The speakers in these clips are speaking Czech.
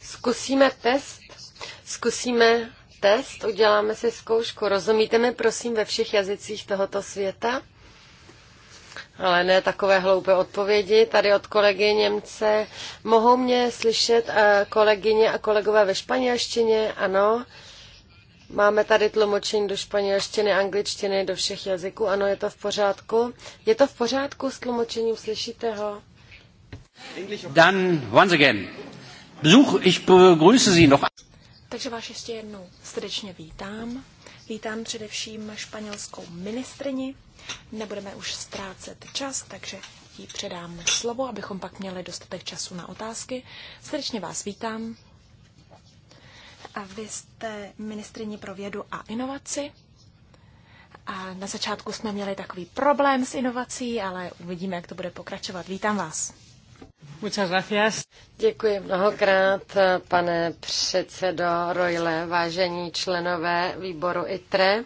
Zkusíme test. Zkusíme test, uděláme si zkoušku. Rozumíte mi, prosím, ve všech jazycích tohoto světa? Ale ne takové hloupé odpovědi tady od kolegy Němce. Mohou mě slyšet eh, kolegyně a kolegové ve španělštině? Ano. Máme tady tlumočení do španělštiny, angličtiny, do všech jazyků. Ano, je to v pořádku. Je to v pořádku s tlumočením, slyšíte ho? Dan, once again. Besuch, ich begrüße Sie noch. Takže vás ještě jednou srdečně vítám. Vítám především španělskou ministrini. Nebudeme už ztrácet čas, takže jí předám slovo, abychom pak měli dostatek času na otázky. Srdečně vás vítám. A vy jste ministrině pro vědu a inovaci. A na začátku jsme měli takový problém s inovací, ale uvidíme, jak to bude pokračovat. Vítám vás. Muchas gracias. Děkuji mnohokrát, pane předsedo Rojle, vážení členové výboru ITRE.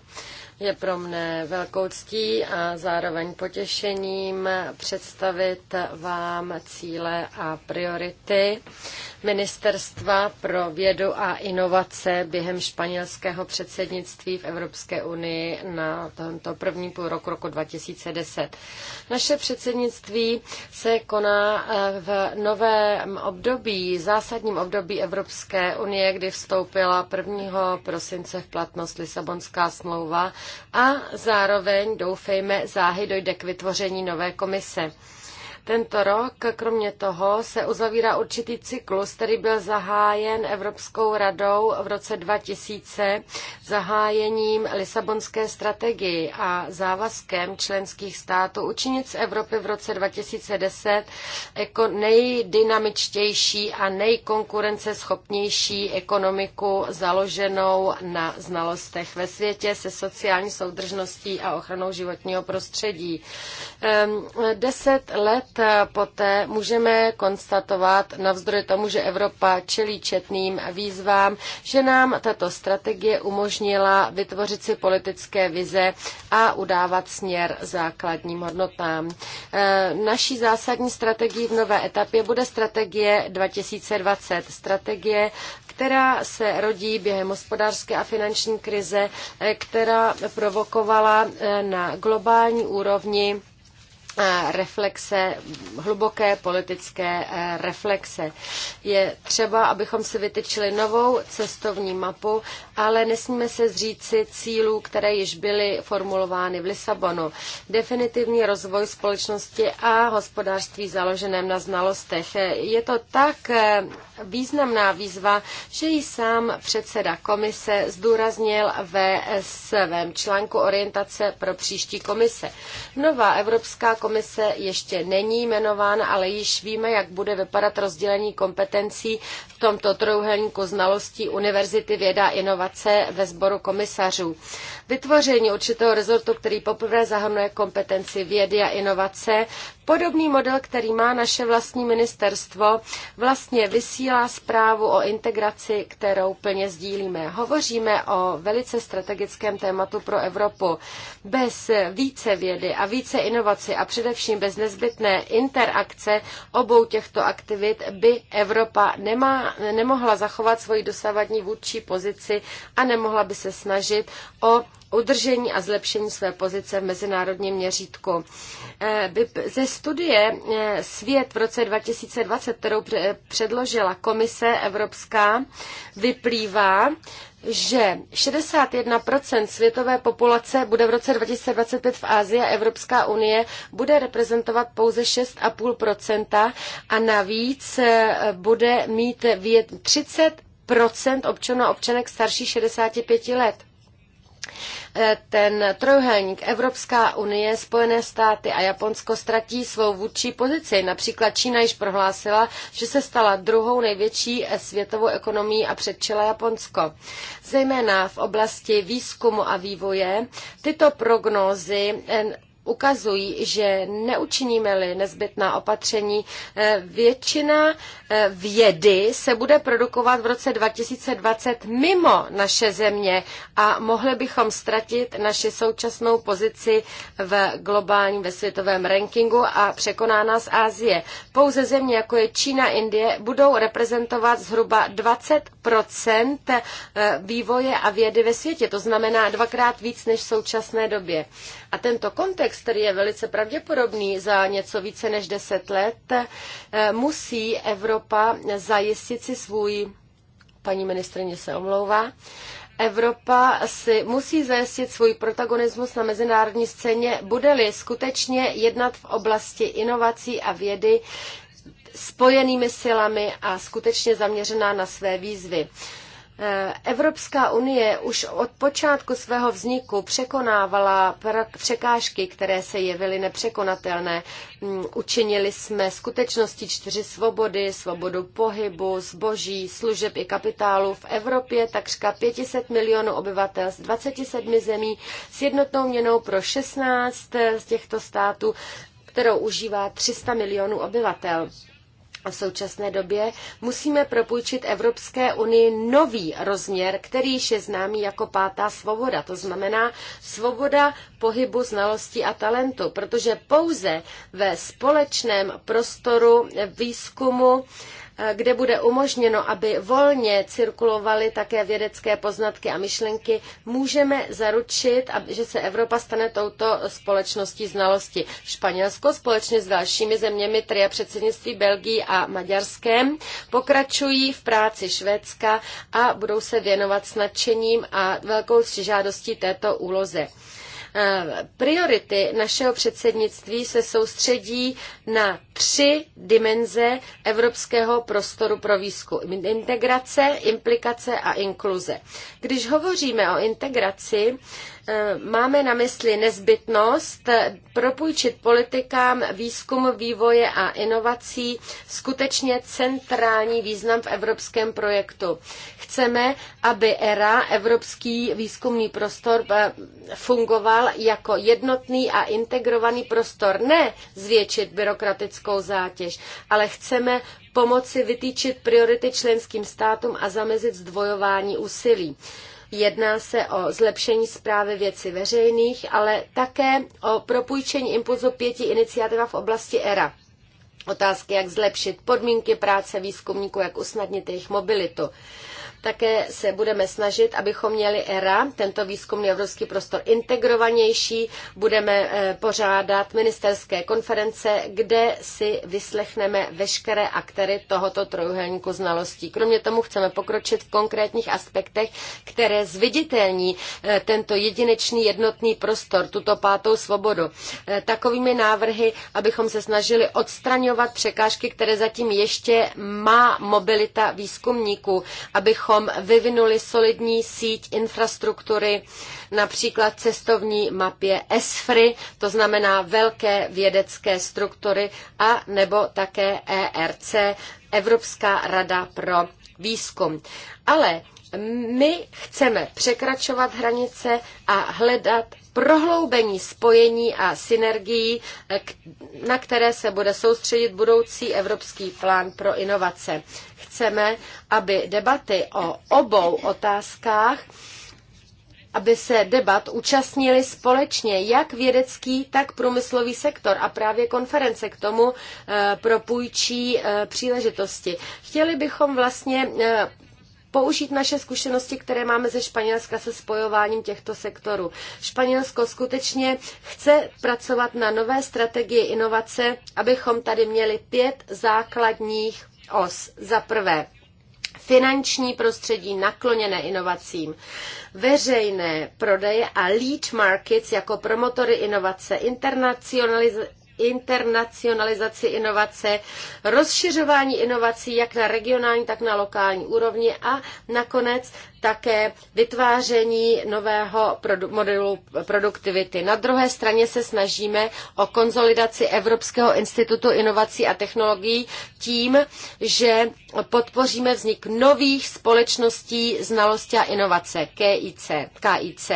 Je pro mne velkou ctí a zároveň potěšením představit vám cíle a priority Ministerstva pro vědu a inovace během španělského předsednictví v Evropské unii na tomto první půl roku roku 2010. Naše předsednictví se koná eh, v novém období, zásadním období Evropské unie, kdy vstoupila 1. prosince v platnost Lisabonská smlouva a zároveň, doufejme, záhy dojde k vytvoření nové komise. Tento rok, kromě toho, se uzavírá určitý cyklus, který byl zahájen Evropskou radou v roce 2000 zahájením Lisabonské strategii a závazkem členských států učinit z Evropy v roce 2010 jako nejdynamičtější a nejkonkurenceschopnější ekonomiku založenou na znalostech ve světě se sociální soudržností a ochranou životního prostředí. Ehm, deset let poté můžeme konstatovat, navzdory tomu, že Evropa čelí četným výzvám, že nám tato strategie umožnila vytvořit si politické vize a udávat směr základním hodnotám. E, naší zásadní strategií v nové etapě bude strategie 2020. Strategie, která se rodí během hospodářské a finanční krize, e, která provokovala e, na globální úrovni reflexe, hluboké politické e, reflexe. Je třeba, abychom si vytyčili novou cestovní mapu, ale nesmíme se zříci cílů, které již byly formulovány v Lisabonu. Definitivní rozvoj společnosti a hospodářství založeném na znalostech. Je to tak e, významná výzva, že ji sám předseda komise zdůraznil ve svém článku orientace pro příští komise. Nová Evropská komise ještě není jmenována, ale již víme, jak bude vypadat rozdělení kompetencí tomto trojuhelníku znalostí Univerzity věda inovace ve sboru komisařů. Vytvoření určitého rezortu, který poprvé zahrnuje kompetenci vědy a inovace, podobný model, který má naše vlastní ministerstvo, vlastně vysílá zprávu o integraci, kterou plně sdílíme. Hovoříme o velice strategickém tématu pro Evropu. Bez více vědy a více inovací a především bez nezbytné interakce obou těchto aktivit by Evropa nemá nemohla, zachovat svoji dosavadní vůdčí pozici a nemohla by se snažit o udržení a zlepšení své pozice v mezinárodním měřítku. Eh, ze studie eh, Svět v roce 2020, kterou předložila Komise Evropská, vyplývá, že 61% světové populace bude v roce 2025 v Ázii a Evropská unie bude reprezentovat pouze 6,5% a navíc eh, bude mít 30% občanů a občanek starší 65 let. Eh, ten trojuhelník Evropská unie, Spojené státy a Japonsko ztratí svou vůdčí pozici. Například Čína již prohlásila, že se stala druhou největší eh, světovou ekonomií a předčila Japonsko. Zejména v oblasti výzkumu a vývoje tyto prognózy eh, ukazují, že neučiníme-li nezbytná opatření, eh, většina eh, vědy se bude produkovat v roce 2020 mimo naše země a mohli bychom ztratit naši současnou pozici v globálním, ve světovém rankingu a překoná nás Asie. Pouze země, jako je Čína, Indie, budou reprezentovat zhruba 20 eh, vývoje a vědy ve světě. To znamená dvakrát víc než v současné době. A tento kontext kontext, který je velice pravděpodobný za něco více než deset let, eh, musí Evropa zajistit si svůj, paní ministrině se omlouvá, Evropa si musí zajistit svůj protagonismus na mezinárodní scéně, bude-li skutečně jednat v oblasti inovací a vědy spojenými silami a skutečně zaměřená na své výzvy. Evropská unie už od počátku svého vzniku překonávala překážky, které se jevily nepřekonatelné. Mm, učinili jsme skutečnosti čtyři svobody, svobodu pohybu, zboží, služeb i kapitálu v Evropě, takřka 500 milionů obyvatel z 27 zemí s jednotnou měnou pro 16 z těchto států, kterou užívá 300 milionů obyvatel v současné době, musíme propůjčit Evropské unii nový rozměr, který již je známý jako pátá svoboda. To znamená svoboda pohybu znalostí a talentu, protože pouze ve společném prostoru výzkumu Eh, kde bude umožněno, aby volně cirkulovaly také vědecké poznatky a myšlenky, můžeme zaručit, že se Evropa stane touto společností znalosti. Španělsko společně s dalšími zeměmi tria předsednictví Belgii a Maďarskem pokračují v práci Švédska a budou se věnovat s nadšením a velkou přižádostí této úloze. Eh, priority našeho předsednictví se soustředí na tři dimenze evropského prostoru pro výzkum. Integrace, implikace a inkluze. Když hovoříme o integraci, Eh, máme na mysli nezbytnost eh, propůjčit politikám výzkum, vývoje a inovací skutečně centrální význam v evropském projektu. Chceme, aby ERA, Evropský výzkumný prostor, eh, fungoval jako jednotný a integrovaný prostor. Ne zvětšit byrokratickou zátěž, ale chceme pomoci vytýčit priority členským státům a zamezit zdvojování úsilí. Jedná se o zlepšení zprávy věcí veřejných, ale také o propůjčení impulzu pěti iniciativa v oblasti ERA. Otázky, jak zlepšit podmínky práce výzkumníků, jak usnadnit jejich mobilitu. Také se budeme snažit, abychom měli ERA, tento výzkumný evropský prostor, integrovanější. Budeme eh, pořádat ministerské konference, kde si vyslechneme veškeré aktéry tohoto trojuhelníku znalostí. Kromě tomu chceme pokročit v konkrétních aspektech, které zviditelní eh, tento jedinečný jednotný prostor, tuto pátou svobodu. Eh, takovými návrhy, abychom se snažili odstraňovat překážky, které zatím ještě má mobilita výzkumníků, abychom abychom vyvinuli solidní síť infrastruktury, například cestovní mapě ESFRI, to znamená velké vědecké struktury, a nebo také ERC, Evropská rada pro výzkum. Ale my chceme překračovat hranice a hledat prohloubení spojení a synergií, na které se bude soustředit budoucí Evropský plán pro inovace chceme, aby debaty o obou otázkách aby se debat účastnili společně jak vědecký, tak průmyslový sektor a právě konference k tomu eh, propůjčí eh, příležitosti. Chtěli bychom vlastně eh, použít naše zkušenosti, které máme ze Španělska se spojováním těchto sektorů. Španělsko skutečně chce pracovat na nové strategii inovace, abychom tady měli pět základních os. Za prvé, finanční prostředí nakloněné inovacím, veřejné prodeje a lead markets jako promotory inovace, internacionalizace internacionalizaci inovace, rozšiřování inovací jak na regionální, tak na lokální úrovni a nakonec také vytváření nového modelu produktivity. Na druhé straně se snažíme o konzolidaci Evropského institutu inovací a technologií tím, že podpoříme vznik nových společností znalosti a inovace, KIC. KIC.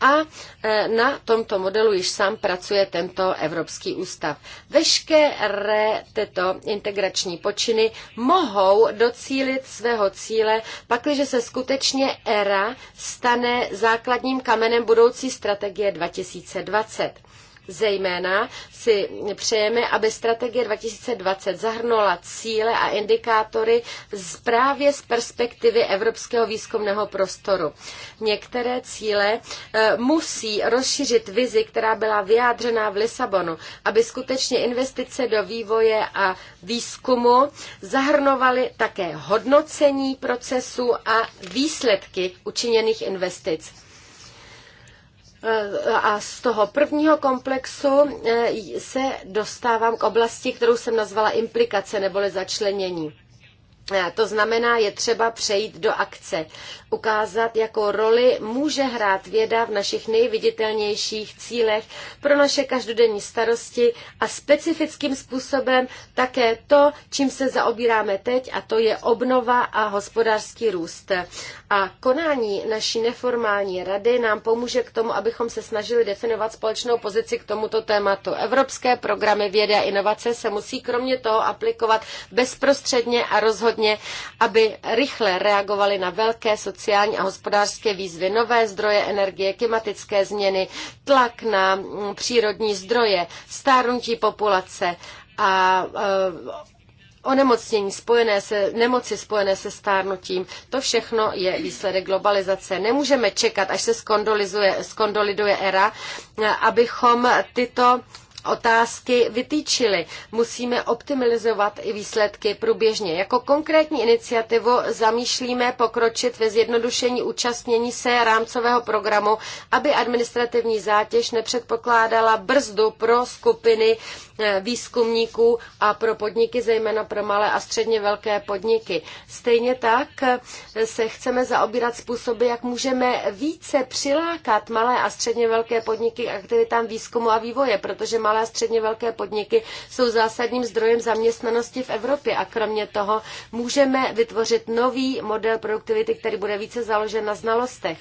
A e, na tomto modelu již sám pracuje tento Evropský ústav. Veškeré tyto integrační počiny mohou docílit svého cíle, pakliže se skutečně ERA stane základním kamenem budoucí strategie 2020. Zejména si přejeme, aby strategie 2020 zahrnula cíle a indikátory právě z perspektivy evropského výzkumného prostoru. Některé cíle eh, musí rozšířit vizi, která byla vyjádřena v Lisabonu, aby skutečně investice do vývoje a výzkumu zahrnovaly také hodnocení procesu a výsledky učiněných investic Eh, a z toho prvního komplexu eh, se dostávám k oblasti, kterou jsem nazvala implikace neboli začlenění. To znamená, je třeba přejít do akce, ukázat, jakou roli může hrát věda v našich nejviditelnějších cílech pro naše každodenní starosti a specifickým způsobem také to, čím se zaobíráme teď, a to je obnova a hospodářský růst. A konání naší neformální rady nám pomůže k tomu, abychom se snažili definovat společnou pozici k tomuto tématu. Evropské programy vědy a inovace se musí kromě toho aplikovat bezprostředně a rozhodně rozhodně, aby rychle reagovali na velké sociální a hospodářské výzvy, nové zdroje energie, klimatické změny, tlak na mm, přírodní zdroje, stárnutí populace a eh, onemocnění spojené se, nemoci spojené se stárnutím, to všechno je výsledek globalizace. Nemůžeme čekat, až se skondolizuje, skondoliduje era, eh, abychom tyto otázky vytýčili. Musíme optimalizovat i výsledky průběžně. Jako konkrétní iniciativu zamýšlíme pokročit ve zjednodušení účastnění se rámcového programu, aby administrativní zátěž nepředpokládala brzdu pro skupiny eh, výzkumníků a pro podniky, zejména pro malé a středně velké podniky. Stejně tak eh, se chceme zaobírat způsoby, jak můžeme více přilákat malé a středně velké podniky k aktivitám výzkumu a vývoje, protože malé malé a středně velké podniky jsou zásadním zdrojem zaměstnanosti v Evropě a kromě toho můžeme vytvořit nový model produktivity, který bude více založen na znalostech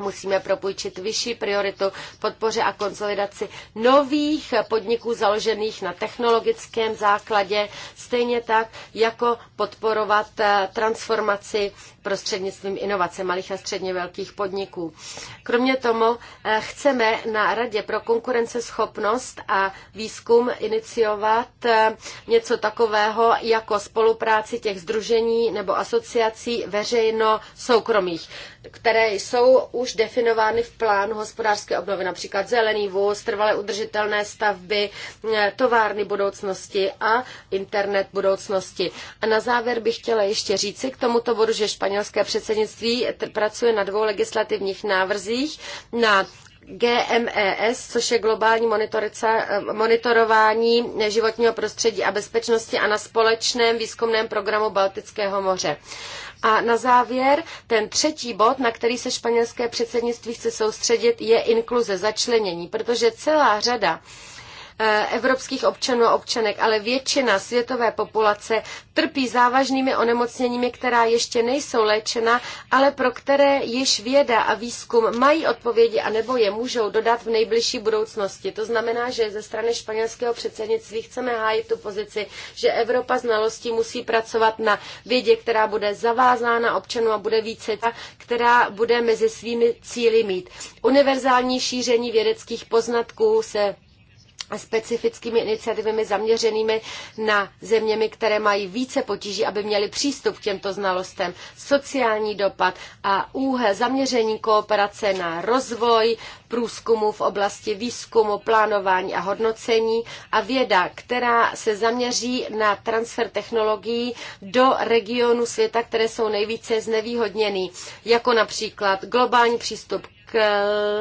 musíme propůjčit vyšší prioritu podpoře a konsolidaci nových podniků založených na technologickém základě, stejně tak jako podporovat eh, transformaci prostřednictvím inovace malých a středně velkých podniků. Kromě tomu eh, chceme na Radě pro konkurenceschopnost a výzkum iniciovat eh, něco takového jako spolupráci těch združení nebo asociací veřejno-soukromých, které jsou už definovány v plánu hospodářské obnovy, například zelený vůz, trvale udržitelné stavby, eh, továrny budoucnosti a internet budoucnosti. A na závěr bych chtěla ještě říci k tomuto bodu, že Španělská španělské předsednictví pracuje na dvou legislativních návrzích na GMES, což je globální eh, monitorování životního prostředí a bezpečnosti a na společném výzkumném programu Baltického moře. A na závěr ten třetí bod, na který se španělské předsednictví chce soustředit, je inkluze, začlenění, protože celá řada Eh, evropských občanů a občanek, ale většina světové populace trpí závažnými onemocněními, která ještě nejsou léčena, ale pro které již věda a výzkum mají odpovědi a nebo je můžou dodat v nejbližší budoucnosti. To znamená, že ze strany španělského předsednictví chceme hájit tu pozici, že Evropa znalostí musí pracovat na vědě, která bude zavázána občanů a bude více ta, která bude mezi svými cíly mít. Univerzální šíření vědeckých poznatků se specifickými iniciativami zaměřenými na zeměmi, které mají více potíží, aby měli přístup k těmto znalostem, sociální dopad a úhel zaměření kooperace na rozvoj, průzkumu v oblasti výzkumu, plánování a hodnocení a věda, která se zaměří na transfer technologií do regionů světa, které jsou nejvíce znevýhodněny, jako například globální přístup k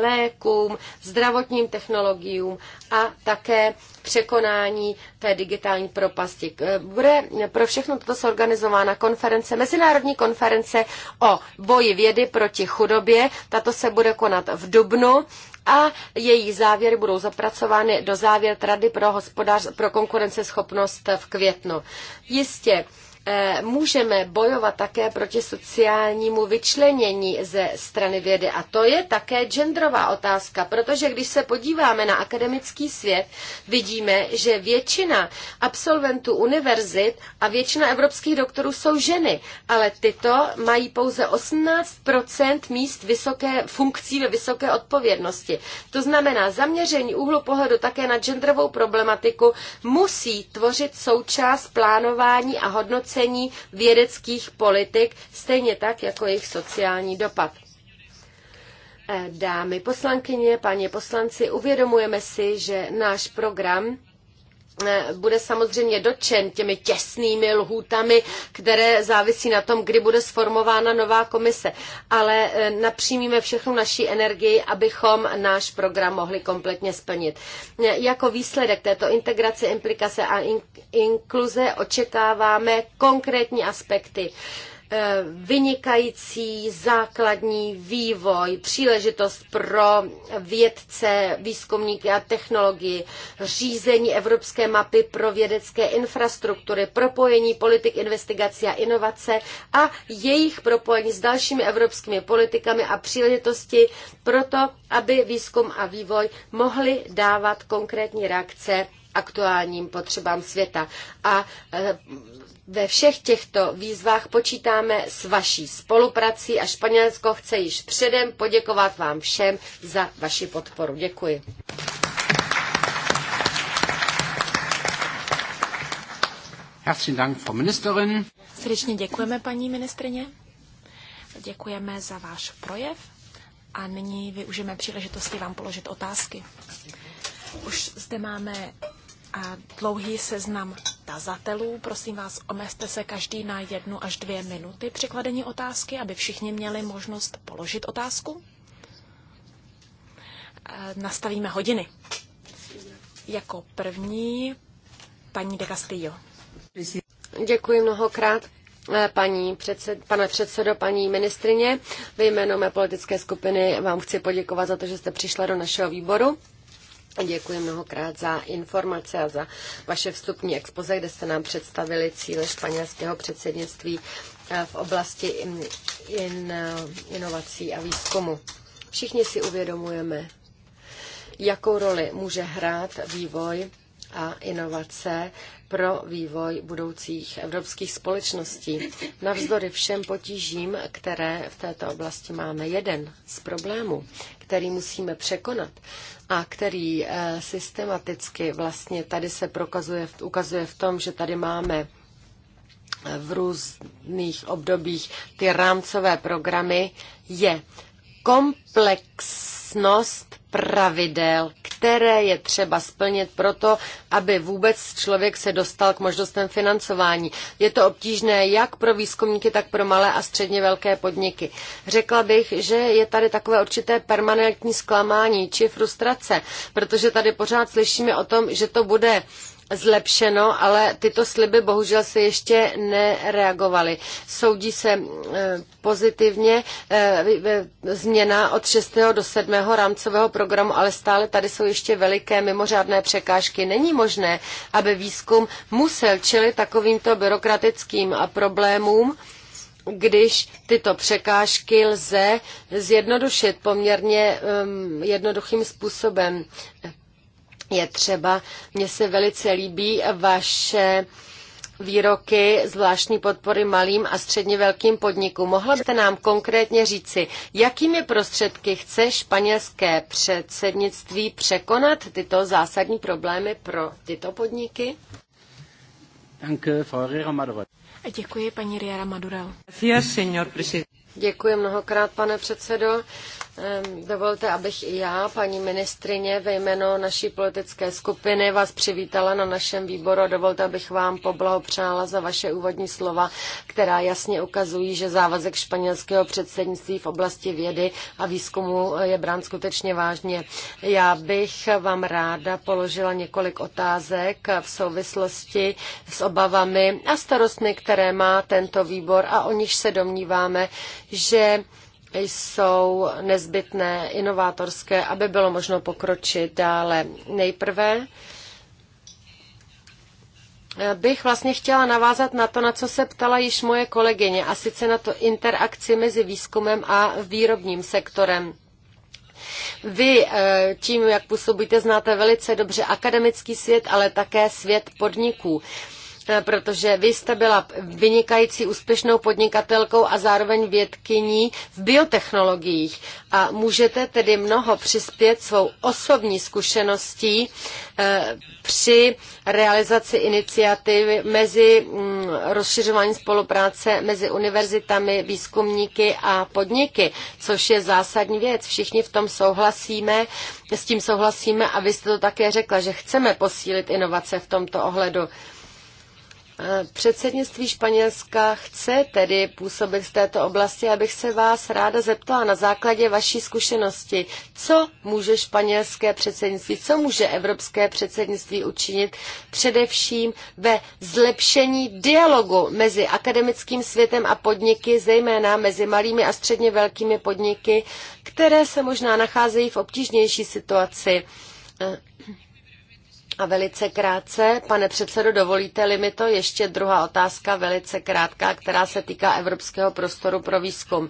lékům, zdravotním technologiím a také překonání té digitální propasti. Bude pro všechno toto zorganizována konference, mezinárodní konference o boji vědy proti chudobě. Tato se bude konat v Dubnu a její závěry budou zapracovány do závěr Rady pro, hospodář, pro konkurenceschopnost v květnu. Jistě, Eh, můžeme bojovat také proti sociálnímu vyčlenění ze strany vědy. A to je také genderová otázka, protože když se podíváme na akademický svět, vidíme, že většina absolventů univerzit a většina evropských doktorů jsou ženy, ale tyto mají pouze 18 míst vysoké funkcí ve vysoké odpovědnosti. To znamená, zaměření úhlu pohledu také na genderovou problematiku musí tvořit součást plánování a hodnocení hodnocení vědeckých politik, stejně tak jako jejich sociální dopad. Eh, dámy poslankyně, paní poslanci, uvědomujeme si, že náš program Eh, bude samozřejmě dočen těmi těsnými lhůtami, které závisí na tom, kdy bude sformována nová komise. Ale eh, napřímíme všechnu naší energii, abychom náš program mohli kompletně splnit. Eh, jako výsledek této integrace, implikace a inkluze očekáváme konkrétní aspekty Eh, vynikající základní vývoj, příležitost pro vědce, výzkumníky a technologii, řízení evropské mapy pro vědecké infrastruktury, propojení politik investigací a inovace a jejich propojení s dalšími evropskými politikami a příležitosti pro to, aby výzkum a vývoj mohli dávat konkrétní reakce aktuálním potřebám světa. A eh, ve všech těchto výzvách počítáme s vaší spoluprací a Španělsko chce již předem poděkovat vám všem za vaši podporu. Děkuji. Herzlichen Dank, Frau Ministerin. Srdečně děkujeme, paní ministrině. Děkujeme za váš projev a nyní využijeme příležitosti vám položit otázky. Už zde máme dlouhý seznam tazatelů. Prosím vás, omezte se každý na jednu až dvě minuty při kladení otázky, aby všichni měli možnost položit otázku. Eh, nastavíme hodiny. Jako první paní de Castillo. Děkuji mnohokrát. Eh, paní předsed, pane předsedo, paní ministrině, ve jménu mé politické skupiny vám chci poděkovat za to, že jste přišla do našeho výboru Děkuji mnohokrát za informace a za vaše vstupní expoze, kde jste nám představili cíle španělského předsednictví eh, v oblasti in, in, eh, inovací a výzkumu. Všichni si uvědomujeme, jakou roli může hrát vývoj a inovace pro vývoj budoucích evropských společností. Navzdory všem potížím, které v této oblasti máme, jeden z problémů, který musíme překonat a který eh, systematicky vlastně tady se prokazuje, ukazuje v tom, že tady máme eh, v různých obdobích ty rámcové programy, je komplexnost pravidel, které je třeba splnit proto, aby vůbec člověk se dostal k možnostem financování. Je to obtížné jak pro výzkumníky, tak pro malé a středně velké podniky. Řekla bych, že je tady takové určité permanentní zklamání či frustrace, protože tady pořád slyšíme o tom, že to bude zlepšeno, ale tyto sliby bohužel se ještě nereagovaly. Soudí se eh, pozitivně eh, změna od 6. do 7. rámcového programu, ale stále tady jsou ještě veliké mimořádné překážky. Není možné, aby výzkum musel čelit takovýmto byrokratickým problémům, když tyto překážky lze zjednodušit poměrně um, jednoduchým způsobem je třeba. Mně se velice líbí vaše výroky zvláštní podpory malým a středně velkým podnikům. Mohla byste nám konkrétně říci, jakými prostředky chce španělské předsednictví překonat tyto zásadní problémy pro tyto podniky? Děkuji, paní Riera Madurel. Děkuji mnohokrát, pane předsedo. Dovolte, abych i já, paní ministrině, ve jménu naší politické skupiny vás přivítala na našem výboru a dovolte, abych vám poblahopřála za vaše úvodní slova, která jasně ukazují, že závazek španělského předsednictví v oblasti vědy a výzkumu eh, je brán skutečně vážně. Já bych vám ráda položila několik otázek v souvislosti s obavami a starostmi, které má tento výbor a o nich se domníváme, že jsou nezbytné, inovátorské, aby bylo možno pokročit dále. Nejprve bych vlastně chtěla navázat na to, na co se ptala již moje kolegyně, a sice na to interakci mezi výzkumem a výrobním sektorem. Vy eh, tím, jak působíte, znáte velice dobře akademický svět, ale také svět podniků protože vy jste byla vynikající úspěšnou podnikatelkou a zároveň vědkyní v biotechnologiích a můžete tedy mnoho přispět svou osobní zkušeností eh, při realizaci iniciativy mezi mm, rozšiřování spolupráce mezi univerzitami, výzkumníky a podniky, což je zásadní věc. Všichni v tom souhlasíme, s tím souhlasíme a vy jste to také řekla, že chceme posílit inovace v tomto ohledu. Předsednictví Španělska chce tedy působit v této oblasti, abych se vás ráda zeptala na základě vaší zkušenosti, co může španělské předsednictví, co může evropské předsednictví učinit především ve zlepšení dialogu mezi akademickým světem a podniky, zejména mezi malými a středně velkými podniky, které se možná nacházejí v obtížnější situaci. A velice krátce, pane předsedo, dovolíte-li mi to, ještě druhá otázka, velice krátká, která se týká Evropského prostoru pro výzkum.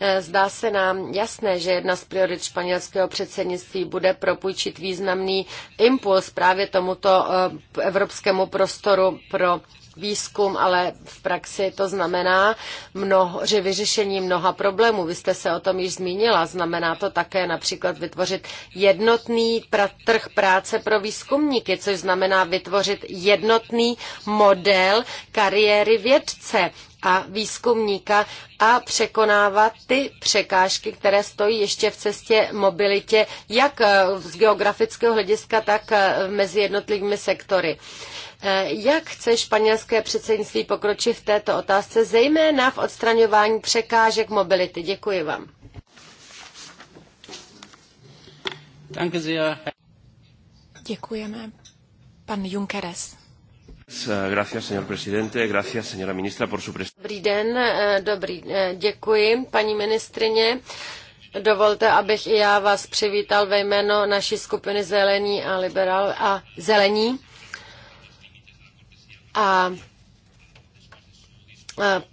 Eh, zdá se nám jasné, že jedna z priorit španělského předsednictví bude propůjčit významný impuls právě tomuto eh, evropskému prostoru pro výzkum, ale v praxi to znamená mnoho, že vyřešení mnoha problémů. Vy jste se o tom již zmínila. Znamená to také například vytvořit jednotný trh práce pro výzkumníky, což znamená vytvořit jednotný model kariéry vědce a výzkumníka a překonávat ty překážky, které stojí ještě v cestě mobilitě, jak eh, z geografického hlediska, tak eh, mezi jednotlivými sektory. Eh, jak chce španělské předsednictví pokročit v této otázce, zejména v odstraňování překážek mobility? Děkuji vám. Děkujeme. Pan Junkeres. Dobrý den, eh, dobrý, eh, děkuji, paní ministrině. Dovolte, abych i já vás přivítal ve jméno naší skupiny Zelení a Liberál a Zelení. A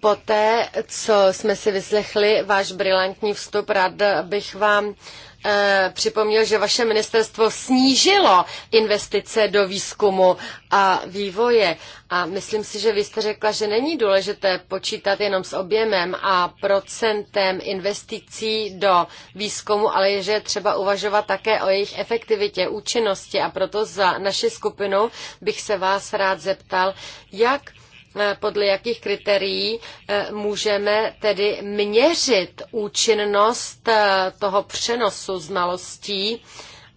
Poté, co jsme si vyslechli váš brilantní vstup, rád bych vám Eh, připomněl, že vaše ministerstvo snížilo investice do výzkumu a vývoje. A myslím si, že vy jste řekla, že není důležité počítat jenom s objemem a procentem investicí do výzkumu, ale že je třeba uvažovat také o jejich efektivitě, účinnosti. A proto za naši skupinu bych se vás rád zeptal, jak Eh, podle jakých kritérií eh, můžeme tedy měřit účinnost eh, toho přenosu znalostí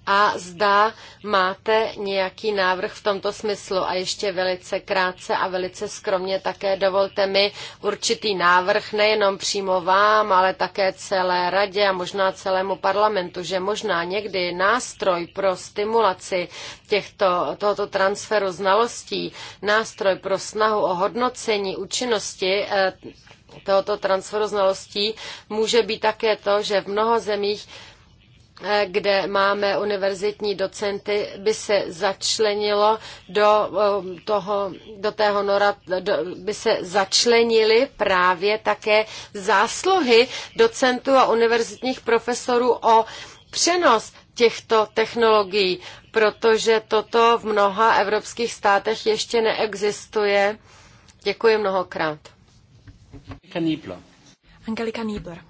a zda máte nějaký návrh v tomto smyslu. A ještě velice krátce a velice skromně také dovolte mi určitý návrh nejenom přímo vám, ale také celé radě a možná celému parlamentu, že možná někdy nástroj pro stimulaci těchto, tohoto transferu znalostí, nástroj pro snahu o hodnocení účinnosti eh, tohoto transferu znalostí může být také to, že v mnoho zemích kde máme univerzitní docenty, by se začlenilo do, um, toho, do tého nora, do, by se začlenili právě také zásluhy docentů a univerzitních profesorů o přenos těchto technologií, protože toto v mnoha evropských státech ještě neexistuje. Děkuji mnohokrát. Angelika Niebler.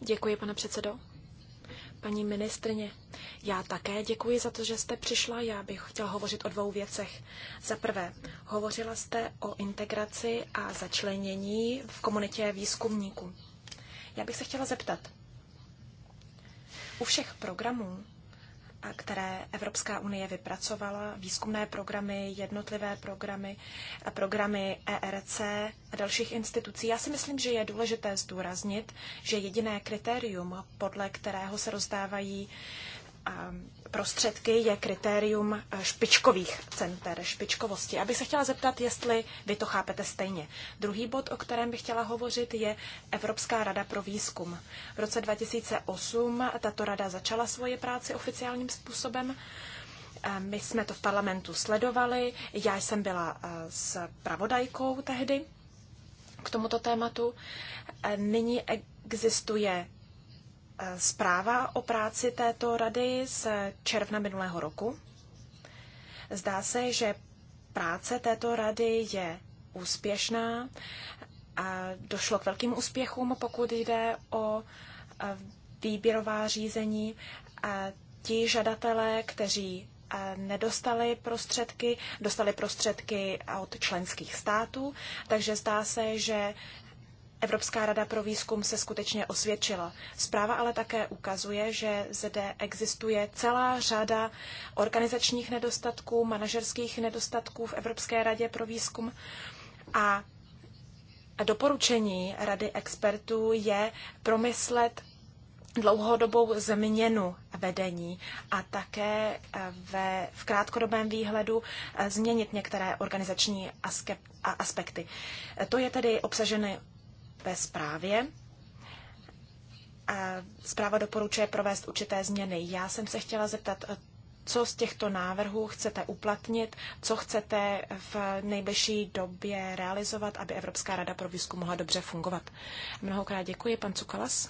Děkuji, pane předsedo paní ministrně. Já také děkuji za to, že jste přišla. Já bych chtěl hovořit o dvou věcech. Za prvé, hovořila jste o integraci a začlenění v komunitě výzkumníků. Já bych se chtěla zeptat. U všech programů které Evropská unie vypracovala, výzkumné programy, jednotlivé programy, programy ERC a dalších institucí. Já si myslím, že je důležité zdůraznit, že jediné kritérium, podle kterého se rozdávají prostředky je kritérium eh, špičkových center, špičkovosti. Aby se chtěla zeptat, jestli vy to chápete stejně. Druhý bod, o kterém bych chtěla hovořit, je Evropská rada pro výzkum. V roce 2008 tato rada začala svoje práci oficiálním způsobem. Eh, my jsme to v parlamentu sledovali, já jsem byla eh, s pravodajkou tehdy k tomuto tématu. Nyní existuje Zpráva o práci této rady z června minulého roku. Zdá se, že práce této rady je úspěšná. A došlo k velkým úspěchům, pokud jde o eh, výběrová řízení. A ti žadatelé, kteří eh, nedostali prostředky, dostali prostředky od členských států, takže zdá se, že Evropská rada pro výzkum se skutečně osvědčila. Zpráva ale také ukazuje, že zde existuje celá řada organizačních nedostatků, manažerských nedostatků v Evropské radě pro výzkum a doporučení rady expertů je promyslet dlouhodobou změnu vedení a také eh, ve, v krátkodobém výhledu eh, změnit některé organizační aspekty. To je tedy obsaženo ve zprávě. Zpráva doporučuje provést určité změny. Já jsem se chtěla zeptat, co z těchto návrhů chcete uplatnit, co chcete v nejbližší době realizovat, aby Evropská rada pro výzkum mohla dobře fungovat. Mnohokrát děkuji, pan Cukalas.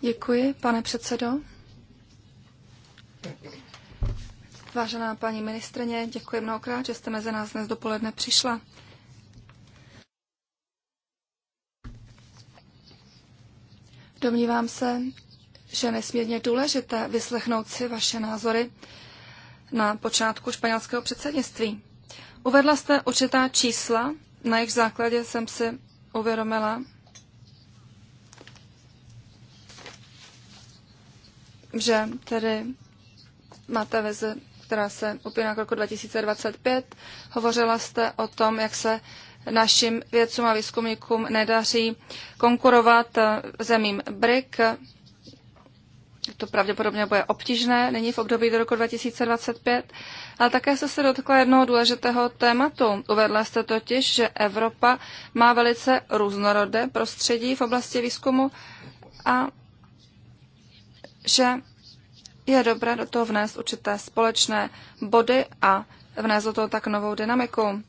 Děkuji, pane předsedo. Vážená paní ministrně, děkuji mnohokrát, že jste mezi nás dnes dopoledne přišla. Domnívám se, že nesmírně důležité vyslechnout si vaše názory na počátku španělského předsednictví. Uvedla jste určitá čísla, na jejich základě jsem si uvědomila, že tedy máte vizi která se upíná k roku 2025. Hovořila jste o tom, jak se našim vědcům a výzkumníkům nedaří konkurovat eh, zemím BRIC. To pravděpodobně bude obtížné, není v období do roku 2025. Ale také jste se dotkla jednoho důležitého tématu. Uvedla jste totiž, že Evropa má velice různorodé prostředí v oblasti výzkumu a že je dobré do toho vnést určité společné body a vnést do toho tak novou dynamiku.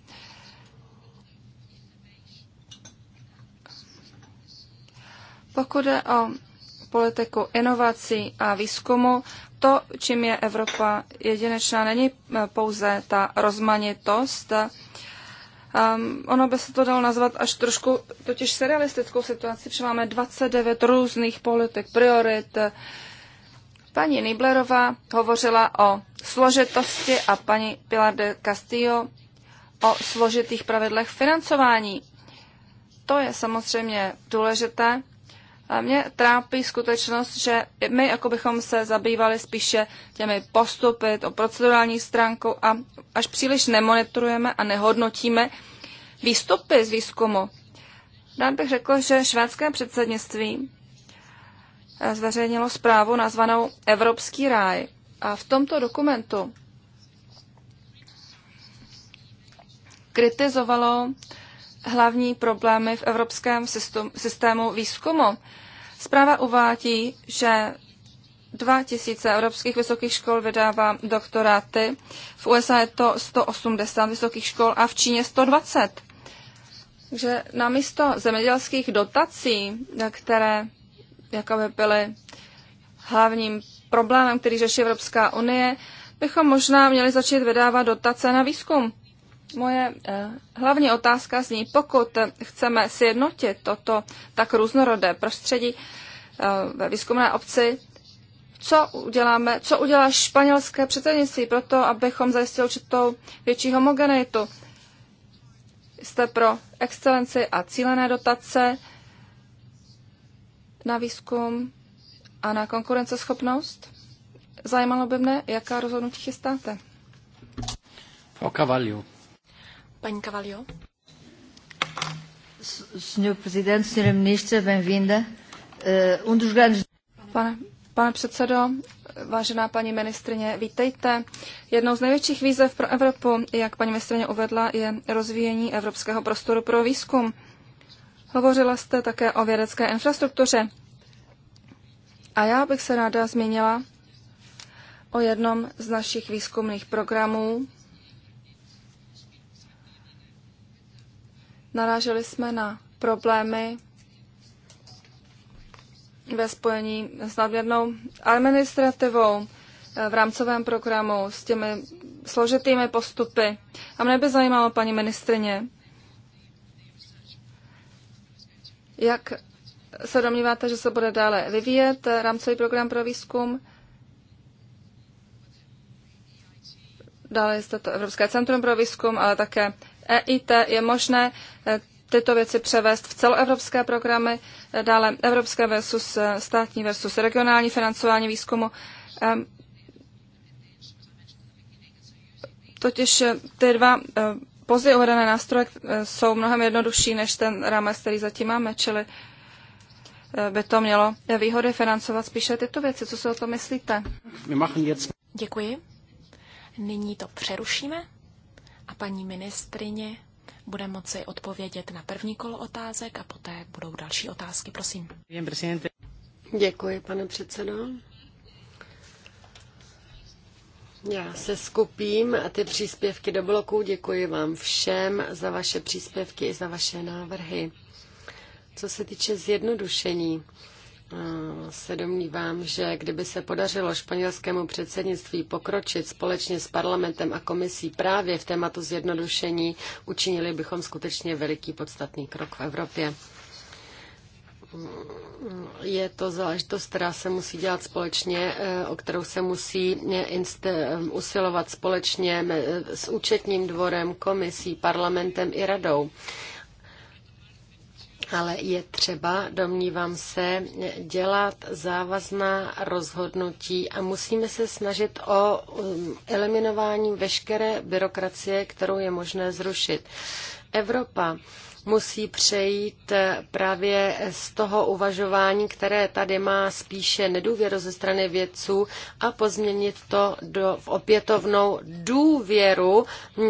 Pokud je o politiku inovací a výzkumu, to, čím je Evropa jedinečná, není eh, pouze ta rozmanitost. Um, ono by se to dalo nazvat až trošku totiž serialistickou situaci, protože máme 29 různých politik, priorit, Paní Niblerová hovořila o složitosti a paní Pilar de Castillo o složitých pravidlech financování. To je samozřejmě důležité. A mě trápí skutečnost, že my jako bychom se zabývali spíše těmi postupy, o procedurální stránkou a až příliš nemonitorujeme a nehodnotíme výstupy z výzkumu. Rád bych řekl, že švédské předsednictví Eh, zveřejnilo zprávu nazvanou Evropský ráj. A v tomto dokumentu kritizovalo hlavní problémy v evropském systému výzkumu. Zpráva uvádí, že 2000 evropských vysokých škol vydává doktoráty, v USA je to 180 vysokých škol a v Číně 120. Takže namísto zemědělských dotací, které jaké byly hlavním problémem, který řeší Evropská unie, bychom možná měli začít vydávat dotace na výzkum. Moje eh, hlavní otázka zní, pokud chceme sjednotit toto tak různorodé prostředí eh, ve výzkumné obci, co uděláme, co udělá španělské předsednictví pro to, abychom zajistili určitou větší homogenitu. Jste pro excelenci a cílené dotace, na výzkum a na konkurenceschopnost. Zajímalo by mne, jaká rozhodnutí chystáte. O Cavalio. Paní Cavalio. Senhor Presidente, Senhora Ministra, bem-vinda. Uh, um dos grandes... Pane, pane předsedo, vážená paní ministrině, vítejte. Jednou z největších výzev pro Evropu, jak paní ministrině uvedla, je rozvíjení evropského prostoru pro výzkum. Hovořila jste také o vědecké infrastruktuře. A já bych se ráda zmínila o jednom z našich výzkumných programů. Naráželi jsme na problémy ve spojení s nadměrnou administrativou eh, v rámcovém programu s těmi složitými postupy. A mne by zajímalo, paní ministrině, Jak se domníváte, že se bude dále vyvíjet rámcový program pro výzkum? Dále je to Evropské centrum pro výzkum, ale také EIT. Je možné eh, tyto věci převést v celoevropské programy, eh, dále evropské versus eh, státní versus regionální financování výzkumu. Ehm, totiž ty dva později uvedené nástroje eh, jsou mnohem jednodušší než ten rámec, který zatím máme, čili eh, by to mělo výhody financovat spíše tyto věci. Co si o to myslíte? Děkuji. Nyní to přerušíme a paní ministrině bude moci odpovědět na první kolo otázek a poté budou další otázky. Prosím. Děkuji, pane předsedo. Já se skupím a ty příspěvky do bloku. Děkuji vám všem za vaše příspěvky i za vaše návrhy. Co se týče zjednodušení, se domnívám, že kdyby se podařilo španělskému předsednictví pokročit společně s parlamentem a komisí právě v tématu zjednodušení, učinili bychom skutečně veliký podstatný krok v Evropě je to záležitost, která se musí dělat společně, eh, o kterou se musí eh, eh, usilovat společně s účetním dvorem, komisí, parlamentem i radou. Ale je třeba, domnívám se, dělat závazná rozhodnutí a musíme se snažit o mm, eliminování veškeré byrokracie, kterou je možné zrušit. Evropa musí přejít právě z toho uvažování, které tady má spíše nedůvěru ze strany vědců a pozměnit to do, v opětovnou důvěru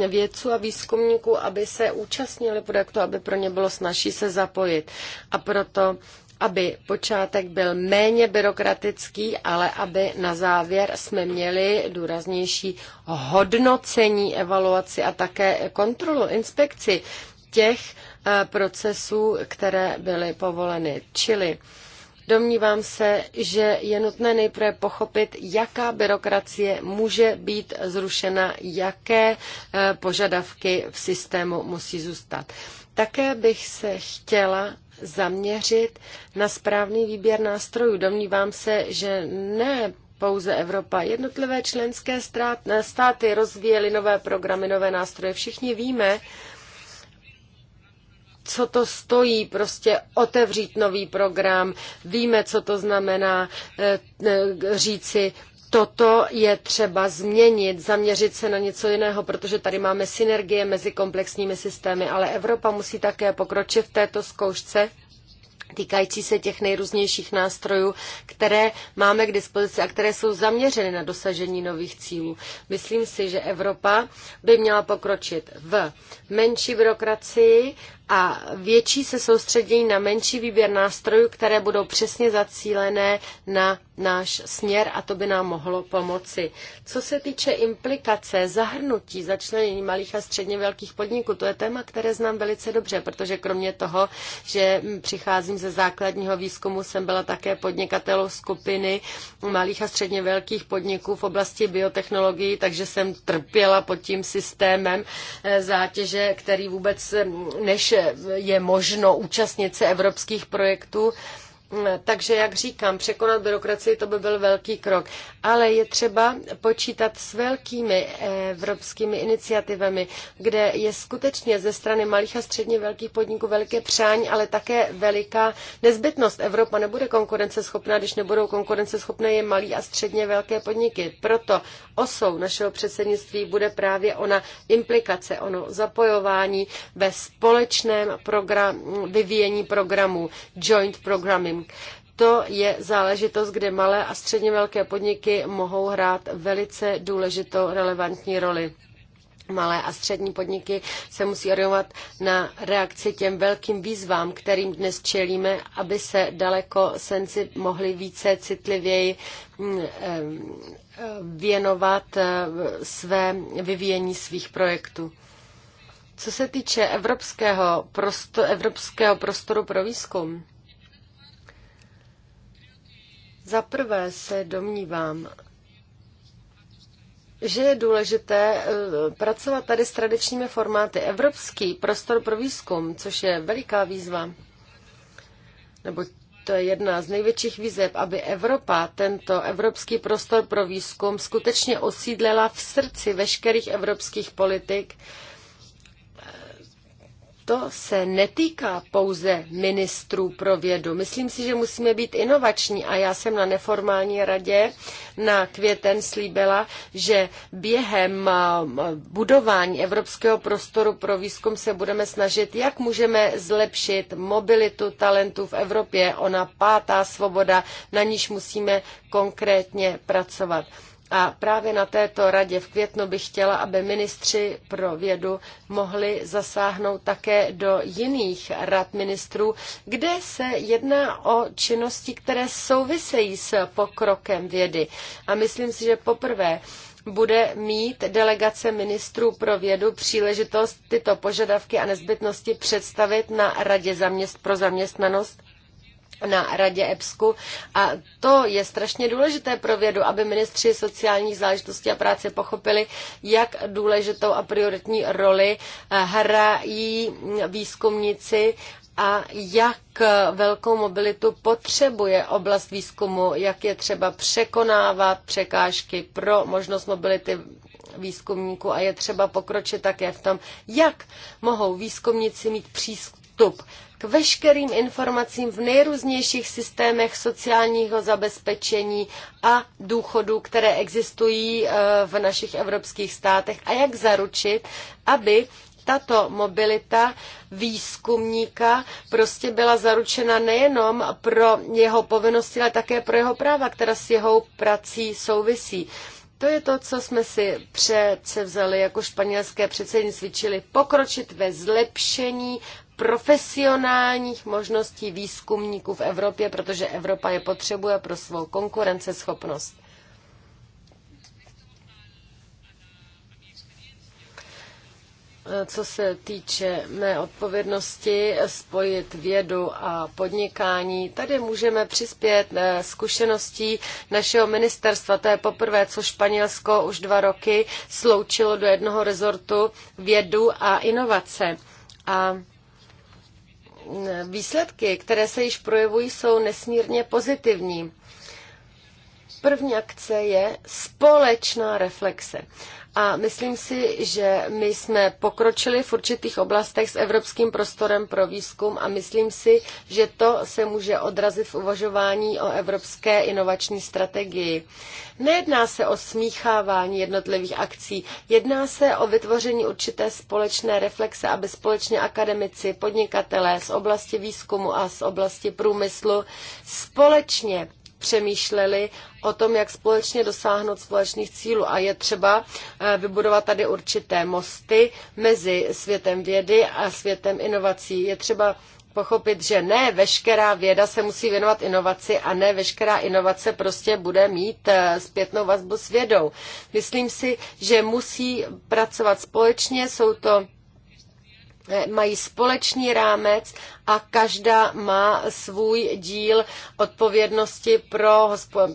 vědců a výzkumníků, aby se účastnili projektu, aby pro ně bylo snažší se zapojit. A proto aby počátek byl méně byrokratický, ale aby na závěr jsme měli důraznější hodnocení, evaluaci a také kontrolu, inspekci těch Eh, procesů, které byly povoleny. Čili Domnívám se, že je nutné nejprve pochopit, jaká byrokracie může být zrušena, jaké eh, požadavky v systému musí zůstat. Také bych se chtěla zaměřit na správný výběr nástrojů. Domnívám se, že ne pouze Evropa. Jednotlivé členské státy rozvíjely nové programy, nové nástroje. Všichni víme, co to stojí, prostě otevřít nový program, víme, co to znamená eh, eh, říci, toto je třeba změnit, zaměřit se na něco jiného, protože tady máme synergie mezi komplexními systémy, ale Evropa musí také pokročit v této zkoušce týkající se těch nejrůznějších nástrojů, které máme k dispozici a které jsou zaměřeny na dosažení nových cílů. Myslím si, že Evropa by měla pokročit v menší byrokracii a větší se soustředí na menší výběr nástrojů, které budou přesně zacílené na náš směr a to by nám mohlo pomoci. Co se týče implikace, zahrnutí, začlenění malých a středně velkých podniků, to je téma, které znám velice dobře, protože kromě toho, že přicházím ze základního výzkumu, jsem byla také podnikatelou skupiny malých a středně velkých podniků v oblasti biotechnologií, takže jsem trpěla pod tím systémem eh, zátěže, který vůbec eh, než je možno účastnit se evropských projektů, takže, jak říkám, překonat byrokracii to by byl velký krok. Ale je třeba počítat s velkými eh, evropskými iniciativami, kde je skutečně ze strany malých a středně velkých podniků velké přání, ale také veliká nezbytnost. Evropa nebude konkurenceschopná, když nebudou konkurenceschopné je malí a středně velké podniky. Proto osou našeho předsednictví bude právě ona implikace, ono zapojování ve společném program, vyvíjení programu, joint programming to je záležitost, kde malé a středně velké podniky mohou hrát velice důležitou relevantní roli. Malé a střední podniky se musí orientovat na reakci těm velkým výzvám, kterým dnes čelíme, aby se daleko senci mohli více citlivěji mm, eh, věnovat eh, své vyvíjení svých projektů. Co se týče evropského prostoru, evropského prostoru pro výzkum, za prvé se domnívám, že je důležité eh, pracovat tady s tradičními formáty. Evropský prostor pro výzkum, což je veliká výzva, nebo to je jedna z největších výzev, aby Evropa tento evropský prostor pro výzkum skutečně osídlela v srdci veškerých evropských politik, to se netýká pouze ministrů pro vědu. Myslím si, že musíme být inovační a já jsem na neformální radě na květen slíbila, že během budování evropského prostoru pro výzkum se budeme snažit, jak můžeme zlepšit mobilitu talentů v Evropě. Ona pátá svoboda, na níž musíme konkrétně pracovat. A právě na této radě v květnu bych chtěla, aby ministři pro vědu mohli zasáhnout také do jiných rad ministrů, kde se jedná o činnosti, které souvisejí s pokrokem vědy. A myslím si, že poprvé bude mít delegace ministrů pro vědu příležitost tyto požadavky a nezbytnosti představit na Radě pro zaměstnanost na radě EPSKu a to je strašně důležité pro vědu, aby ministři sociálních záležitostí a práce pochopili, jak důležitou a prioritní roli eh, hrají výzkumníci a jak velkou mobilitu potřebuje oblast výzkumu, jak je třeba překonávat překážky pro možnost mobility výzkumníků a je třeba pokročit také v tom, jak mohou výzkumníci mít přístup přístup k veškerým informacím v nejrůznějších systémech sociálního zabezpečení a důchodů, které existují eh, v našich evropských státech a jak zaručit, aby tato mobilita výzkumníka prostě byla zaručena nejenom pro jeho povinnosti, ale také pro jeho práva, která s jeho prací souvisí. To je to, co jsme si předsevzali vzali jako španělské předsednictví, čili pokročit ve zlepšení profesionálních možností výzkumníků v Evropě, protože Evropa je potřebuje pro svou konkurenceschopnost. Co se týče mé odpovědnosti spojit vědu a podnikání, tady můžeme přispět eh, zkušeností našeho ministerstva. To je poprvé, co Španělsko už dva roky sloučilo do jednoho rezortu vědu a inovace. A výsledky, které se již projevují, jsou nesmírně pozitivní. První akce je společná reflexe. A myslím si, že my jsme pokročili v určitých oblastech s evropským prostorem pro výzkum a myslím si, že to se může odrazit v uvažování o evropské inovační strategii. Nejedná se o smíchávání jednotlivých akcí, jedná se o vytvoření určité společné reflexe, aby společně akademici, podnikatelé z oblasti výzkumu a z oblasti průmyslu společně přemýšleli o tom, jak společně dosáhnout společných cílů. A je třeba eh, vybudovat tady určité mosty mezi světem vědy a světem inovací. Je třeba pochopit, že ne veškerá věda se musí věnovat inovaci a ne veškerá inovace prostě bude mít eh, zpětnou vazbu s vědou. Myslím si, že musí pracovat společně, jsou to mají společný rámec a každá má svůj díl odpovědnosti pro,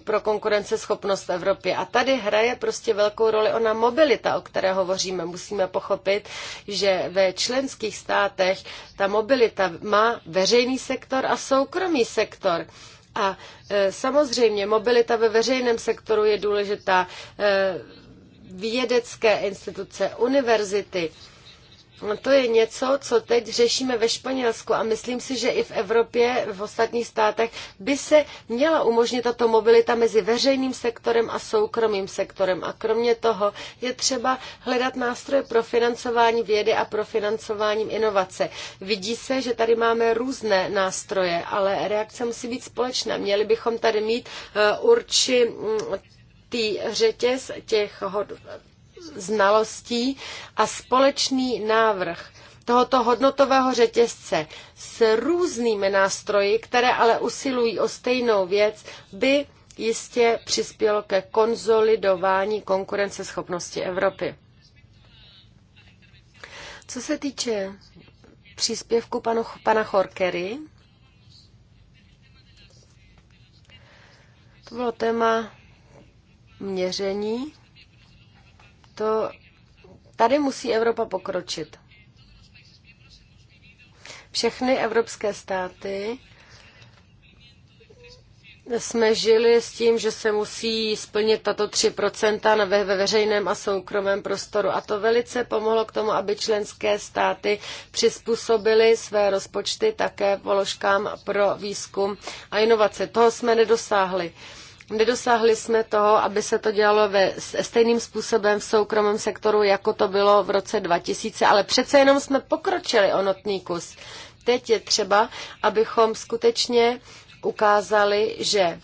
pro konkurenceschopnost v Evropě. A tady hraje prostě velkou roli ona mobilita, o které hovoříme. Musíme pochopit, že ve členských státech ta mobilita má veřejný sektor a soukromý sektor. A e, samozřejmě mobilita ve veřejném sektoru je důležitá. E, vědecké instituce, univerzity, No to je něco, co teď řešíme ve Španělsku a myslím si, že i v Evropě, v ostatních státech by se měla umožnit tato mobilita mezi veřejným sektorem a soukromým sektorem. A kromě toho je třeba hledat nástroje pro financování vědy a pro financování inovace. Vidí se, že tady máme různé nástroje, ale reakce musí být společná. Měli bychom tady mít eh, určitý řetěz těch znalostí a společný návrh tohoto hodnotového řetězce s různými nástroji, které ale usilují o stejnou věc, by jistě přispělo ke konzolidování konkurenceschopnosti Evropy. Co se týče příspěvku panu, pana Horkery, to bylo téma měření to, tady musí Evropa pokročit. Všechny evropské státy jsme žili s tím, že se musí splnit tato 3% ve, ve veřejném a soukromém prostoru. A to velice pomohlo k tomu, aby členské státy přizpůsobily své rozpočty také položkám pro výzkum a inovace. Toho jsme nedosáhli. Uh, Nedosáhli jsme toho, aby se to dělalo ve stejným způsobem v soukromém sektoru, jako to bylo v roce 2000, ale přece jenom jsme pokročili o notný kus. Teď je třeba, abychom skutečně ukázali, že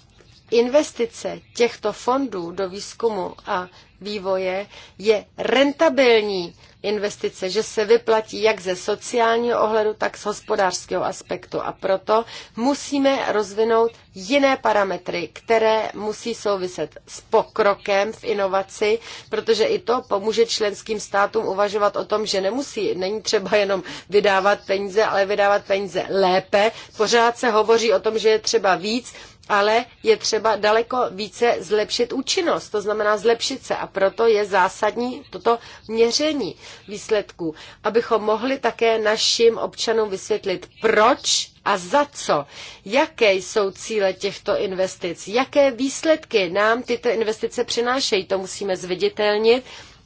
investice těchto fondů do výzkumu a vývoje je rentabilní investice, že se vyplatí jak ze sociálního ohledu, tak z hospodářského aspektu. A proto musíme rozvinout jiné parametry, které musí souviset s pokrokem v inovaci, protože i to pomůže členským státům uvažovat o tom, že nemusí, není třeba jenom vydávat peníze, ale vydávat peníze lépe. Pořád se hovoří o tom, že je třeba víc, ale je třeba daleko více zlepšit účinnost, to znamená zlepšit se a proto je zásadní toto měření výsledků, abychom mohli také našim občanům vysvětlit, proč a za co, jaké jsou cíle těchto investic, jaké výsledky nám tyto investice přinášejí, to musíme zviditelnit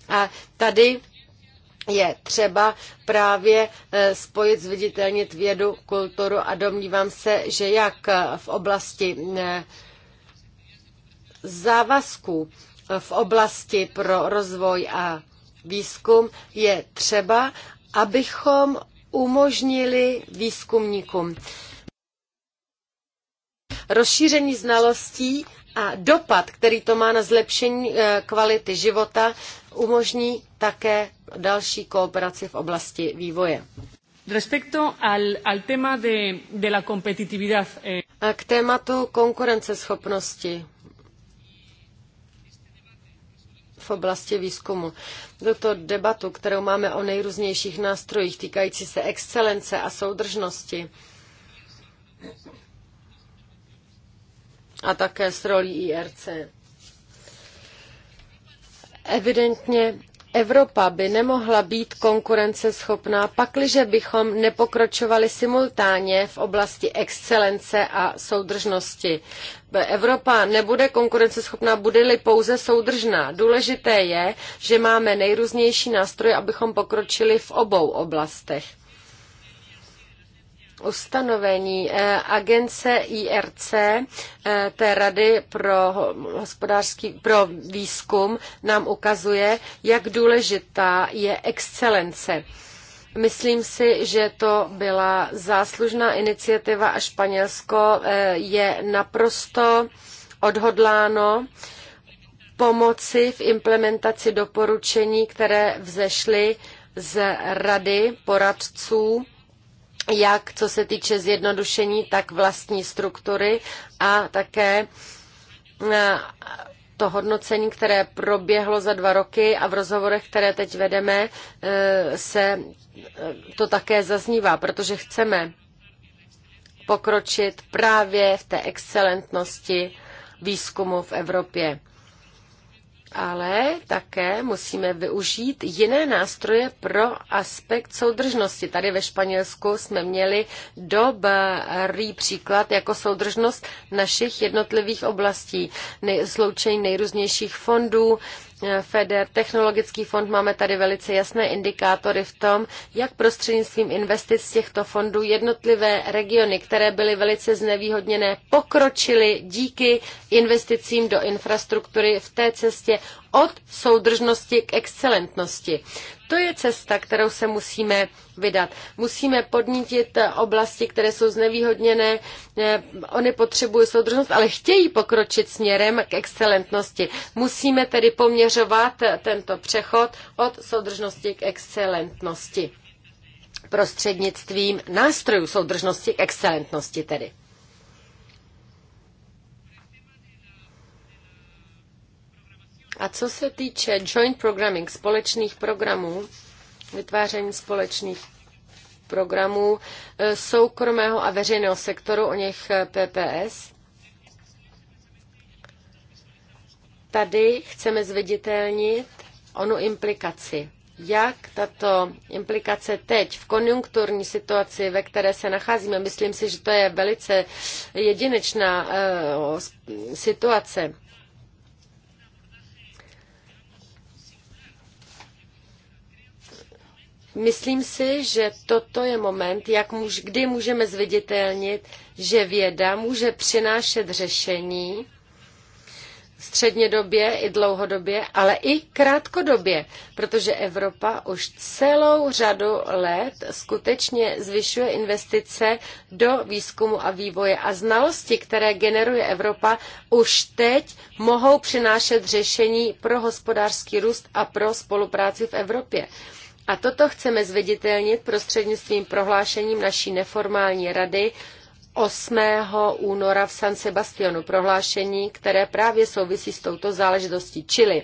a tady je třeba právě eh, spojit, zviditelnit vědu, kulturu a domnívám se, že jak eh, v oblasti eh, závazků, v oblasti pro rozvoj a výzkum je třeba, abychom umožnili výzkumníkům rozšíření znalostí a dopad, který to má na zlepšení eh, kvality života, umožní také další kooperaci v oblasti vývoje. Respecto al, al tema de, de la competitividad. Eh. A k tématu konkurenceschopnosti v oblasti výzkumu. Tuto debatu, kterou máme o nejrůznějších nástrojích týkající se excelence a soudržnosti, a také s rolí IRC. Evidentně Evropa by nemohla být konkurenceschopná, pakliže bychom nepokročovali simultánně v oblasti excelence a soudržnosti. Evropa nebude konkurenceschopná, bude-li pouze soudržná. Důležité je, že máme nejrůznější nástroje, abychom pokročili v obou oblastech ustanovení eh, agence IRC eh, té Rady pro, hospodářský, pro výzkum nám ukazuje, jak důležitá je excelence. Myslím si, že to byla záslužná iniciativa a Španělsko eh, je naprosto odhodláno pomoci v implementaci doporučení, které vzešly z Rady poradců jak co se týče zjednodušení, tak vlastní struktury a také eh, to hodnocení, které proběhlo za dva roky a v rozhovorech, které teď vedeme, eh, se eh, to také zaznívá, protože chceme pokročit právě v té excelentnosti výzkumu v Evropě ale také musíme využít jiné nástroje pro aspekt soudržnosti. Tady ve Španělsku jsme měli dobrý příklad jako soudržnost našich jednotlivých oblastí, sloučení nejrůznějších fondů, Eh, FEDER, Technologický fond, máme tady velice jasné indikátory v tom, jak prostřednictvím investic z těchto fondů jednotlivé regiony, které byly velice znevýhodněné, pokročily díky investicím do infrastruktury v té cestě od soudržnosti k excelentnosti. To je cesta, kterou se musíme vydat. Musíme podnítit oblasti, které jsou znevýhodněné, eh, oni potřebují soudržnost, ale chtějí pokročit směrem k excelentnosti. Musíme tedy poměřovat tento přechod od soudržnosti k excelentnosti prostřednictvím nástrojů soudržnosti k excelentnosti tedy. A co se týče joint programming, společných programů, vytváření společných programů e, soukromého a veřejného sektoru, o něch e, PPS, tady chceme zviditelnit onu implikaci. Jak tato implikace teď v konjunkturní situaci, ve které se nacházíme, myslím si, že to je velice jedinečná uh, situace, Myslím si, že toto je moment, jak muž, kdy můžeme zviditelnit, že věda může přinášet řešení střednědobě i dlouhodobě, ale i krátkodobě, protože Evropa už celou řadu let skutečně zvyšuje investice do výzkumu a vývoje a znalosti, které generuje Evropa, už teď mohou přinášet řešení pro hospodářský růst a pro spolupráci v Evropě. A toto chceme zveditelnit prostřednictvím prohlášením naší neformální rady 8. února v San Sebastianu. Prohlášení, které právě souvisí s touto záležitostí, čili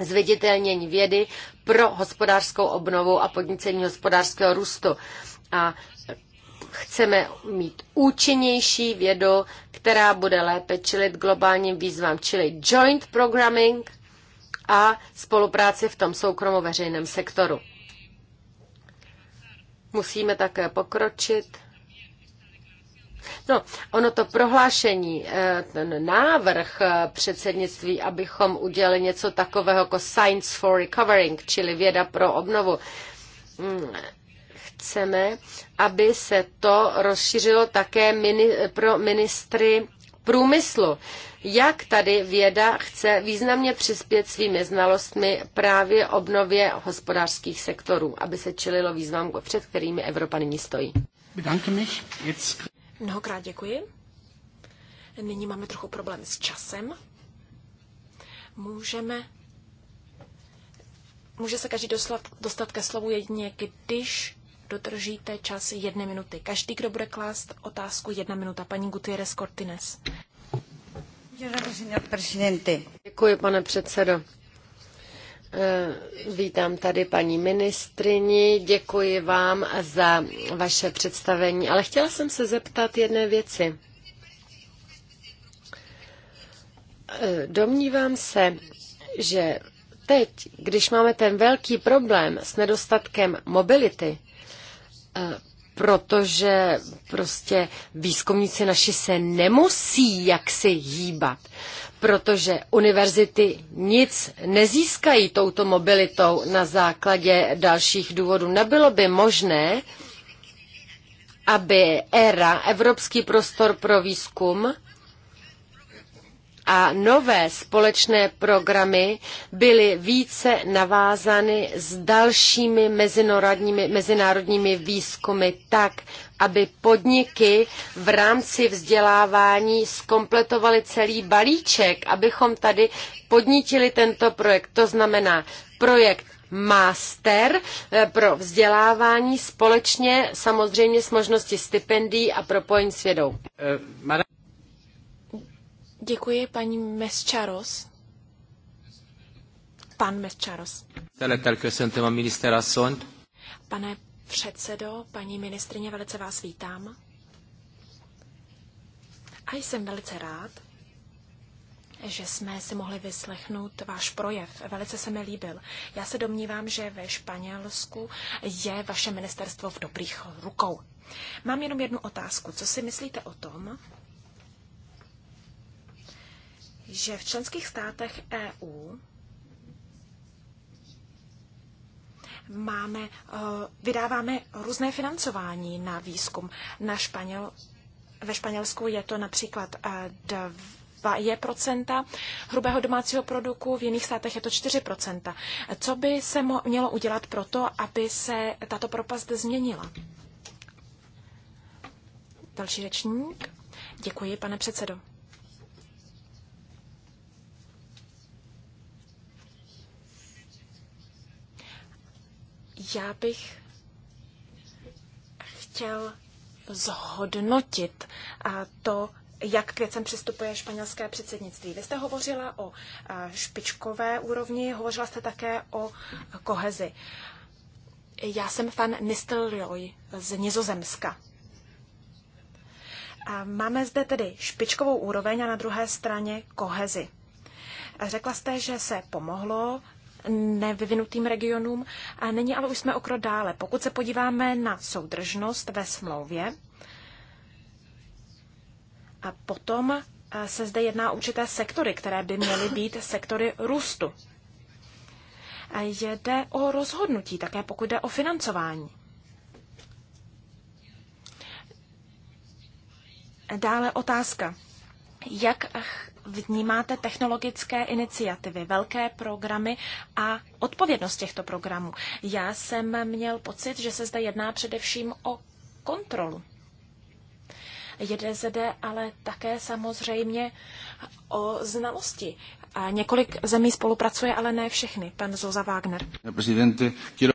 zveditelnění vědy pro hospodářskou obnovu a podnicení hospodářského růstu. A chceme mít účinnější vědu, která bude lépe čelit globálním výzvám, čili joint programming a spolupráci v tom soukromo-veřejném sektoru. Musíme také pokročit. No, ono to prohlášení, eh, ten návrh eh, předsednictví, abychom udělali něco takového jako Science for Recovering, čili věda pro obnovu, hmm, chceme, aby se to rozšířilo také mini, pro ministry průmyslu. Jak tady věda chce významně přispět svými znalostmi právě obnově hospodářských sektorů, aby se čelilo výzvám, před kterými Evropa nyní stojí? Mnohokrát děkuji. Nyní máme trochu problém s časem. Můžeme může se každý dostat, dostat ke slovu jedině, když dodržíte čas jedné minuty. Každý, kdo bude klást otázku, jedna minuta. Paní Gutierrez Cortines. Děkuji, pane předsedo. Eh, vítám tady paní ministrini, děkuji vám za vaše představení, ale chtěla jsem se zeptat jedné věci. Eh, domnívám se, že teď, když máme ten velký problém s nedostatkem mobility, Eh, protože prostě výzkumníci naši se nemusí jaksi hýbat, protože univerzity nic nezískají touto mobilitou na základě dalších důvodů. Nebylo by možné, aby ERA, Evropský prostor pro výzkum, a nové společné programy byly více navázány s dalšími mezinárodními, mezinárodními výzkumy tak, aby podniky v rámci vzdělávání skompletovaly celý balíček, abychom tady podnítili tento projekt. To znamená projekt master eh, pro vzdělávání společně samozřejmě s možností stipendií a propojení s vědou. Eh, Děkuji, paní Mesčaros. Pan Mesčaros. Pane předsedo, paní ministrině, velice vás vítám. A jsem velice rád, že jsme si mohli vyslechnout váš projev. Velice se mi líbil. Já se domnívám, že ve Španělsku je vaše ministerstvo v dobrých rukou. Mám jenom jednu otázku. Co si myslíte o tom, že v členských státech EU máme, eh, vydáváme různé financování na výzkum. Na Španěl, ve Španělsku je to například 2% eh, hrubého domácího produktu, v jiných státech je to 4%. Co by se mělo udělat pro to, aby se tato propast změnila? Další řečník. Děkuji, pane předsedo. Já bych chtěl zhodnotit to, jak k věcem přistupuje španělské předsednictví. Vy jste hovořila o špičkové úrovni, hovořila jste také o kohezi. Já jsem fan Nistelrooy z Nizozemska. A máme zde tedy špičkovou úroveň a na druhé straně kohezi. Řekla jste, že se pomohlo nevyvinutým regionům. A není ale už jsme o krok dále. Pokud se podíváme na soudržnost ve smlouvě, a potom se zde jedná o určité sektory, které by měly být sektory růstu. A jde o rozhodnutí, také pokud jde o financování. Dále otázka. Jak vnímáte technologické iniciativy, velké programy a odpovědnost těchto programů? Já jsem měl pocit, že se zde jedná především o kontrolu. Jede zde ale také samozřejmě o znalosti. Několik zemí spolupracuje, ale ne všechny. Pan Zoza Wagner.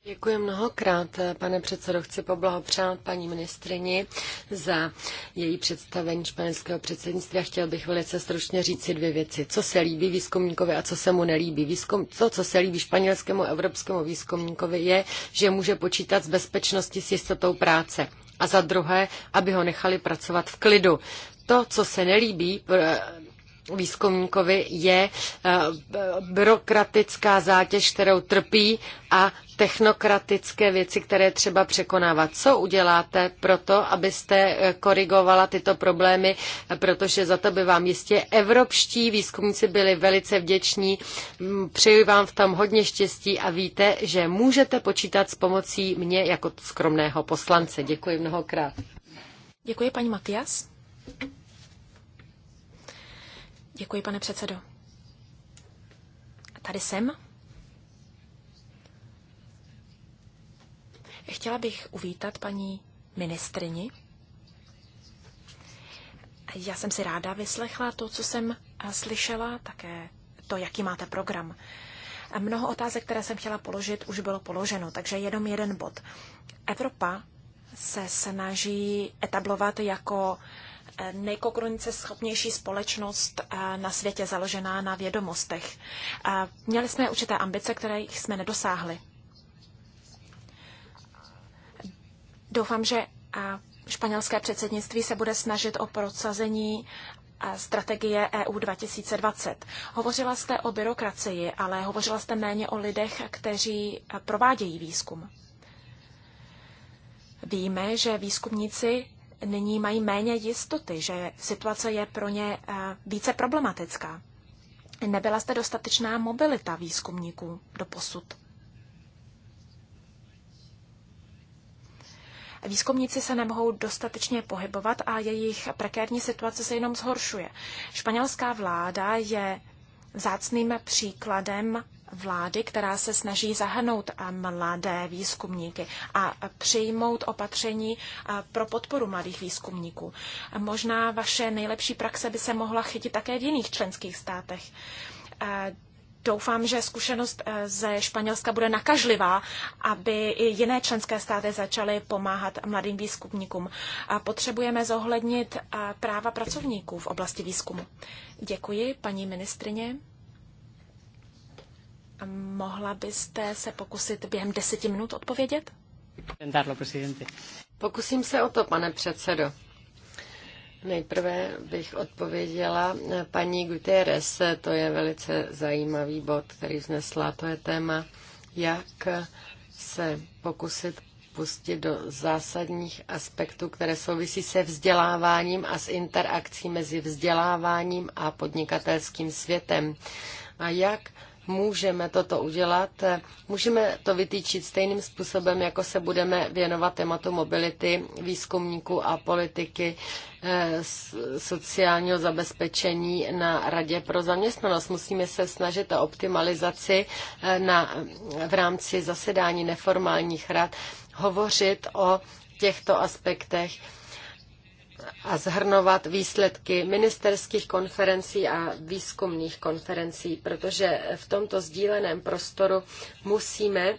Děkuji mnohokrát, pane předsedo. Chci poblahopřát paní ministrini za její představení španělského předsednictví a chtěl bych velice stručně říci dvě věci. Co se líbí výzkumníkovi a co se mu nelíbí. Výzkum, to, co se líbí španělskému evropskému výzkumníkovi, je, že může počítat s bezpečností s jistotou práce. A za druhé, aby ho nechali pracovat v klidu to, co se nelíbí výzkumníkovi je eh, byrokratická zátěž, kterou trpí a technokratické věci, které třeba překonávat. Co uděláte pro to, abyste eh, korigovala tyto problémy, protože za to by vám jistě evropští výzkumníci byli velice vděční. Mm, přeji vám v tom hodně štěstí a víte, že můžete počítat s pomocí mě jako skromného poslance. Děkuji mnohokrát. Děkuji paní Matias. Děkuji, pane předsedo. Tady jsem. Chtěla bych uvítat paní ministrini. Já jsem si ráda vyslechla to, co jsem slyšela, také to, jaký máte program. Mnoho otázek, které jsem chtěla položit, už bylo položeno, takže jenom jeden bod. Evropa se snaží etablovat jako nejkonkurence schopnější společnost eh, na světě založená na vědomostech. Eh, měli jsme určité ambice, které jsme nedosáhli. Doufám, že eh, španělské předsednictví se bude snažit o procazení strategie EU 2020. Hovořila jste o byrokracii, ale hovořila jste méně o lidech, kteří provádějí výzkum. Víme, že výzkumníci nyní mají méně jistoty, že situace je pro ně eh, více problematická. Nebyla zde dostatečná mobilita výzkumníků do posud. Výzkumníci se nemohou dostatečně pohybovat a jejich prekérní situace se jenom zhoršuje. Španělská vláda je vzácným příkladem vlády, která se snaží zahrnout eh, mladé výzkumníky a přijmout opatření eh, pro podporu mladých výzkumníků. Možná vaše nejlepší praxe by se mohla chytit také v jiných členských státech. Eh, doufám, že zkušenost ze Španělska bude nakažlivá, aby i jiné členské státy začaly pomáhat mladým výzkumníkům. Potřebujeme zohlednit práva pracovníků v oblasti výzkumu. Děkuji, paní ministrině. Mohla byste se pokusit během deseti minut odpovědět? Pokusím se o to, pane předsedo. Nejprve bych odpověděla paní Gutierrez. to je velice zajímavý bod, který vznesla, to je téma, jak se pokusit pustit do zásadních aspektů, které souvisí se vzděláváním a s interakcí mezi vzděláváním a podnikatelským světem. A jak můžeme toto udělat. Můžeme to vytýčit stejným způsobem, jako se budeme věnovat tématu mobility výzkumníků a politiky eh, sociálního zabezpečení na Radě pro zaměstnanost. Musíme se snažit o optimalizaci eh, na, v rámci zasedání neformálních rad, hovořit o těchto aspektech a zhrnovat výsledky ministerských konferencí a výzkumných konferencí, protože v tomto sdíleném prostoru musíme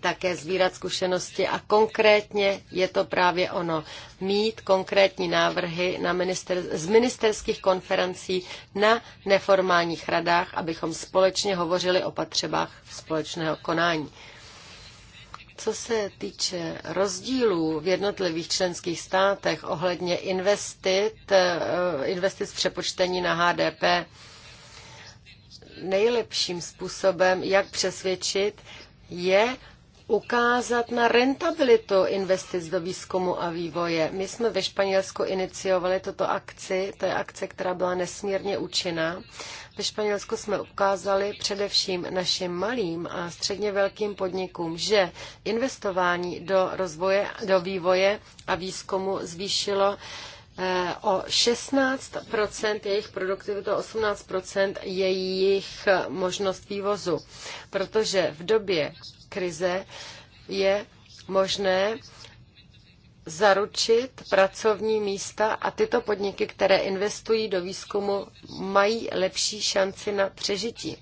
také sbírat zkušenosti a konkrétně je to právě ono. Mít konkrétní návrhy na minister, z ministerských konferencí na neformálních radách, abychom společně hovořili o potřebách společného konání. Co se týče rozdílů v jednotlivých členských státech ohledně investit eh, investic v přepočtení na HDP, nejlepším způsobem, jak přesvědčit, je ukázat na rentabilitu investic do výzkumu a vývoje. My jsme ve Španělsku iniciovali toto akci, to je akce, která byla nesmírně účinná ve Španělsku jsme ukázali především našim malým a středně velkým podnikům, že investování do rozvoje, do vývoje a výzkumu zvýšilo eh, o 16 jejich produktivitu a 18 jejich možnost vývozu. Protože v době krize je možné zaručit pracovní místa a tyto podniky, které investují do výzkumu, mají lepší šanci na přežití.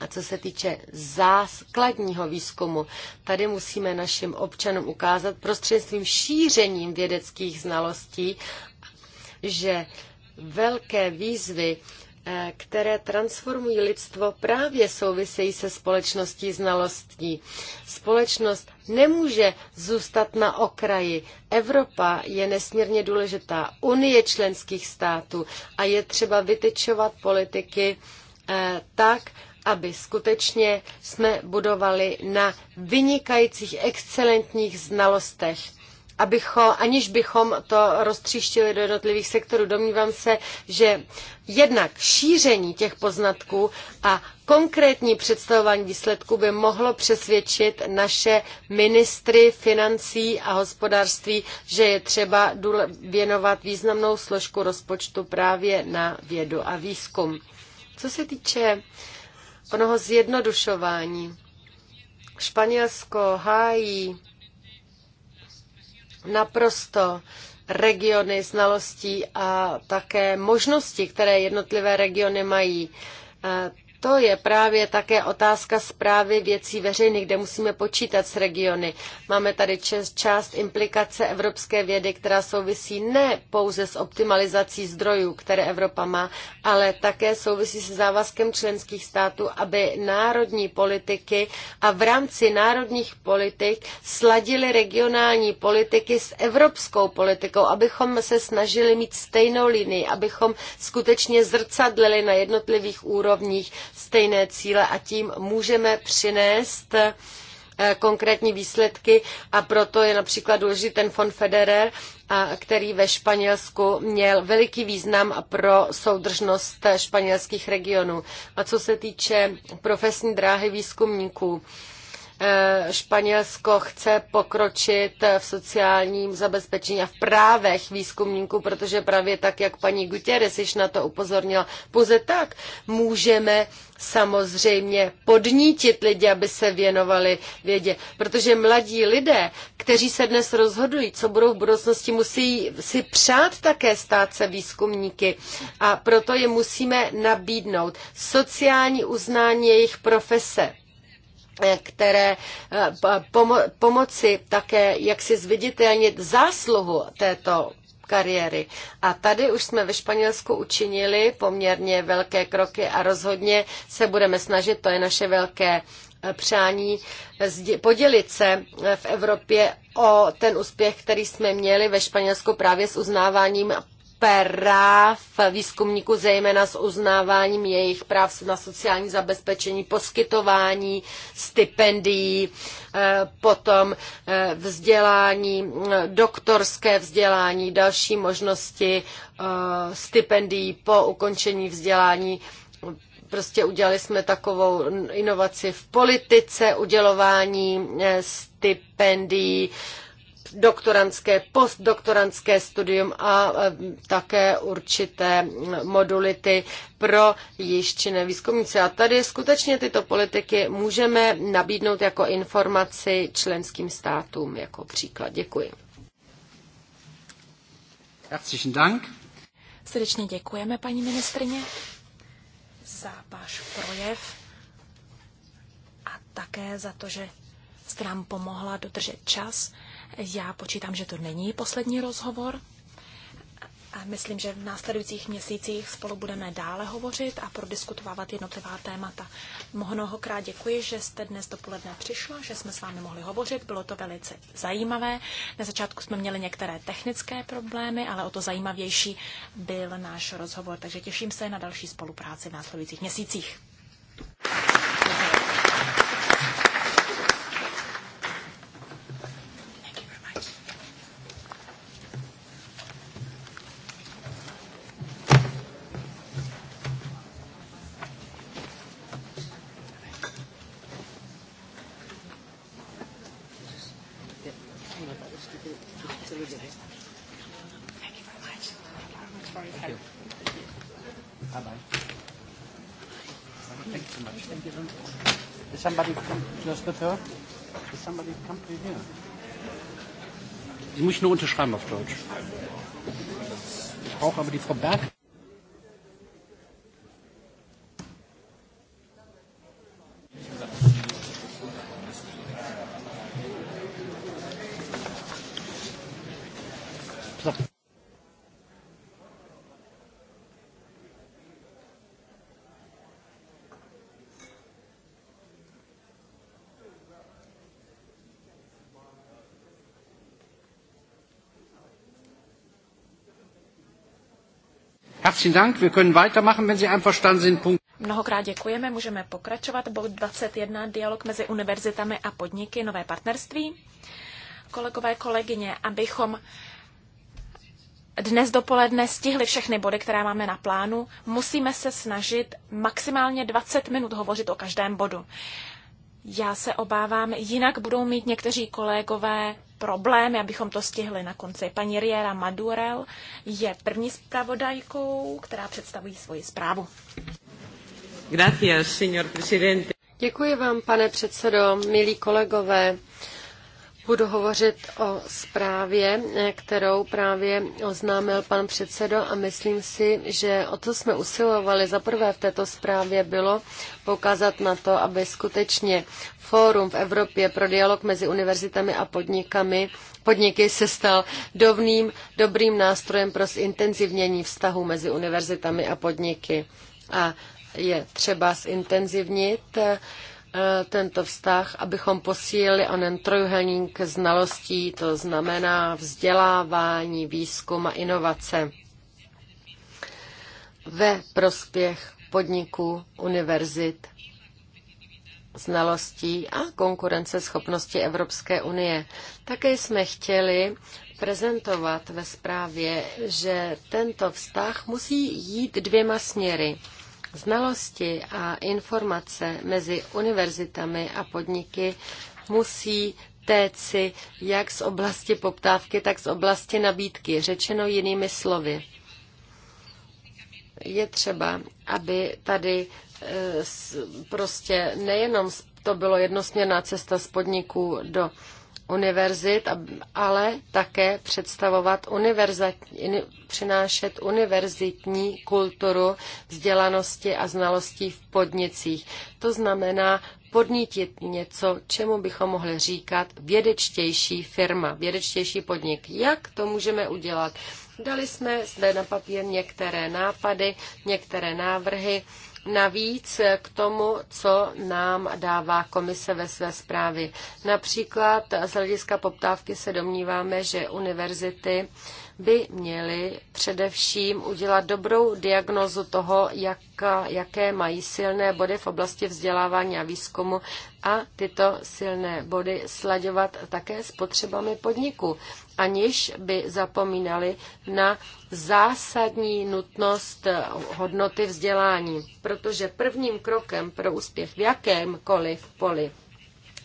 A co se týče základního výzkumu, tady musíme našim občanům ukázat prostřednictvím šířením vědeckých znalostí, že velké výzvy Eh, které transformují lidstvo, právě souvisejí se společností znalostí. Společnost nemůže zůstat na okraji. Evropa je nesmírně důležitá, unie členských států a je třeba vytyčovat politiky eh, tak, aby skutečně jsme budovali na vynikajících, excelentních znalostech abychom, aniž bychom to roztříštili do jednotlivých sektorů. Domnívám se, že jednak šíření těch poznatků a konkrétní představování výsledků by mohlo přesvědčit naše ministry financí a hospodářství, že je třeba věnovat významnou složku rozpočtu právě na vědu a výzkum. Co se týče onoho zjednodušování, Španělsko hájí naprosto regiony znalostí a také možnosti, které jednotlivé regiony mají eh, to je právě také otázka zprávy věcí veřejných, kde musíme počítat s regiony. Máme tady část implikace evropské vědy, která souvisí ne pouze s optimalizací zdrojů, které Evropa má, ale také souvisí se závazkem členských států, aby národní politiky a v rámci národních politik sladily regionální politiky s evropskou politikou, abychom se snažili mít stejnou linii, abychom skutečně zrcadlili na jednotlivých úrovních stejné cíle a tím můžeme přinést eh, konkrétní výsledky a proto je například důležitý ten fond Federer, který ve Španělsku měl veliký význam pro soudržnost španělských regionů. A co se týče profesní dráhy výzkumníků, Eh, Španělsko chce pokročit v sociálním zabezpečení a v právech výzkumníků, protože právě tak, jak paní Gutierrez již na to upozornila, pouze tak můžeme samozřejmě podnítit lidi, aby se věnovali vědě. Protože mladí lidé, kteří se dnes rozhodují, co budou v budoucnosti, musí si přát také stát se výzkumníky a proto je musíme nabídnout. Sociální uznání jejich profese které eh, pomo- pomoci také, jak si zviditelnit zásluhu této kariéry. A tady už jsme ve Španělsku učinili poměrně velké kroky a rozhodně se budeme snažit, to je naše velké eh, přání, podělit se eh, v Evropě o ten úspěch, který jsme měli ve Španělsku právě s uznáváním práv výzkumníků, zejména s uznáváním jejich práv na sociální zabezpečení, poskytování stipendií, eh, potom eh, vzdělání, eh, doktorské vzdělání, další možnosti stipendií po ukončení vzdělání prostě udělali jsme takovou inovaci v politice, udělování stipendií doktorantské, postdoktorantské studium a e, také určité modulity pro činné výzkumnice. A tady skutečně tyto politiky můžeme nabídnout jako informaci členským státům jako příklad. Děkuji. Herzlichen Dank. Srdečně děkujeme, paní ministrině, za váš projev a také za to, že jste nám pomohla dodržet čas. Já počítám, že to není poslední rozhovor. A myslím, že v následujících měsících spolu budeme dále hovořit a prodiskutovávat jednotlivá témata. Mnohokrát děkuji, že jste dnes dopoledne přišla, že jsme s vámi mohli hovořit. Bylo to velice zajímavé. Na začátku jsme měli některé technické problémy, ale o to zajímavější byl náš rozhovor. Takže těším se na další spolupráci v následujících měsících. Děkuji. Ich muss nur unterschreiben auf Deutsch. Ich brauche aber die Frau Berg. Herzlichen Dank. Wir können weitermachen, wenn Sie einverstanden sind. Punkt. Mnohokrát děkujeme, můžeme pokračovat. Bod 21, dialog mezi univerzitami a podniky, nové partnerství. Kolegové, kolegyně, abychom dnes dopoledne stihli všechny body, které máme na plánu, musíme se snažit maximálně 20 minut hovořit o každém bodu. Já se obávám, jinak budou mít někteří kolegové problémy, abychom to stihli na konci. Paní Riera Madurel je první zpravodajkou, která představí svoji zprávu. Gracias, señor presidente. Děkuji vám, pane předsedo, milí kolegové. Budu hovořit o zprávě, kterou právě oznámil pan předsedo a myslím si, že o co jsme usilovali za prvé v této zprávě bylo poukázat na to, aby skutečně fórum v Evropě pro dialog mezi univerzitami a podnikami, podniky se stal dovným, dobrým nástrojem pro zintenzivnění vztahu mezi univerzitami a podniky. A je třeba zintenzivnit uh, Eh, tento vztah, abychom posílili onen trojuhelník znalostí, to znamená vzdělávání, výzkum a inovace ve prospěch podniků, univerzit, znalostí a konkurenceschopnosti Evropské unie. Také jsme chtěli prezentovat ve zprávě, že tento vztah musí jít dvěma směry. Znalosti a informace mezi univerzitami a podniky musí téci jak z oblasti poptávky, tak z oblasti nabídky, řečeno jinými slovy. Je třeba, aby tady e, prostě nejenom to bylo jednosměrná cesta z podniku do univerzit, ale také představovat univerzit, přinášet univerzitní kulturu vzdělanosti a znalostí v podnicích. To znamená podnítit něco, čemu bychom mohli říkat vědečtější firma, vědečtější podnik. Jak to můžeme udělat? Dali jsme zde na papír některé nápady, některé návrhy navíc k tomu, co nám dává komise ve své zprávě. Například z hlediska poptávky se domníváme, že univerzity by měli především udělat dobrou diagnozu toho, jak, jaké mají silné body v oblasti vzdělávání a výzkumu a tyto silné body slaďovat také s potřebami podniku, aniž by zapomínali na zásadní nutnost hodnoty vzdělání, protože prvním krokem pro úspěch v jakémkoliv poli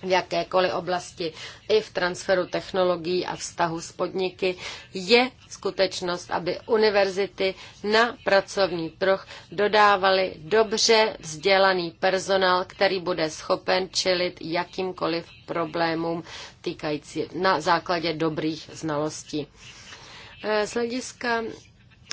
v jakékoliv oblasti, i v transferu technologií a vztahu s podniky, je skutečnost, aby univerzity na pracovní trh dodávaly dobře vzdělaný personál, který bude schopen čelit jakýmkoliv problémům týkající na základě dobrých znalostí. Eh, z hlediska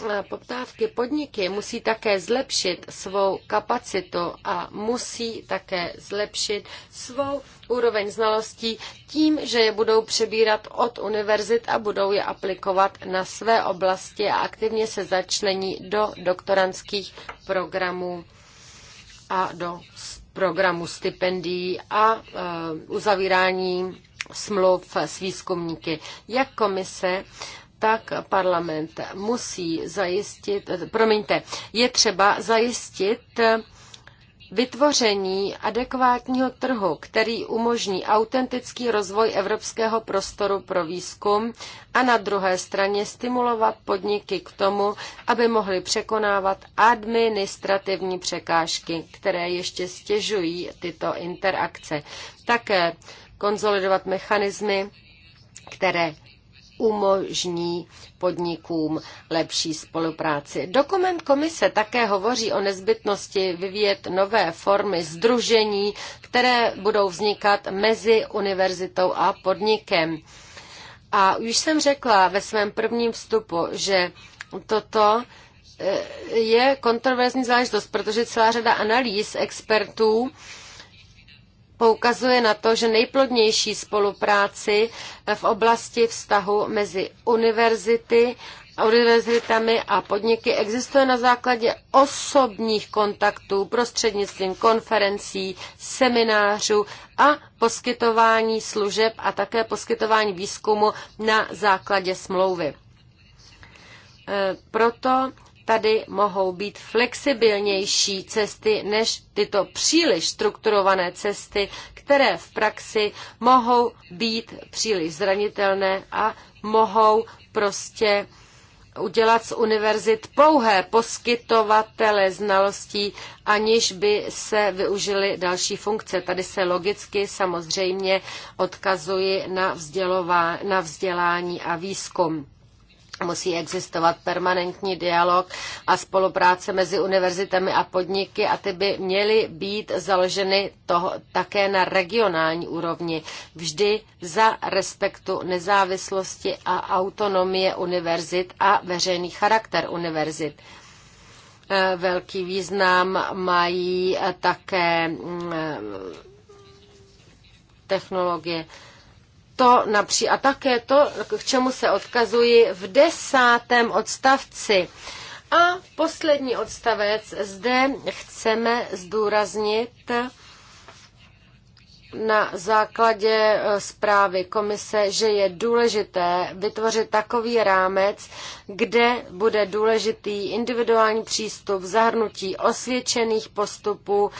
Eh, poptávky podniky musí také zlepšit svou kapacitu a musí také zlepšit svou úroveň znalostí tím, že je budou přebírat od univerzit a budou je aplikovat na své oblasti a aktivně se začlení do doktorantských programů a do programu stipendií a eh, uzavírání smluv s výzkumníky. Jak komise tak parlament musí zajistit, promiňte, je třeba zajistit vytvoření adekvátního trhu, který umožní autentický rozvoj evropského prostoru pro výzkum a na druhé straně stimulovat podniky k tomu, aby mohly překonávat administrativní překážky, které ještě stěžují tyto interakce. Také konzolidovat mechanismy, které umožní podnikům lepší spolupráci. Dokument komise také hovoří o nezbytnosti vyvíjet nové formy združení, které budou vznikat mezi univerzitou a podnikem. A už jsem řekla ve svém prvním vstupu, že toto eh, je kontroverzní záležitost, protože celá řada analýz expertů poukazuje na to, že nejplodnější spolupráci v oblasti vztahu mezi univerzity univerzitami a podniky existuje na základě osobních kontaktů prostřednictvím konferencí, seminářů a poskytování služeb a také poskytování výzkumu na základě smlouvy. E, proto tady mohou být flexibilnější cesty než tyto příliš strukturované cesty, které v praxi mohou být příliš zranitelné a mohou prostě udělat z univerzit pouhé poskytovatele znalostí, aniž by se využily další funkce. Tady se logicky samozřejmě odkazuji na, na vzdělání a výzkum. Musí existovat permanentní dialog a spolupráce mezi univerzitami a podniky a ty by měly být založeny toho, také na regionální úrovni, vždy za respektu nezávislosti a autonomie univerzit a veřejný charakter univerzit. E, velký význam mají také mm, e, technologie to napří a také to, k čemu se odkazuji v desátém odstavci. A poslední odstavec. Zde chceme zdůraznit na základě eh, zprávy komise, že je důležité vytvořit takový rámec, kde bude důležitý individuální přístup, zahrnutí osvědčených postupů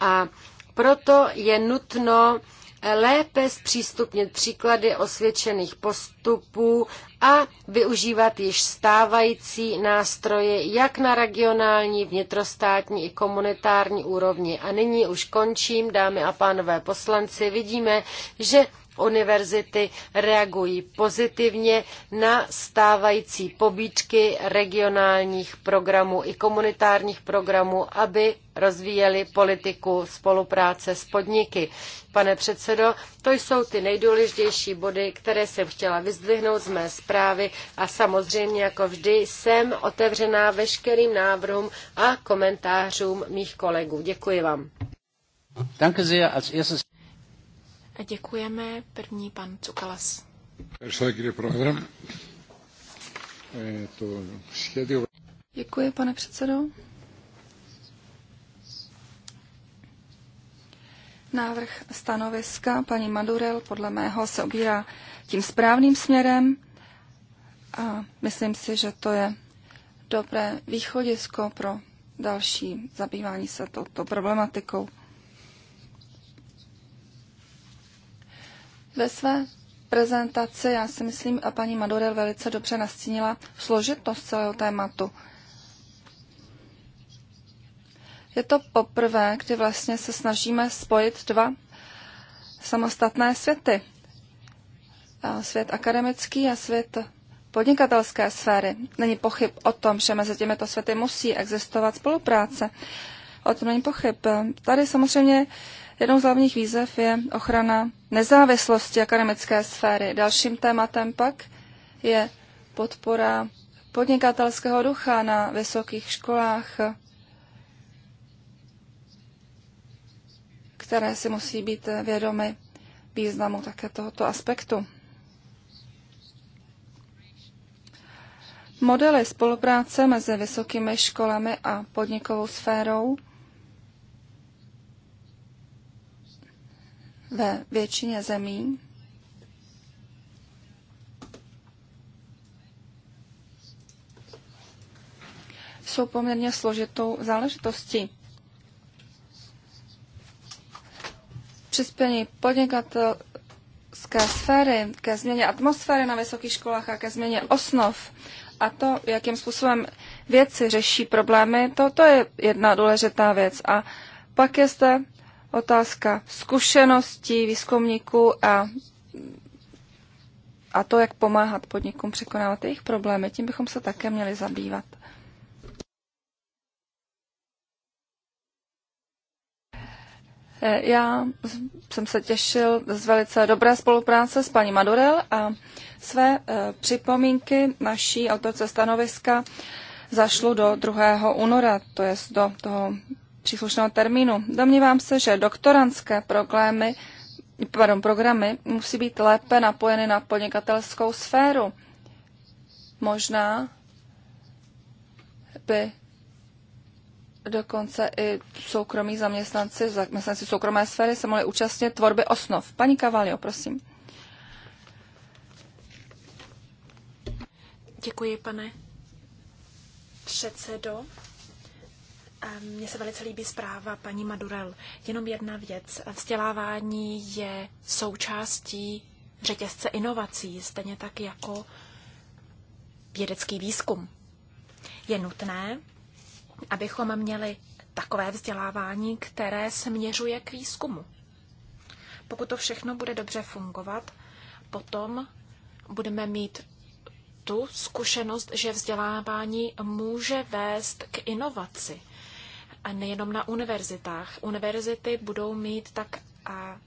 a proto je nutno lépe zpřístupnit příklady osvědčených postupů a využívat již stávající nástroje jak na regionální, vnitrostátní i komunitární úrovni. A nyní už končím, dámy a pánové poslanci, vidíme, že univerzity reagují pozitivně na stávající pobíčky regionálních programů i komunitárních programů, aby rozvíjeli politiku spolupráce s podniky. Pane předsedo, to jsou ty nejdůležitější body, které jsem chtěla vyzdvihnout z mé zprávy a samozřejmě jako vždy jsem otevřená veškerým návrhům a komentářům mých kolegů. Děkuji vám. Danke sehr. Als erstes a děkujeme. První pan Cukalas. Děkuji, pane předsedo. Návrh stanoviska paní Madurel podle mého se obírá tím správným směrem a myslím si, že to je dobré východisko pro další zabývání se touto problematikou. Ve své prezentaci, já si myslím, a paní Madorel velice dobře nastínila složitost celého tématu. Je to poprvé, kdy vlastně se snažíme spojit dva samostatné světy. Svět akademický a svět podnikatelské sféry. Není pochyb o tom, že mezi těmito světy musí existovat spolupráce. O tom není pochyb. Tady samozřejmě Jednou z hlavních výzev je ochrana nezávislosti akademické sféry. Dalším tématem pak je podpora podnikatelského ducha na vysokých školách, které si musí být vědomy významu také tohoto aspektu. Modely spolupráce mezi vysokými školami a podnikovou sférou ve většině zemí jsou poměrně složitou záležitostí. Přispění podnikatelské sféry ke změně atmosféry na vysokých školách a ke změně osnov a to, jakým způsobem věci řeší problémy, to, to je jedna důležitá věc. A pak je zde otázka zkušeností výzkumníků a, a to, jak pomáhat podnikům překonávat jejich problémy. Tím bychom se také měli zabývat. Eh, já jsem se těšil z velice dobré spolupráce s paní Madurel a své eh, připomínky naší autorce stanoviska zašlu do 2. února, to je do toho příslušného termínu. Domnívám se, že doktorantské problémy, pardon, programy musí být lépe napojeny na podnikatelskou sféru. Možná by dokonce i soukromí zaměstnanci, zaměstnanci soukromé sféry se mohli účastnit tvorby osnov. Paní Kavalio, prosím. Děkuji, pane předsedo. Mně se velice líbí zpráva paní Madurel. Jenom jedna věc. Vzdělávání je součástí řetězce inovací, stejně tak jako vědecký výzkum. Je nutné, abychom měli takové vzdělávání, které směřuje k výzkumu. Pokud to všechno bude dobře fungovat, potom budeme mít tu zkušenost, že vzdělávání může vést k inovaci a nejenom na univerzitách. Univerzity budou mít tak a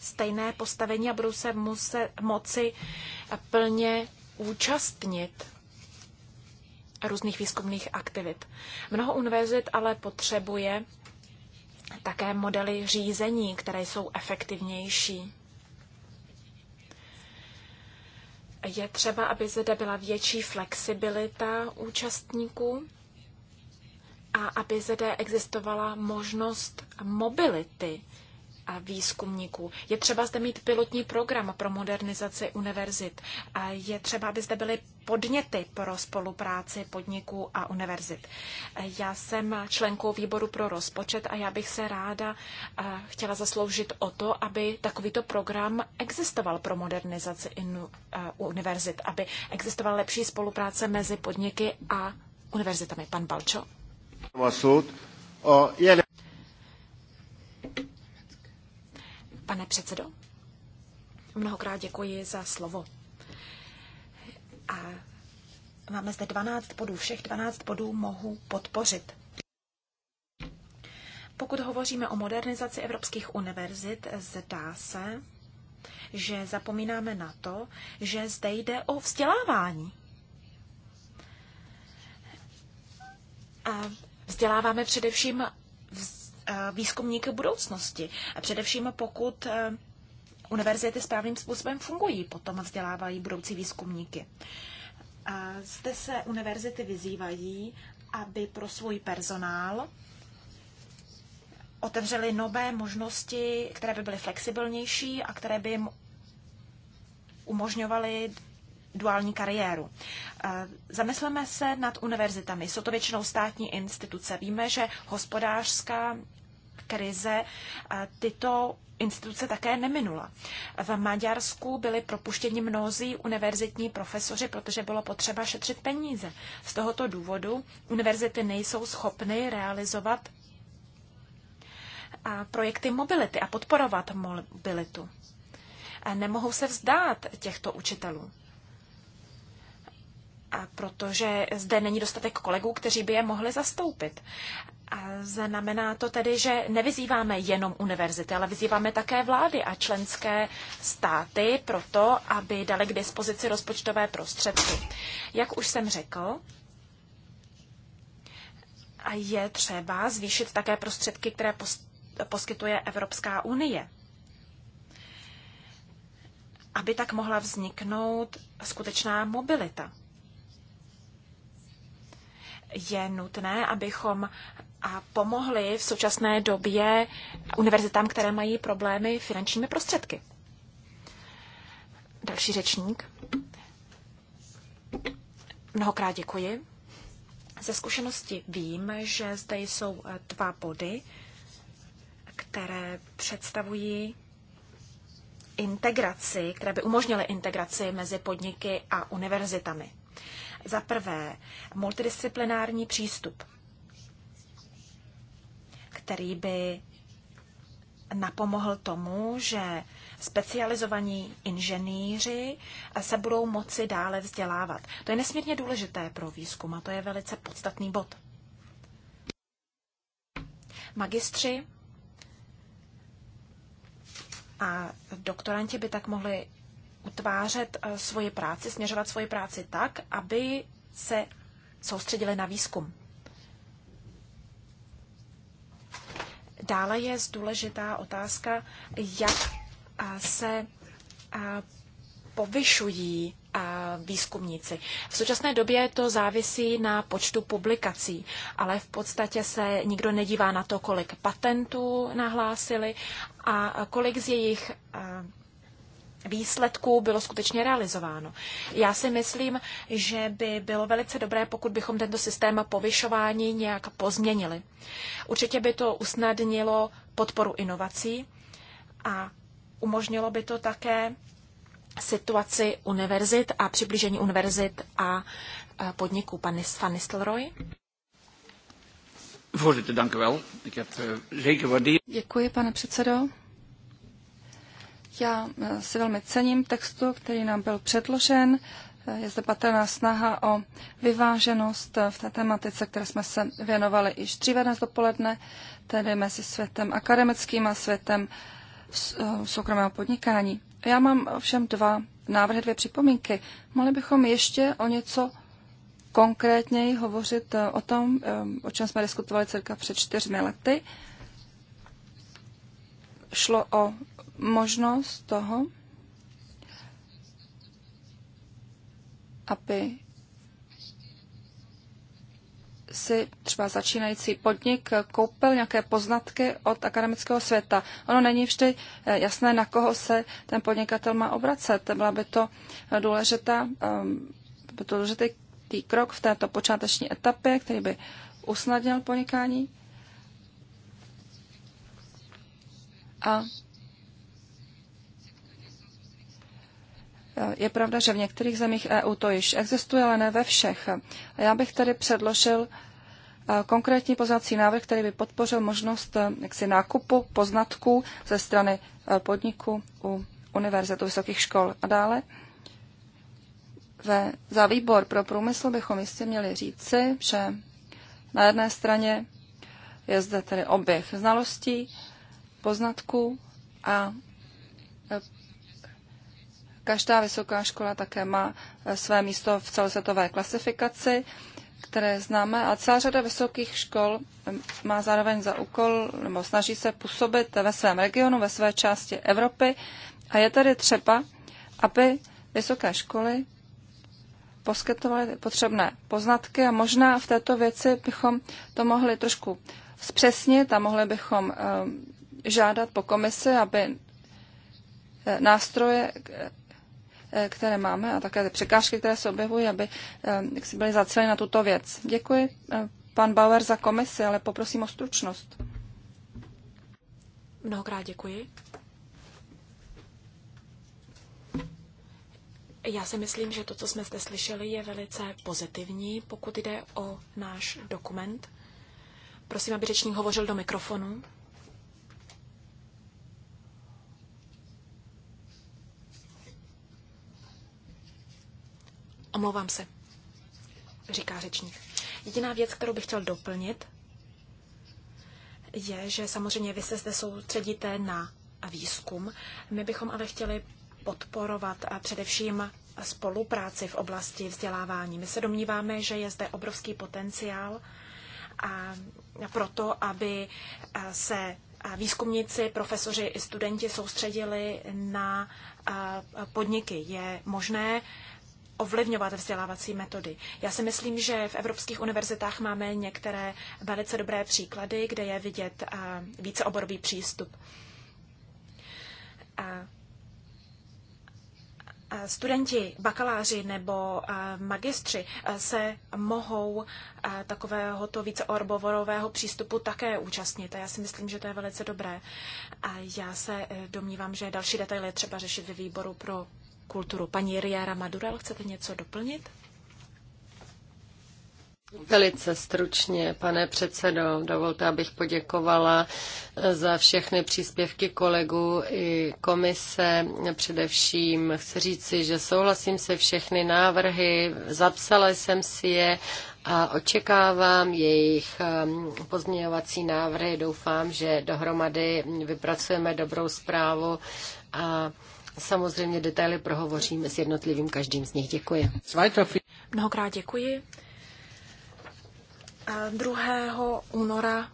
stejné postavení a budou se muset, moci plně účastnit různých výzkumných aktivit. Mnoho univerzit ale potřebuje také modely řízení, které jsou efektivnější. Je třeba, aby zde byla větší flexibilita účastníků a aby zde existovala možnost mobility a výzkumníků. Je třeba zde mít pilotní program pro modernizaci univerzit. A je třeba, aby zde byly podněty pro spolupráci podniků a univerzit. Já jsem členkou výboru pro rozpočet a já bych se ráda eh, chtěla zasloužit o to, aby takovýto program existoval pro modernizaci eh, univerzit, aby existovala lepší spolupráce mezi podniky a univerzitami. Pan Balčo. Pane předsedo, mnohokrát děkuji za slovo. A máme zde 12 bodů. Všech 12 bodů mohu podpořit. Pokud hovoříme o modernizaci evropských univerzit, zdá se, že zapomínáme na to, že zde jde o vzdělávání. A Vzděláváme především eh, výzkumníky budoucnosti, a především pokud eh, univerzity správným způsobem fungují, potom vzdělávají budoucí výzkumníky. Zde se univerzity vyzývají, aby pro svůj personál otevřely nové možnosti, které by byly flexibilnější a které by jim umožňovaly duální kariéru. Eh, zamysleme se nad univerzitami. Jsou to většinou státní instituce. Víme, že hospodářská krize eh, tyto instituce také neminula. V Maďarsku byli propuštěni mnozí univerzitní profesoři, protože bylo potřeba šetřit peníze. Z tohoto důvodu univerzity nejsou schopny realizovat eh, projekty mobility a podporovat mobilitu. Nemohou se vzdát těchto učitelů a protože zde není dostatek kolegů, kteří by je mohli zastoupit. A znamená to tedy, že nevyzýváme jenom univerzity, ale vyzýváme také vlády a členské státy proto, aby dali k dispozici rozpočtové prostředky. Jak už jsem řekl, a je třeba zvýšit také prostředky, které poskytuje Evropská unie, aby tak mohla vzniknout skutečná mobilita je nutné, abychom pomohli v současné době univerzitám, které mají problémy finančními prostředky. Další řečník. Mnohokrát děkuji. Ze zkušenosti vím, že zde jsou eh, dva body, které představují integraci, které by umožnily integraci mezi podniky a univerzitami. Za prvé, multidisciplinární přístup, který by napomohl tomu, že specializovaní inženýři se budou moci dále vzdělávat. To je nesmírně důležité pro výzkum a to je velice podstatný bod. Magistři a doktoranti by tak mohli utvářet eh, svoji práci, směřovat svoji práci tak, aby se soustředili na výzkum. Dále je důležitá otázka, jak eh, se eh, povyšují výzkumníci. V současné době to závisí na počtu publikací, ale v podstatě se nikdo nedívá na to, kolik patentů nahlásili a kolik z jejich výsledků bylo skutečně realizováno. Já si myslím, že by bylo velice dobré, pokud bychom tento systém povyšování nějak pozměnili. Určitě by to usnadnilo podporu inovací a umožnilo by to také situaci univerzit a přiblížení univerzit a podniků. Pan Van eh, Děkuji, pane předsedo. Já eh, si velmi cením textu, který nám byl předložen. Eh, je zde patrná snaha o vyváženost eh, v té tematice, které jsme se věnovali již dříve dnes dopoledne, tedy mezi světem akademickým a světem soukromého podnikání. Já mám ovšem dva návrhy, dvě připomínky. Mohli bychom ještě o něco konkrétněji hovořit o tom, o čem jsme diskutovali cirka před čtyřmi lety, šlo o možnost toho, aby si třeba začínající podnik koupil nějaké poznatky od akademického světa. Ono není vždy eh, jasné, na koho se ten podnikatel má obracet. Byla by to eh, důležitá, ehm, by to důležitý krok v této počáteční etapě, který by usnadnil podnikání A je pravda, že v některých zemích EU to již existuje, ale ne ve všech. A já bych tedy předložil konkrétní poznací návrh, který by podpořil možnost jaksi nákupu poznatků ze strany podniku u univerzitu vysokých škol a dále. Ve, za výbor pro průmysl bychom jistě měli říci, že na jedné straně je zde tedy oběh znalostí, poznatků a e, každá vysoká škola také má e, své místo v celosvětové klasifikaci, které známe. A celá řada vysokých škol e, má zároveň za úkol, nebo snaží se působit ve svém regionu, ve své části Evropy. A je tedy třeba, aby vysoké školy poskytovaly potřebné poznatky a možná v této věci bychom to mohli trošku zpřesnit a mohli bychom žádat po komisi, aby eh, nástroje, eh, které máme a také ty překážky, které se objevují, aby eh, jak si byly zaceleny na tuto věc. Děkuji pan Bauer za komisi, ale poprosím o stručnost. Mnohokrát děkuji. Já si myslím, že to, co jsme zde slyšeli, je velice pozitivní, pokud jde o náš dokument. Prosím, aby řečník hovořil do mikrofonu. Omlouvám se, říká řečník. Jediná věc, kterou bych chtěl doplnit, je, že samozřejmě vy se zde soustředíte na výzkum. My bychom ale chtěli podporovat a především spolupráci v oblasti vzdělávání. My se domníváme, že je zde obrovský potenciál a proto, aby se výzkumníci, profesoři i studenti soustředili na podniky. Je možné ovlivňovat vzdělávací metody. Já si myslím, že v evropských univerzitách máme některé velice dobré příklady, kde je vidět eh, víceoborový přístup. Eh, eh, studenti, bakaláři nebo magistři se mohou takovéhoto víceorbovorového přístupu také účastnit. A já si myslím, že to je velice dobré. A já se domnívám, že další detaily je třeba řešit ve výboru pro kulturu. Paní Riara Madurel, chcete něco doplnit? Velice stručně, pane předsedo, dovolte, abych poděkovala eh, za všechny příspěvky kolegů i komise. Především chci říci, že souhlasím se všechny návrhy, zapsala jsem si je a očekávám jejich ehm, pozměňovací návrhy. Doufám, že dohromady vypracujeme dobrou zprávu a Samozřejmě detaily prohovoříme s jednotlivým každým z nich. Děkuji. Mnohokrát děkuji. 2. února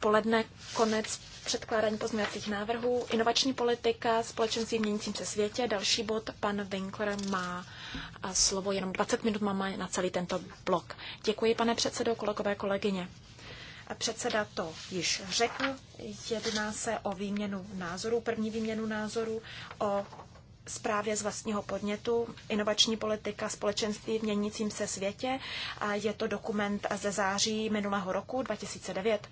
poledne konec předkládání pozměňovacích návrhů, inovační politika, společenství v měnícím se světě. Další bod, pan Winkler má slovo, jenom 20 minut máme na celý tento blok. Děkuji, pane předsedo, kolegové, kolegyně. Předseda to již řekl, jedná se o výměnu názorů, první výměnu názorů o zprávě z vlastního podnětu Inovační politika společenství v měnícím se světě. Je to dokument ze září minulého roku 2009.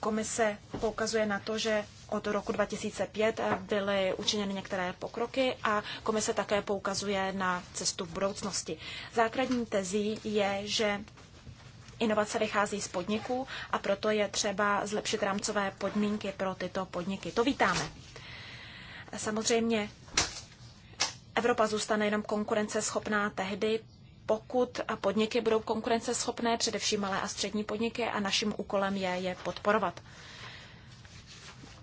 Komise poukazuje na to, že od roku 2005 byly učiněny některé pokroky a komise také poukazuje na cestu v budoucnosti. Základní tezí je, že Inovace vychází z podniků a proto je třeba zlepšit rámcové podmínky pro tyto podniky. To vítáme. Samozřejmě Evropa zůstane jenom konkurenceschopná tehdy, pokud a podniky budou konkurenceschopné, především malé a střední podniky, a naším úkolem je je podporovat.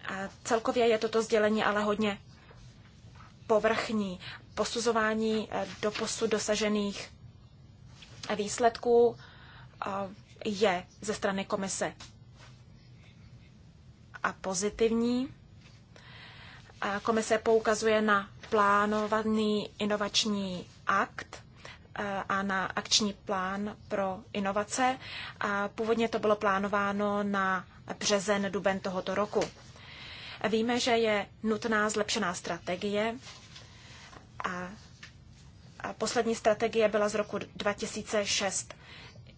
A celkově je toto sdělení ale hodně povrchní. Posuzování eh, do posud dosažených výsledků eh, je ze strany komise a pozitivní. Komise poukazuje na plánovaný inovační akt eh, a na akční plán pro inovace. Původně to bylo plánováno na březen, duben tohoto roku. Víme, že je nutná zlepšená strategie a poslední strategie byla z roku 2006.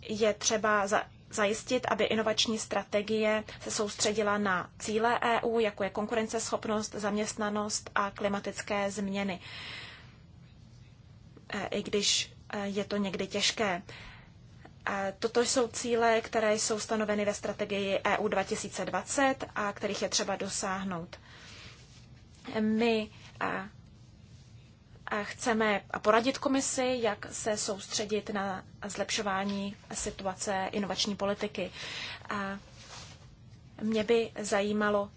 Je třeba zajistit, aby inovační strategie se soustředila na cíle EU, jako je konkurenceschopnost, zaměstnanost a klimatické změny. E, I když e, je to někdy těžké. E, toto jsou cíle, které jsou stanoveny ve strategii EU 2020 a kterých je třeba dosáhnout. My chceme poradit komisi, jak se soustředit na zlepšování situace inovační politiky. A mě by zajímalo,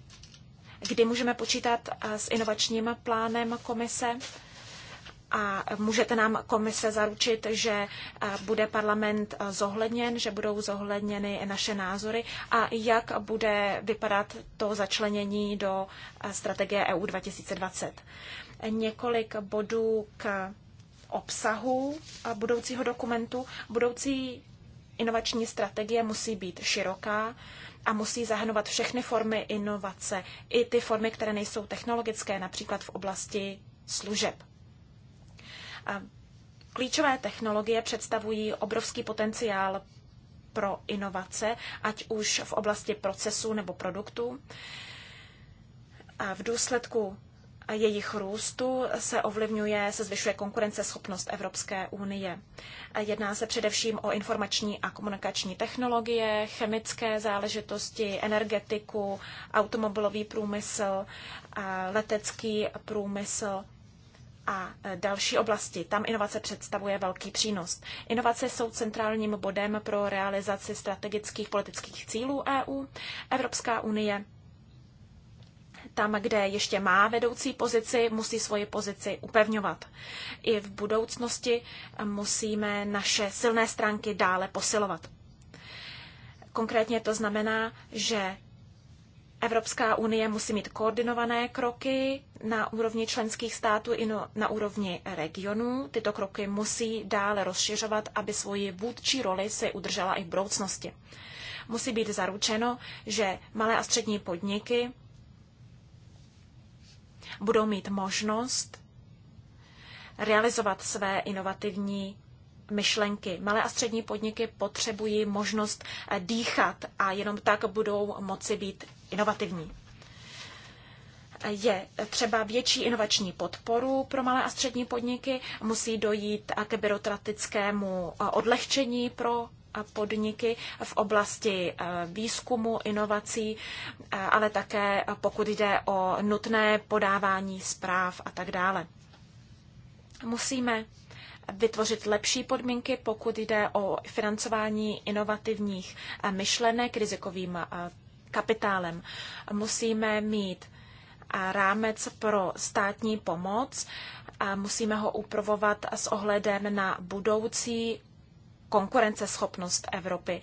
kdy můžeme počítat s inovačním plánem komise a můžete nám komise zaručit, že bude parlament zohledněn, že budou zohledněny naše názory a jak bude vypadat to začlenění do strategie EU 2020 několik bodů k obsahu budoucího dokumentu. Budoucí inovační strategie musí být široká a musí zahrnovat všechny formy inovace, i ty formy, které nejsou technologické, například v oblasti služeb. A klíčové technologie představují obrovský potenciál pro inovace, ať už v oblasti procesu nebo produktu. A v důsledku jejich růstu se ovlivňuje, se zvyšuje konkurenceschopnost Evropské unie. Jedná se především o informační a komunikační technologie, chemické záležitosti, energetiku, automobilový průmysl, letecký průmysl a další oblasti. Tam inovace představuje velký přínos. Inovace jsou centrálním bodem pro realizaci strategických politických cílů EU. Evropská unie tam, kde ještě má vedoucí pozici, musí svoji pozici upevňovat. I v budoucnosti musíme naše silné stránky dále posilovat. Konkrétně to znamená, že Evropská unie musí mít koordinované kroky na úrovni členských států i no- na úrovni regionů. Tyto kroky musí dále rozšiřovat, aby svoji vůdčí roli se udržela i v budoucnosti. Musí být zaručeno, že malé a střední podniky budou mít možnost realizovat své inovativní myšlenky. Malé a střední podniky potřebují možnost dýchat a jenom tak budou moci být inovativní. Je třeba větší inovační podporu pro malé a střední podniky, musí dojít k byrokratickému odlehčení pro podniky v oblasti eh, výzkumu, inovací, eh, ale také eh, pokud jde o nutné podávání zpráv a tak dále. Musíme vytvořit lepší podmínky, pokud jde o financování inovativních myšlenek rizikovým kapitálem. Musíme mít rámec pro státní pomoc, a musíme ho upravovat s ohledem na budoucí konkurenceschopnost Evropy.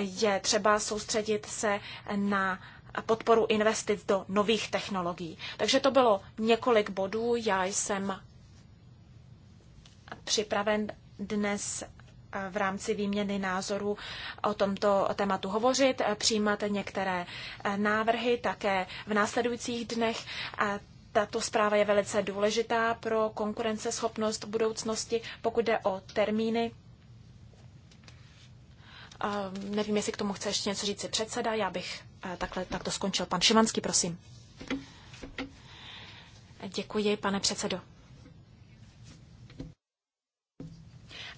Je třeba soustředit se na podporu investic do nových technologií. Takže to bylo několik bodů. Já jsem připraven dnes eh, v rámci výměny názorů o tomto tématu hovořit, eh, přijímat některé eh, návrhy také v následujících dnech. Tato zpráva je velice důležitá pro konkurenceschopnost budoucnosti, pokud jde o termíny Nevím, jestli k tomu chce ještě něco si předseda. Já bych eh, takhle takto skončil. Pan Šimanský, prosím. Děkuji, pane předsedo.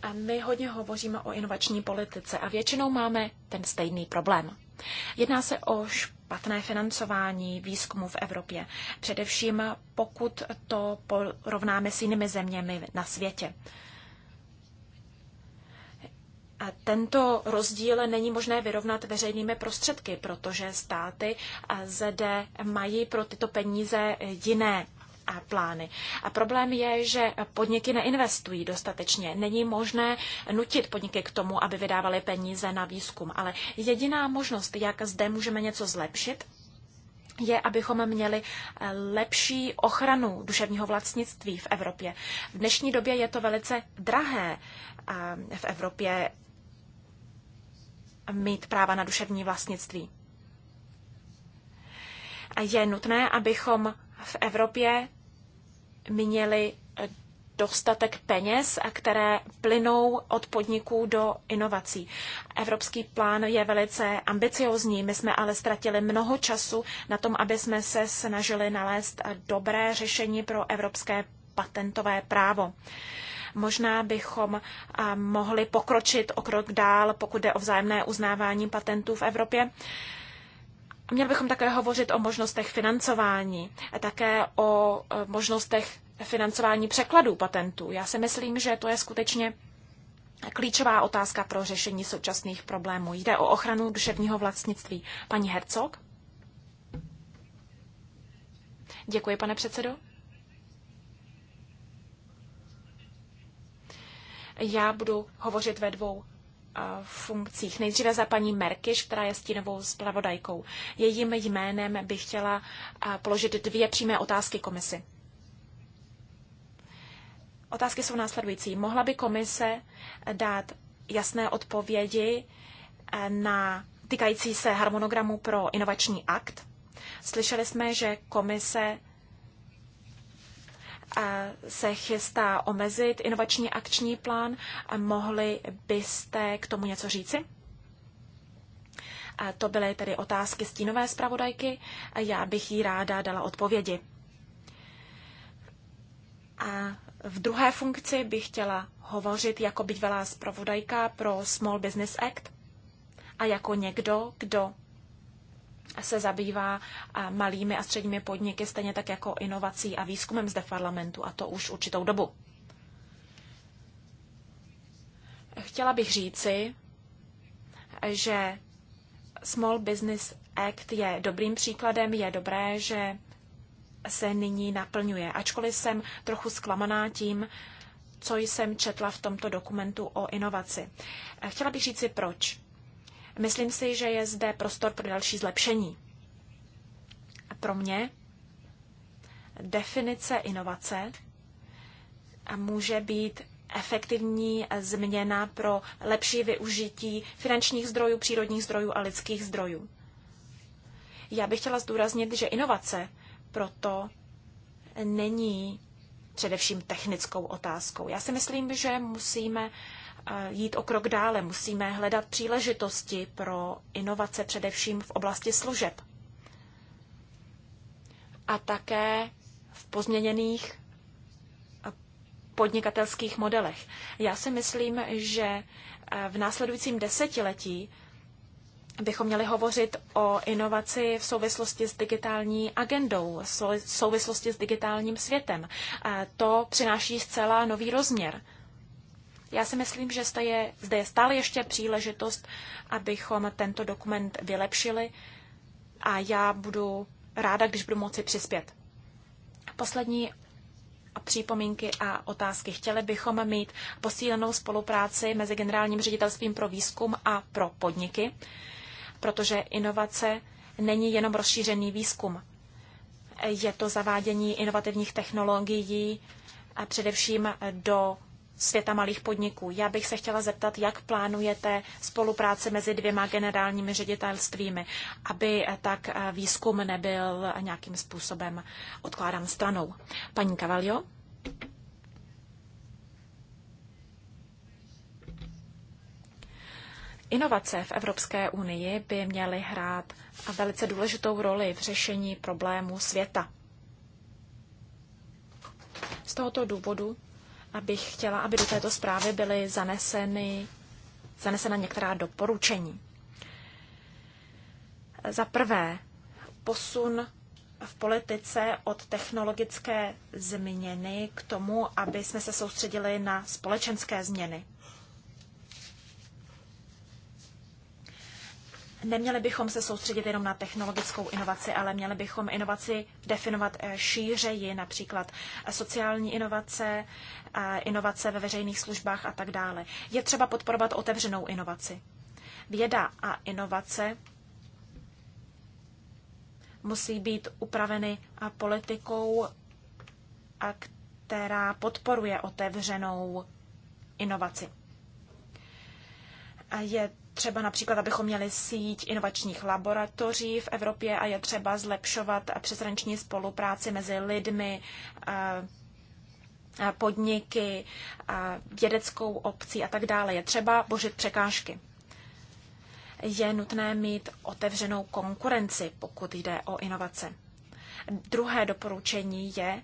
A my hodně hovoříme o inovační politice a většinou máme ten stejný problém. Jedná se o špatné financování výzkumu v Evropě, především pokud to porovnáme s jinými zeměmi na světě. Tento rozdíl není možné vyrovnat veřejnými prostředky, protože státy zde mají pro tyto peníze jiné a plány. A problém je, že podniky neinvestují dostatečně. Není možné nutit podniky k tomu, aby vydávali peníze na výzkum, ale jediná možnost, jak zde můžeme něco zlepšit, je, abychom měli lepší ochranu duševního vlastnictví v Evropě. V dnešní době je to velice drahé v Evropě mít práva na duševní vlastnictví. Je nutné, abychom v Evropě měli dostatek peněz, které plynou od podniků do inovací. Evropský plán je velice ambiciozní. My jsme ale ztratili mnoho času na tom, aby jsme se snažili nalézt dobré řešení pro evropské patentové právo. Možná bychom mohli pokročit o krok dál, pokud jde o vzájemné uznávání patentů v Evropě. Měli bychom také hovořit o možnostech financování a také o e, možnostech financování překladů patentů. Já si myslím, že to je skutečně klíčová otázka pro řešení současných problémů. Jde o ochranu duševního vlastnictví. Paní Hercog? Děkuji, pane předsedo. Já budu hovořit ve dvou eh, funkcích. Nejdříve za paní Merkiš, která je stínovou zpravodajkou. Jejím jménem bych chtěla eh, položit dvě přímé otázky komisi. Otázky jsou následující. Mohla by komise eh, dát jasné odpovědi na týkající se harmonogramu pro inovační akt? Slyšeli jsme, že komise se chystá omezit inovační akční plán. Mohli byste k tomu něco říci? To byly tedy otázky stínové zpravodajky. Já bych jí ráda dala odpovědi. A v druhé funkci bych chtěla hovořit jako bývalá zpravodajka pro Small Business Act a jako někdo, kdo se zabývá malými a středními podniky, stejně tak jako inovací a výzkumem zde v parlamentu, a to už určitou dobu. Chtěla bych říci, že Small Business Act je dobrým příkladem, je dobré, že se nyní naplňuje. Ačkoliv jsem trochu zklamaná tím, co jsem četla v tomto dokumentu o inovaci. Chtěla bych říci proč. Myslím si, že je zde prostor pro další zlepšení. A pro mě definice inovace může být efektivní změna pro lepší využití finančních zdrojů, přírodních zdrojů a lidských zdrojů. Já bych chtěla zdůraznit, že inovace proto není především technickou otázkou. Já si myslím, že musíme jít o krok dále. Musíme hledat příležitosti pro inovace především v oblasti služeb. A také v pozměněných podnikatelských modelech. Já si myslím, že eh, v následujícím desetiletí bychom měli hovořit o inovaci v souvislosti s digitální agendou, v souvislosti s digitálním světem. Eh, to přináší zcela nový rozměr. Já si myslím, že zde je, zde je stále ještě příležitost, abychom tento dokument vylepšili a já budu ráda, když budu moci přispět. Poslední a připomínky a otázky. Chtěli bychom mít posílenou spolupráci mezi generálním ředitelstvím pro výzkum a pro podniky, protože inovace není jenom rozšířený výzkum. Je to zavádění inovativních technologií a především do světa malých podniků. Já bych se chtěla zeptat, jak plánujete spolupráci mezi dvěma generálními ředitelstvími, aby tak výzkum nebyl nějakým způsobem odkládán stranou. Paní Kavaljo, Inovace v Evropské unii by měly hrát velice důležitou roli v řešení problémů světa. Z tohoto důvodu abych chtěla, aby do této zprávy byly zaneseny, zanesena některá doporučení. Za prvé, posun v politice od technologické změny k tomu, aby jsme se soustředili na společenské změny. Neměli bychom se soustředit jenom na technologickou inovaci, ale měli bychom inovaci definovat eh, šířeji, například eh, sociální inovace, eh, inovace ve veřejných službách a tak dále. Je třeba podporovat otevřenou inovaci. Věda a inovace musí být upraveny politikou, která podporuje otevřenou inovaci. Je třeba například, abychom měli síť inovačních laboratoří v Evropě a je třeba zlepšovat přesranční spolupráci mezi lidmi, eh, eh, podniky, eh, vědeckou obcí a tak dále. Je třeba božit překážky. Je nutné mít otevřenou konkurenci, pokud jde o inovace. Druhé doporučení je,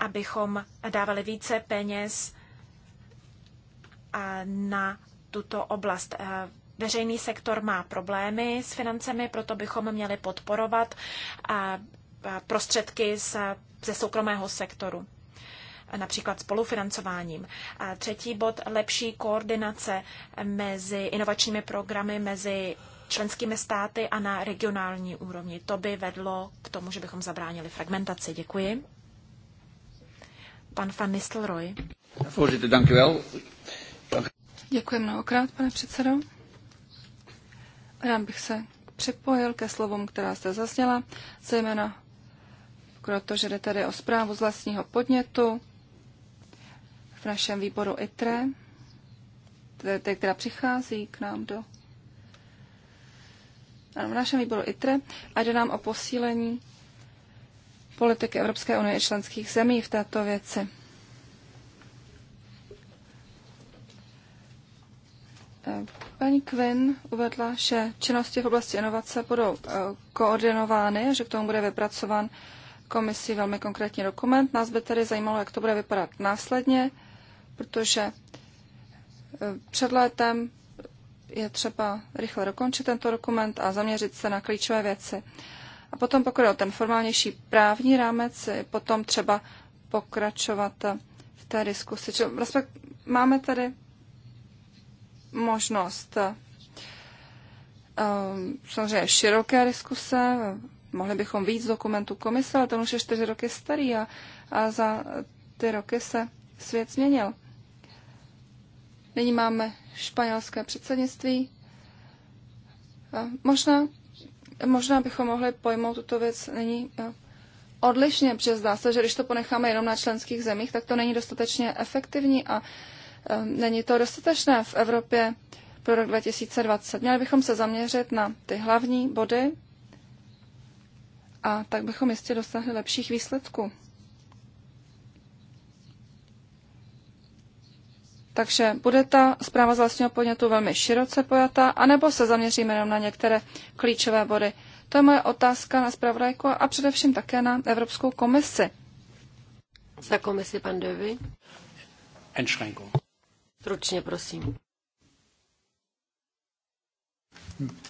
abychom dávali více peněz na tuto oblast. Eh, veřejný sektor má problémy s financemi, proto bychom měli podporovat eh, eh, prostředky ze soukromého sektoru například spolufinancováním. A třetí bod, lepší koordinace mezi inovačními programy, mezi členskými státy a na regionální úrovni. To by vedlo k tomu, že bychom zabránili fragmentaci. Děkuji. Pan van Nistelrooy. Děkuji mnohokrát, pane předsedo. Rád bych se připojil ke slovům, která jste zazněla, zejména protože jde tedy o zprávu z vlastního podnětu v našem výboru ITRE, tedy, která přichází k nám do v našem výboru ITRE a jde nám o posílení politiky Evropské unie i členských zemí v této věci. Paní Quinn uvedla, že činnosti v oblasti inovace budou eh, koordinovány, že k tomu bude vypracován komisí velmi konkrétní dokument. Nás by tedy zajímalo, jak to bude vypadat následně, protože eh, před létem je třeba rychle dokončit tento dokument a zaměřit se na klíčové věci. A potom, pokud je o ten formálnější právní rámec, potom třeba pokračovat v té diskusi. respekt, máme tady možnost ehm, samozřejmě široké diskuse, mohli bychom víc dokumentů komise, ale ten už je čtyři roky starý a, a za ty roky se svět změnil. Nyní máme španělské předsednictví. Možná, možná bychom mohli pojmout tuto věc nyní eh, odlišně, protože zdá se, že když to ponecháme jenom na členských zemích, tak to není dostatečně efektivní a Ehm, není to dostatečné v Evropě pro rok 2020. Měli bychom se zaměřit na ty hlavní body a tak bychom jistě dosáhli lepších výsledků. Takže bude ta zpráva z vlastního podnětu velmi široce pojatá, anebo se zaměříme jenom na některé klíčové body. To je moje otázka na zpravodajku a především také na Evropskou komisi. Za komisi pan Dövy. Entschränkung. Stručně, prosím.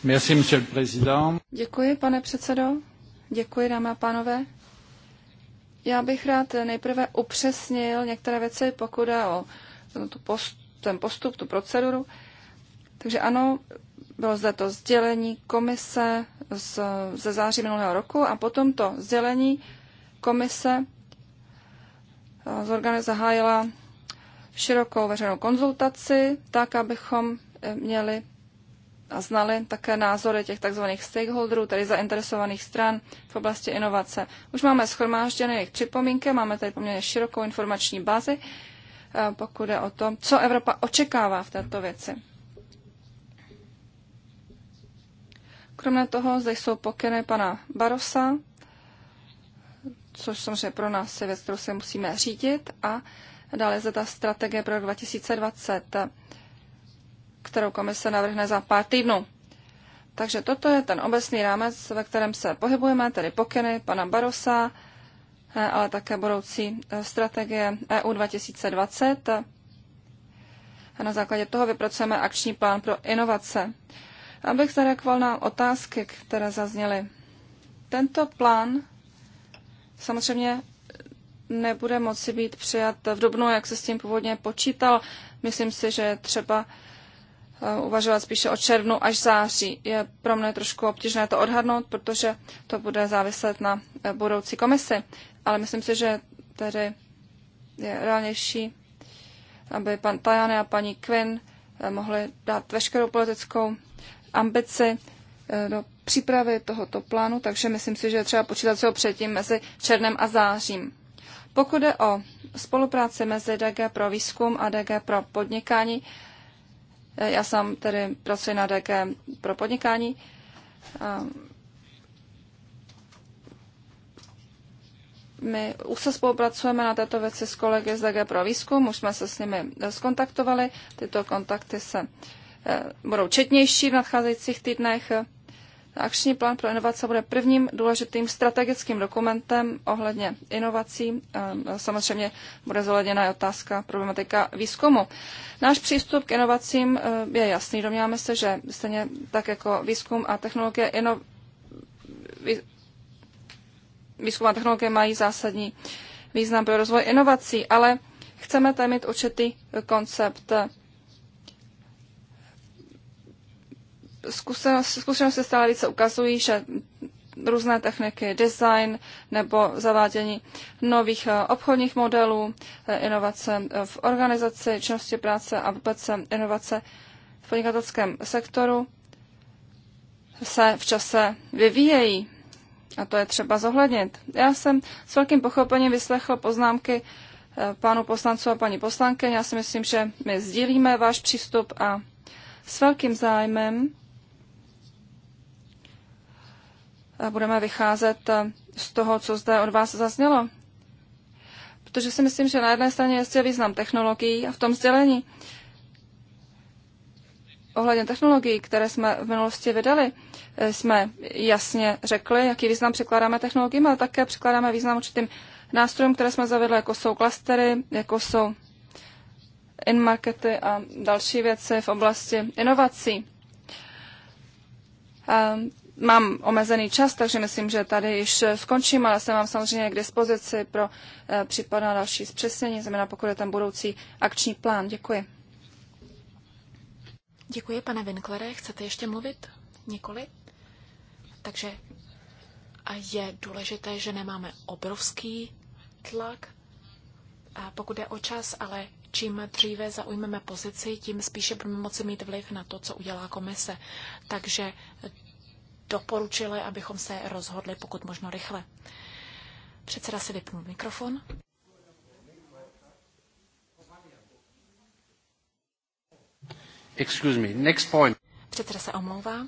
Merci, monsieur le président. Děkuji, pane předsedo. Děkuji, dámy a pánové. Já bych rád nejprve upřesnil některé věci, pokud je o tu post, ten postup, tu proceduru. Takže ano, bylo zde to sdělení komise z, ze září minulého roku a potom to sdělení komise eh, zorganizovala. zahájila širokou veřejnou konzultaci, tak abychom eh, měli a znali také názory těch tzv. stakeholderů, tedy zainteresovaných stran v oblasti inovace. Už máme schromážděné jejich připomínky, máme tady poměrně širokou informační bázi, eh, pokud je o to, co Evropa očekává v této věci. Kromě toho zde jsou pokyny pana Barosa, což samozřejmě pro nás je věc, kterou se musíme řídit a Dále zda ta strategie pro rok 2020, kterou komise navrhne za pár týdnů. Takže toto je ten obecný rámec, ve kterém se pohybujeme, tedy pokyny pana Barosa, eh, ale také budoucí eh, strategie EU 2020. A na základě toho vypracujeme akční plán pro inovace. Abych zareagoval na otázky, které zazněly. Tento plán samozřejmě nebude moci být přijat v Dubnu, jak se s tím původně počítal. Myslím si, že třeba eh, uvažovat spíše o červnu až září. Je pro mě trošku obtížné to odhadnout, protože to bude záviset na eh, budoucí komisi. Ale myslím si, že tedy je reálnější, aby pan Tajany a paní Quinn eh, mohli dát veškerou politickou ambici do přípravy tohoto plánu, takže myslím si, že třeba počítat se ho předtím mezi černem a zářím. Pokud je o spolupráci mezi DG pro výzkum a DG pro podnikání, eh, já sám tedy pracuji na DG pro podnikání, eh, my už se spolupracujeme na této věci s kolegy z DG pro výzkum, už jsme se s nimi eh, skontaktovali, tyto kontakty se budou četnější v nadcházejících týdnech. Akční plán pro inovace bude prvním důležitým strategickým dokumentem ohledně inovací. Ehm, samozřejmě bude zohledněna i otázka problematika výzkumu. Náš přístup k inovacím ehm, je jasný. Domníváme se, že stejně tak jako výzkum a technologie ino... výzkum a technologie mají zásadní význam pro rozvoj inovací, ale chceme tam mít určitý koncept Zkušenosti, zkušenosti stále více ukazují, že různé techniky, design nebo zavádění nových eh, obchodních modelů, eh, inovace eh, v organizaci, činnosti práce a vůbec inovace v podnikatelském sektoru se v čase vyvíjejí. A to je třeba zohlednit. Já jsem s velkým pochopením vyslechl poznámky pánu poslancu a paní poslankyně. Já si myslím, že my sdílíme váš přístup a s velkým zájmem budeme vycházet eh, z toho, co zde od vás zaznělo. Protože si myslím, že na jedné straně je význam technologií a v tom sdělení ohledně technologií, které jsme v minulosti vydali, eh, jsme jasně řekli, jaký význam překládáme technologiím, ale také překládáme význam určitým nástrojům, které jsme zavedli, jako jsou klastery, jako jsou in-markety a další věci v oblasti inovací. Ehm, Mám omezený čas, takže myslím, že tady již skončím, ale jsem vám samozřejmě k dispozici pro eh, případná další zpřesnění, znamená pokud je tam budoucí akční plán. Děkuji. Děkuji, pane Winklere. Chcete ještě mluvit? Nikoli? Takže je důležité, že nemáme obrovský tlak, pokud je o čas, ale čím dříve zaujmeme pozici, tím spíše budeme moci mít vliv na to, co udělá komise. Takže doporučili, abychom se rozhodli pokud možno rychle. Předseda si vypnul mikrofon. Excuse me, next point. Předseda se omlouvá.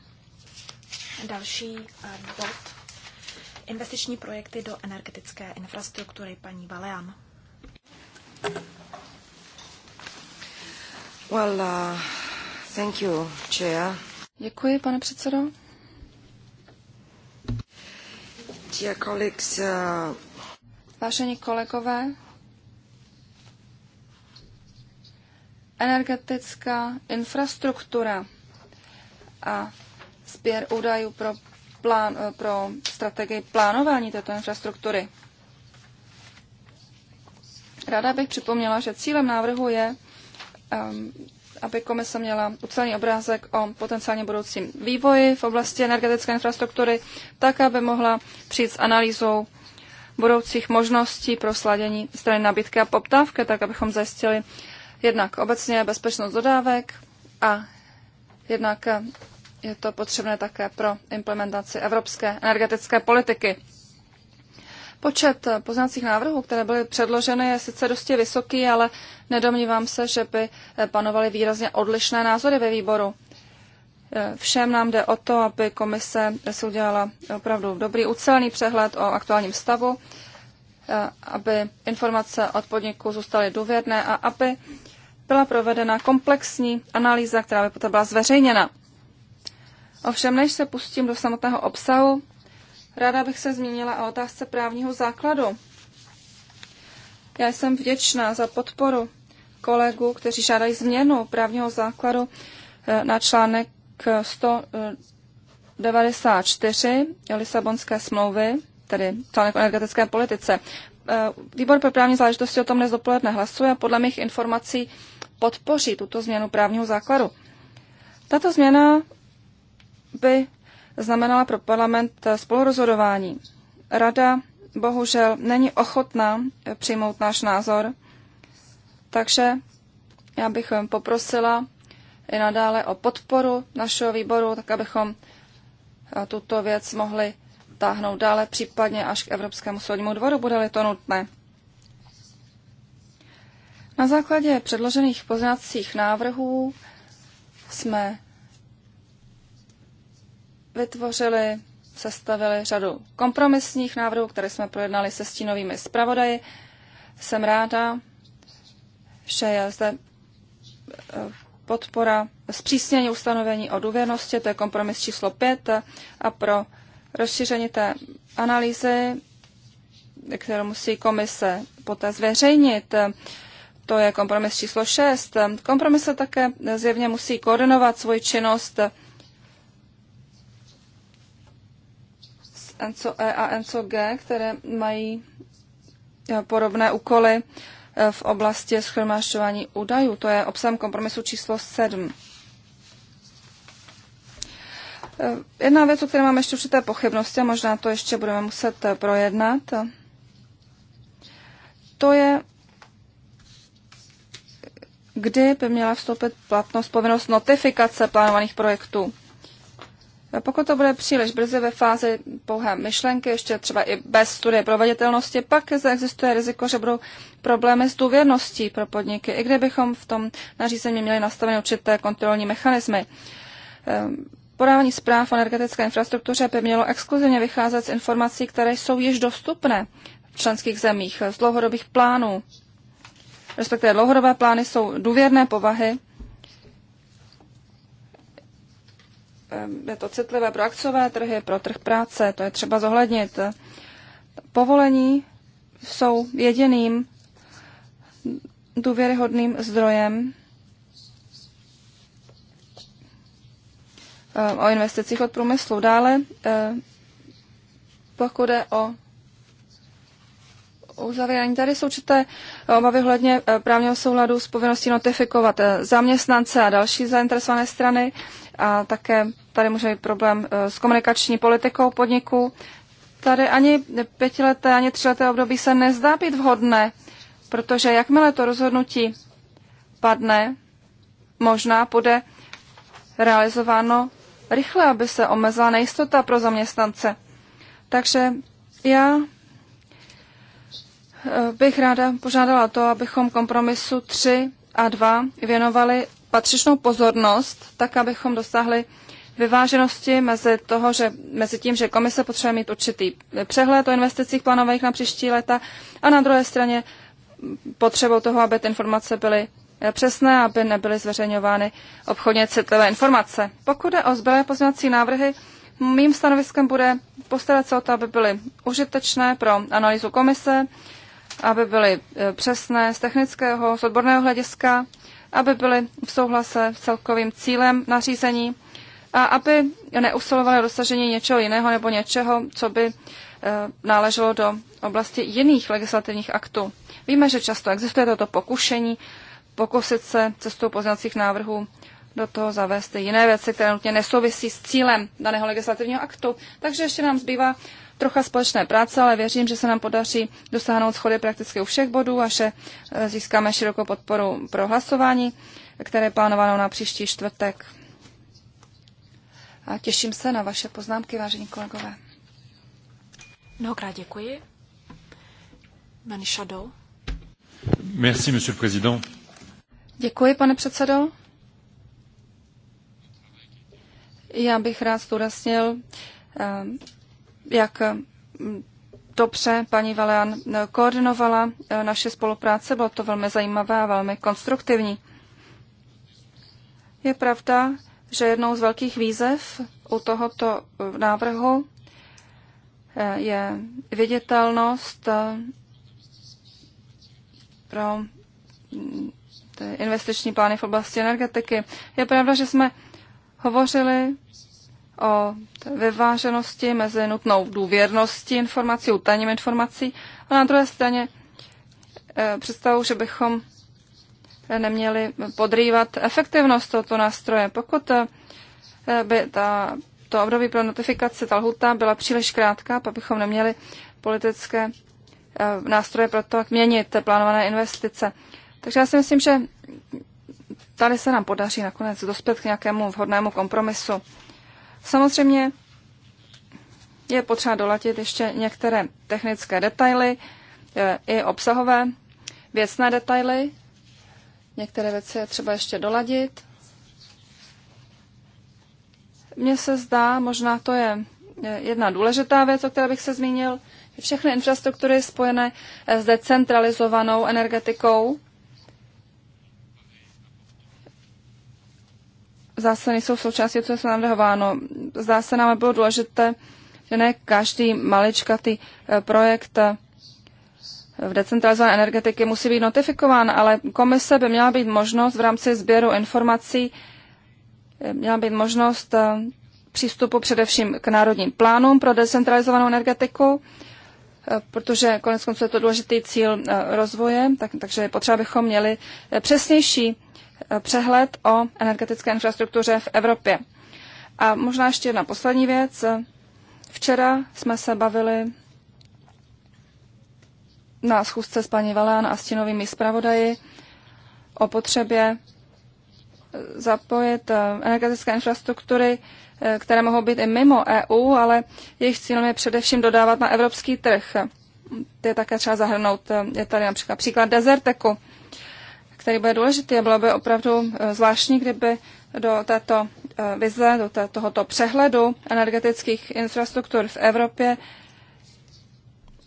Další eh, bod. Investiční projekty do energetické infrastruktury paní Balean. Well, uh, thank you, Chair. Děkuji, pane předsedo. Dear colleagues, uh... Vážení kolegové, energetická infrastruktura a sběr údajů pro, plán, eh, pro strategii plánování této infrastruktury. Ráda bych připomněla, že cílem návrhu je um, aby komise měla ucelený obrázek o potenciálně budoucím vývoji v oblasti energetické infrastruktury, tak, aby mohla přijít s analýzou budoucích možností pro sladění strany nabídky a poptávky, tak, abychom zajistili jednak obecně bezpečnost dodávek a jednak je to potřebné také pro implementaci evropské energetické politiky. Počet eh, poznacích návrhů, které byly předloženy, je sice dosti vysoký, ale nedomnívám se, že by eh, panovaly výrazně odlišné názory ve výboru. Eh, všem nám jde o to, aby komise si udělala opravdu dobrý ucelený přehled o aktuálním stavu, aby informace od podniku zůstaly důvěrné a aby byla provedena komplexní analýza, která by poté byla zveřejněna. Ovšem, než se pustím do samotného obsahu, Ráda bych se zmínila o otázce právního základu. Já jsem vděčná za podporu kolegů, kteří žádají změnu právního základu eh, na článek 194 eh, eh, Lisabonské smlouvy, tedy článek o energetické politice. Výbor pro právní záležitosti o tom dnes dopoledne hlasuje a podle mých informací podpoří tuto změnu právního základu. Tato změna by znamenala pro parlament spolurozhodování. Rada bohužel není ochotná přijmout náš názor, takže já bych poprosila i nadále o podporu našeho výboru, tak abychom eh, tuto věc mohli táhnout dále, případně až k Evropskému soudnímu dvoru, bude-li to nutné. Na základě předložených poznacích návrhů jsme vytvořili, sestavili řadu kompromisních návrhů, které jsme projednali se stínovými zpravodaji. Jsem ráda, že je zde eh, podpora zpřísnění ustanovení o důvěrnosti, to je kompromis číslo 5, a pro rozšíření té analýzy, kterou musí komise poté zveřejnit, to je kompromis číslo 6. Kompromise také zjevně musí koordinovat svoji činnost ENCO E a ENCO G, které mají eh, podobné úkoly eh, v oblasti schromášťování údajů. To je obsahem kompromisu číslo 7. Eh, jedna věc, o které mám ještě určité pochybnosti, a možná to ještě budeme muset projednat, to je, kdy by měla vstoupit platnost povinnost notifikace plánovaných projektů. Pokud to bude příliš brzy ve fázi pouhé myšlenky, ještě třeba i bez studie proveditelnosti, pak zde existuje riziko, že budou problémy s důvěrností pro podniky, i kdybychom v tom nařízení měli nastavené určité kontrolní mechanismy. Ehm, podávání zpráv o energetické infrastruktuře by mělo exkluzivně vycházet z informací, které jsou již dostupné v členských zemích, z dlouhodobých plánů. Respektive dlouhodobé plány jsou důvěrné povahy Ehm, je to citlivé pro akciové trhy, pro trh práce, to je třeba zohlednit. Povolení jsou jediným důvěryhodným zdrojem ehm, o investicích od průmyslu. Dále, ehm, pokud jde o uzavírání. Tady jsou určité obavy hledně eh, právního souladu s povinností notifikovat eh, zaměstnance a další zainteresované strany a také tady může být problém eh, s komunikační politikou podniku. Tady ani pětileté, ani třileté období se nezdá být vhodné, protože jakmile to rozhodnutí padne, možná bude realizováno rychle, aby se omezila nejistota pro zaměstnance. Takže já bych ráda požádala to, abychom kompromisu 3 a 2 věnovali patřičnou pozornost, tak abychom dosáhli vyváženosti mezi, toho, že, mezi tím, že komise potřebuje mít určitý přehled o investicích plánovaných na příští léta a na druhé straně potřebou toho, aby ty informace byly eh, přesné, aby nebyly zveřejňovány obchodně citlivé informace. Pokud je o zbylé pozměňovací návrhy, mým stanoviskem bude postarat se o to, aby byly užitečné pro analýzu komise, aby byly e, přesné z technického, z odborného hlediska, aby byly v souhlase s celkovým cílem nařízení a aby neusilovaly dosažení něčeho jiného nebo něčeho, co by e, náleželo do oblasti jiných legislativních aktů. Víme, že často existuje toto pokušení pokusit se cestou poznacích návrhů do toho zavést jiné věci, které nutně nesouvisí s cílem daného legislativního aktu. Takže ještě nám zbývá trocha společné práce, ale věřím, že se nám podaří dosáhnout schody prakticky u všech bodů a že eh, získáme širokou podporu pro hlasování, které je plánováno na příští čtvrtek. A těším se na vaše poznámky, vážení kolegové. Mnohokrát děkuji. Pan Shadow. Merci, monsieur le président. Děkuji, pane předsedo. Já bych rád zdůraznil eh, jak dobře mm, paní Valean eh, koordinovala eh, naše spolupráce. Bylo to velmi zajímavé a velmi konstruktivní. Je pravda, že jednou z velkých výzev u tohoto eh, návrhu je viditelnost pro mm, investiční plány v oblasti energetiky. Je pravda, že jsme hovořili o vyváženosti mezi nutnou důvěrností informací, utajením informací a na druhé straně eh, představu, že bychom eh, neměli podrývat efektivnost tohoto nástroje. Pokud eh, by ta, to období pro notifikaci, ta lhuta byla příliš krátká, pak bychom neměli politické nástroje pro to, jak měnit plánované investice. Takže já si myslím, že tady se nám podaří nakonec dospět k nějakému vhodnému kompromisu. Samozřejmě je potřeba dolatit ještě některé technické detaily, e, i obsahové věcné detaily. Některé věci je třeba ještě doladit. Mně se zdá, možná to je e, jedna důležitá věc, o které bych se zmínil, všechny infrastruktury spojené e, s decentralizovanou energetikou zase nejsou součástí, co se nám navrhováno. Zdá se nám, bylo důležité, že ne každý maličkatý eh, projekt eh, v decentralizované energetiky musí být notifikován, ale komise by měla být možnost v rámci sběru informací, eh, měla být možnost přístupu především k národním plánům pro decentralizovanou energetiku, protože konec konců je to důležitý cíl rozvoje, tak, takže potřeba bychom měli přesnější Eh, přehled o energetické infrastruktuře v Evropě. A možná ještě jedna poslední věc. Včera jsme se bavili na schůzce s paní Valán a tinovými zpravodaji o potřebě eh, zapojit eh, energetické infrastruktury, které mohou být i mimo EU, ale jejich cílem je především dodávat na evropský trh. Ty je také třeba zahrnout. Je tady například příklad Deserteku, který bude důležitý a bylo by opravdu eh, zvláštní, kdyby do této eh, vize, do tohoto přehledu energetických infrastruktur v Evropě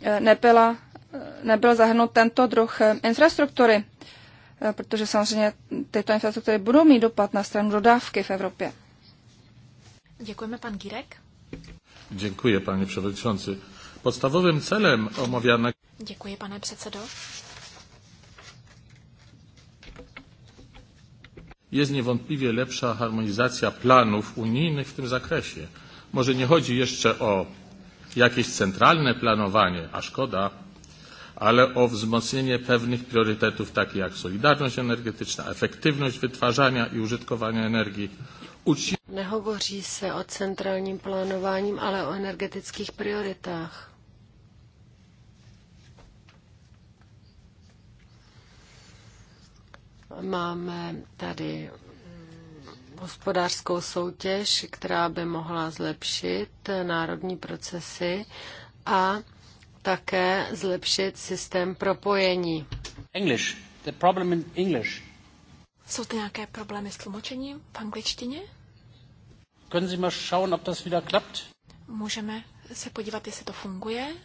eh, nebyla, nebyl zahrnut tento druh infrastruktury, protože samozřejmě tyto infrastruktury budou mít dopad na stranu dodávky v Evropě. Děkujeme, pan Girek. Děkuji, pane předsedající. Podstavovým celem omovianek... Děkuji, pane předsedo. jest niewątpliwie lepsza harmonizacja planów unijnych w tym zakresie. Może nie chodzi jeszcze o jakieś centralne planowanie, a szkoda, ale o wzmocnienie pewnych priorytetów, takich jak solidarność energetyczna, efektywność wytwarzania i użytkowania energii. Uci... Nehovoří se o centrálním plánováním, ale o energetických prioritách. Máme tady hospodářskou soutěž, která by mohla zlepšit národní procesy a také zlepšit systém propojení. English. The problem in English. Jsou to nějaké problémy s tlumočením v angličtině? Können Sie mal schauen, ob das wieder klappt? Můžeme se podívat, jestli to funguje.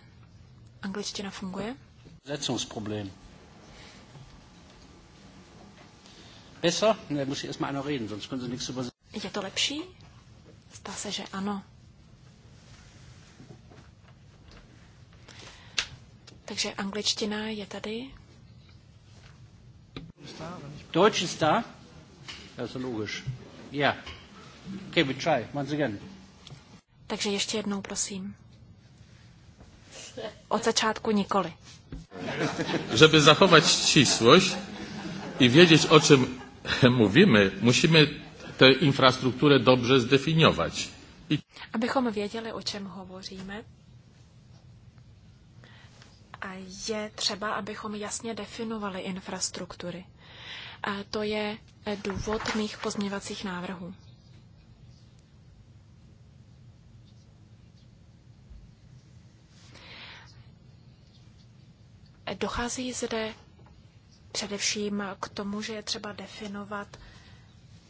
Angličtina funguje. Setzungsproblem. besser? Ne, muss ich erstmal einer reden, sonst können Sie nichts Je to lepší? Zdá se, že ano. Takže angličtina je tady. Deutsch ist da? Das ist logisch. Ja. Okay, we try once again. Takže ještě jednou, prosím. Od začátku nikoli. Żeby zachować ścisłość i wiedzieć, o czym mluvíme, musíme tu infrastrukturę dobrze zdefiniować. I... Abychom věděli, o čem hovoříme, a je třeba, abychom jasně definovali infrastruktury. A to je důvod mých pozměvacích návrhů. Dochází zde Především k tomu, že je třeba definovat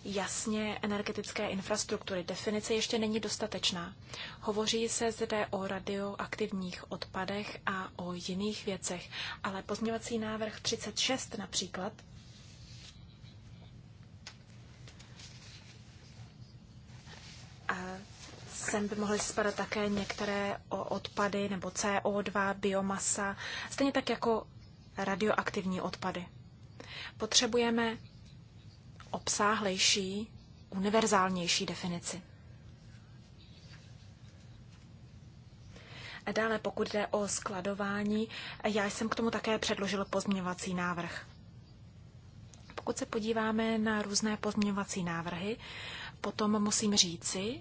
jasně energetické infrastruktury. Definice ještě není dostatečná. Hovoří se zde o radioaktivních odpadech a o jiných věcech, ale pozměňovací návrh 36 například a sem by mohly spadat také některé odpady nebo CO2, biomasa, stejně tak jako radioaktivní odpady. Potřebujeme obsáhlejší, univerzálnější definici. A dále, pokud jde o skladování, já jsem k tomu také předložil pozměňovací návrh. Pokud se podíváme na různé pozměňovací návrhy, potom musím říci,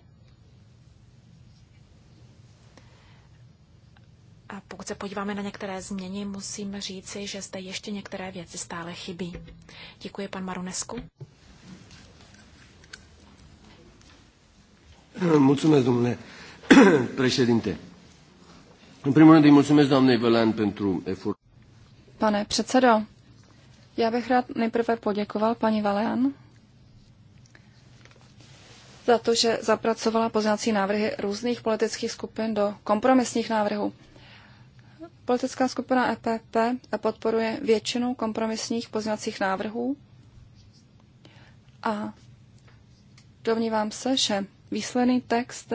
pokud se podíváme na některé změny, musím říci, že zde ještě některé věci stále chybí. Děkuji, pan Marunesku. Mulțumesc, domnule președinte. În primul rând îi mulțumesc doamnei Vălean pentru efort. Pane předsedo, já bych rád nejprve poděkoval paní Valean za to, že zapracovala poznací návrhy různých politických skupin do kompromisních návrhů. Politická skupina EPP podporuje většinu kompromisních pozměňovacích návrhů a domnívám se, že výsledný text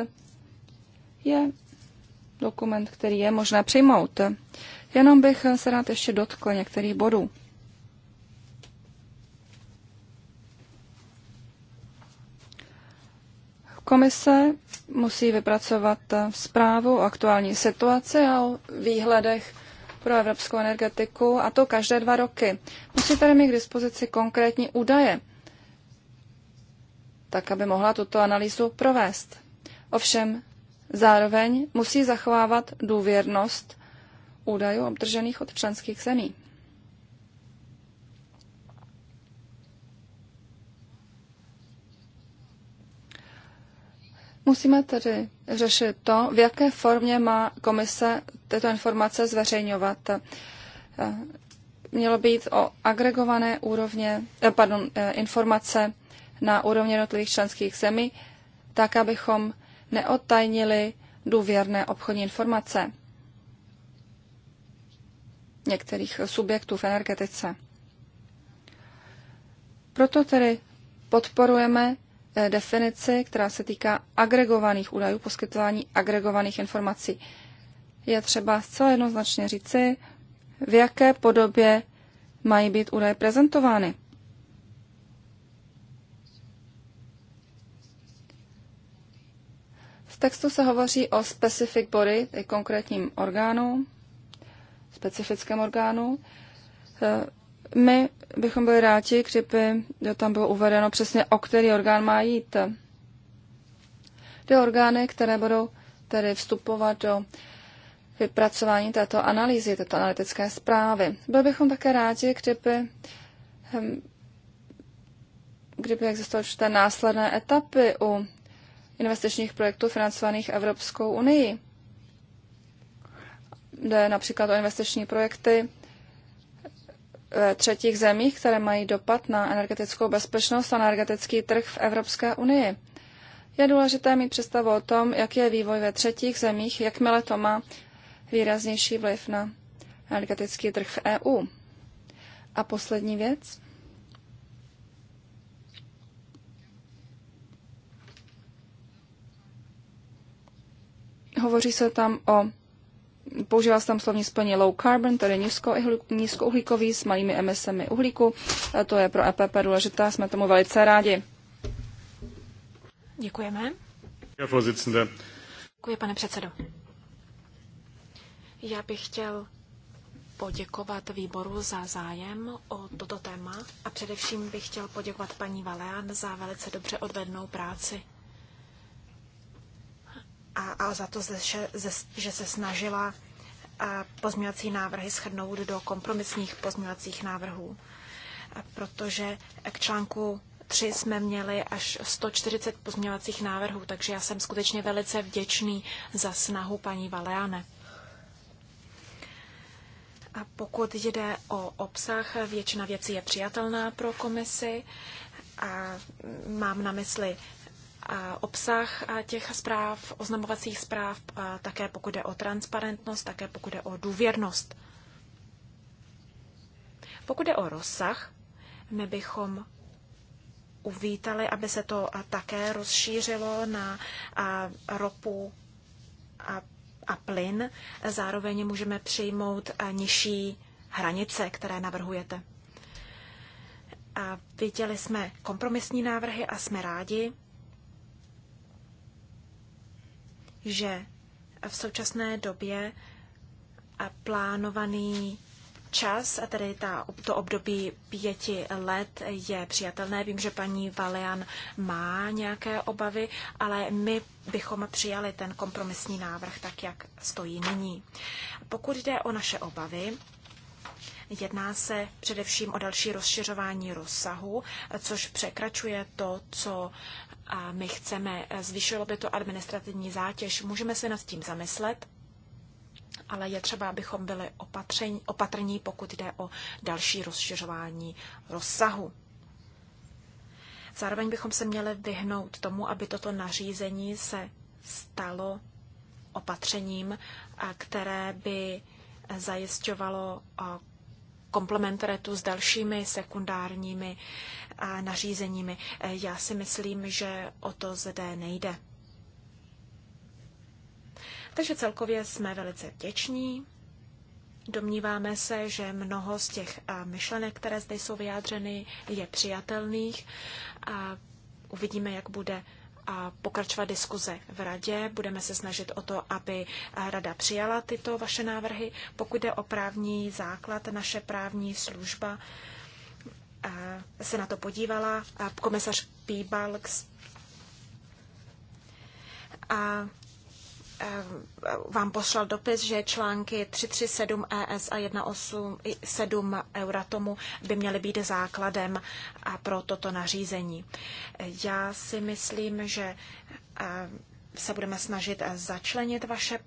je dokument, který je možné přijmout. Jenom bych se rád ještě dotkl některých bodů. Komise musí vypracovat zprávu o aktuální situaci a o výhledech pro evropskou energetiku, a to každé dva roky. Musí tady mít k dispozici konkrétní údaje, tak aby mohla tuto analýzu provést. Ovšem, zároveň musí zachovávat důvěrnost údajů obdržených od členských zemí. Musíme tedy řešit to, v jaké formě má komise tyto informace zveřejňovat. Eh, mělo být o agregované úrovně, eh, pardon, eh, informace na úrovni jednotlivých členských zemí, tak, abychom neodtajnili důvěrné obchodní informace některých subjektů v energetice. Proto tedy podporujeme Eh, definici, která se týká agregovaných údajů, poskytování agregovaných informací. Je třeba zcela jednoznačně říci, v jaké podobě mají být údaje prezentovány. V textu se hovoří o specific body, konkrétním orgánu, specifickém orgánu. Eh, my bychom byli rádi, kdyby tam bylo uvedeno přesně, o který orgán má jít. Ty orgány, které budou tedy vstupovat do vypracování této analýzy, této analytické zprávy. Byli bychom také rádi, kdyby, hm, kdyby existovaly určité následné etapy u investičních projektů financovaných Evropskou unii. Jde například o investiční projekty, ve třetích zemích, které mají dopad na energetickou bezpečnost a energetický trh v Evropské unii. Je důležité mít představu o tom, jak je vývoj ve třetích zemích, jakmile to má výraznější vliv na energetický trh v EU. A poslední věc. Hovoří se tam o používá se tam slovní splně low carbon, tedy nízkouhlíkový s malými emisemi uhlíku. To je pro EPP důležité, jsme tomu velice rádi. Děkujeme. Děkuji, pane předsedo. Já bych chtěl poděkovat výboru za zájem o toto téma a především bych chtěl poděkovat paní Valean za velice dobře odvednou práci a, a za to, že, že se snažila pozměňovací návrhy shrnout do kompromisních pozměňovacích návrhů, protože k článku 3 jsme měli až 140 pozměňovacích návrhů, takže já jsem skutečně velice vděčný za snahu paní Valeane. A pokud jde o obsah, většina věcí je přijatelná pro komisi. A mám na mysli obsah těch zpráv, oznamovacích zpráv, také pokud jde o transparentnost, také pokud jde o důvěrnost. Pokud jde o rozsah, my bychom uvítali, aby se to také rozšířilo na ropu a, a plyn. Zároveň můžeme přijmout nižší hranice, které navrhujete. A viděli jsme kompromisní návrhy a jsme rádi, že v současné době plánovaný čas, a tedy ta, to období pěti let je přijatelné. Vím, že paní Valian má nějaké obavy, ale my bychom přijali ten kompromisní návrh tak, jak stojí nyní. Pokud jde o naše obavy, Jedná se především o další rozšiřování rozsahu, což překračuje to, co a my chceme. Eh, zvyšilo by to administrativní zátěž. Můžeme se nad tím zamyslet, ale je třeba, abychom byli opatření, opatrní, pokud jde o další rozšiřování rozsahu. Zároveň bychom se měli vyhnout tomu, aby toto nařízení se stalo opatřením, které by zajišťovalo komplementaritu s dalšími sekundárními eh, nařízeními. Eh, já si myslím, že o to zde nejde. Takže celkově jsme velice vděční. Domníváme se, že mnoho z těch eh, myšlenek, které zde jsou vyjádřeny, je přijatelných a uvidíme, jak bude pokračovat diskuze v radě. Budeme se snažit o to, aby rada přijala tyto vaše návrhy. Pokud jde o právní základ, naše právní služba eh, se na to podívala. Komisař Píbalks a Ehm, vám poslal dopis, že články 337 ES a 187 Euratomu by měly být základem pro toto nařízení. Já si myslím, že ehm, se budeme snažit eh, začlenit vaše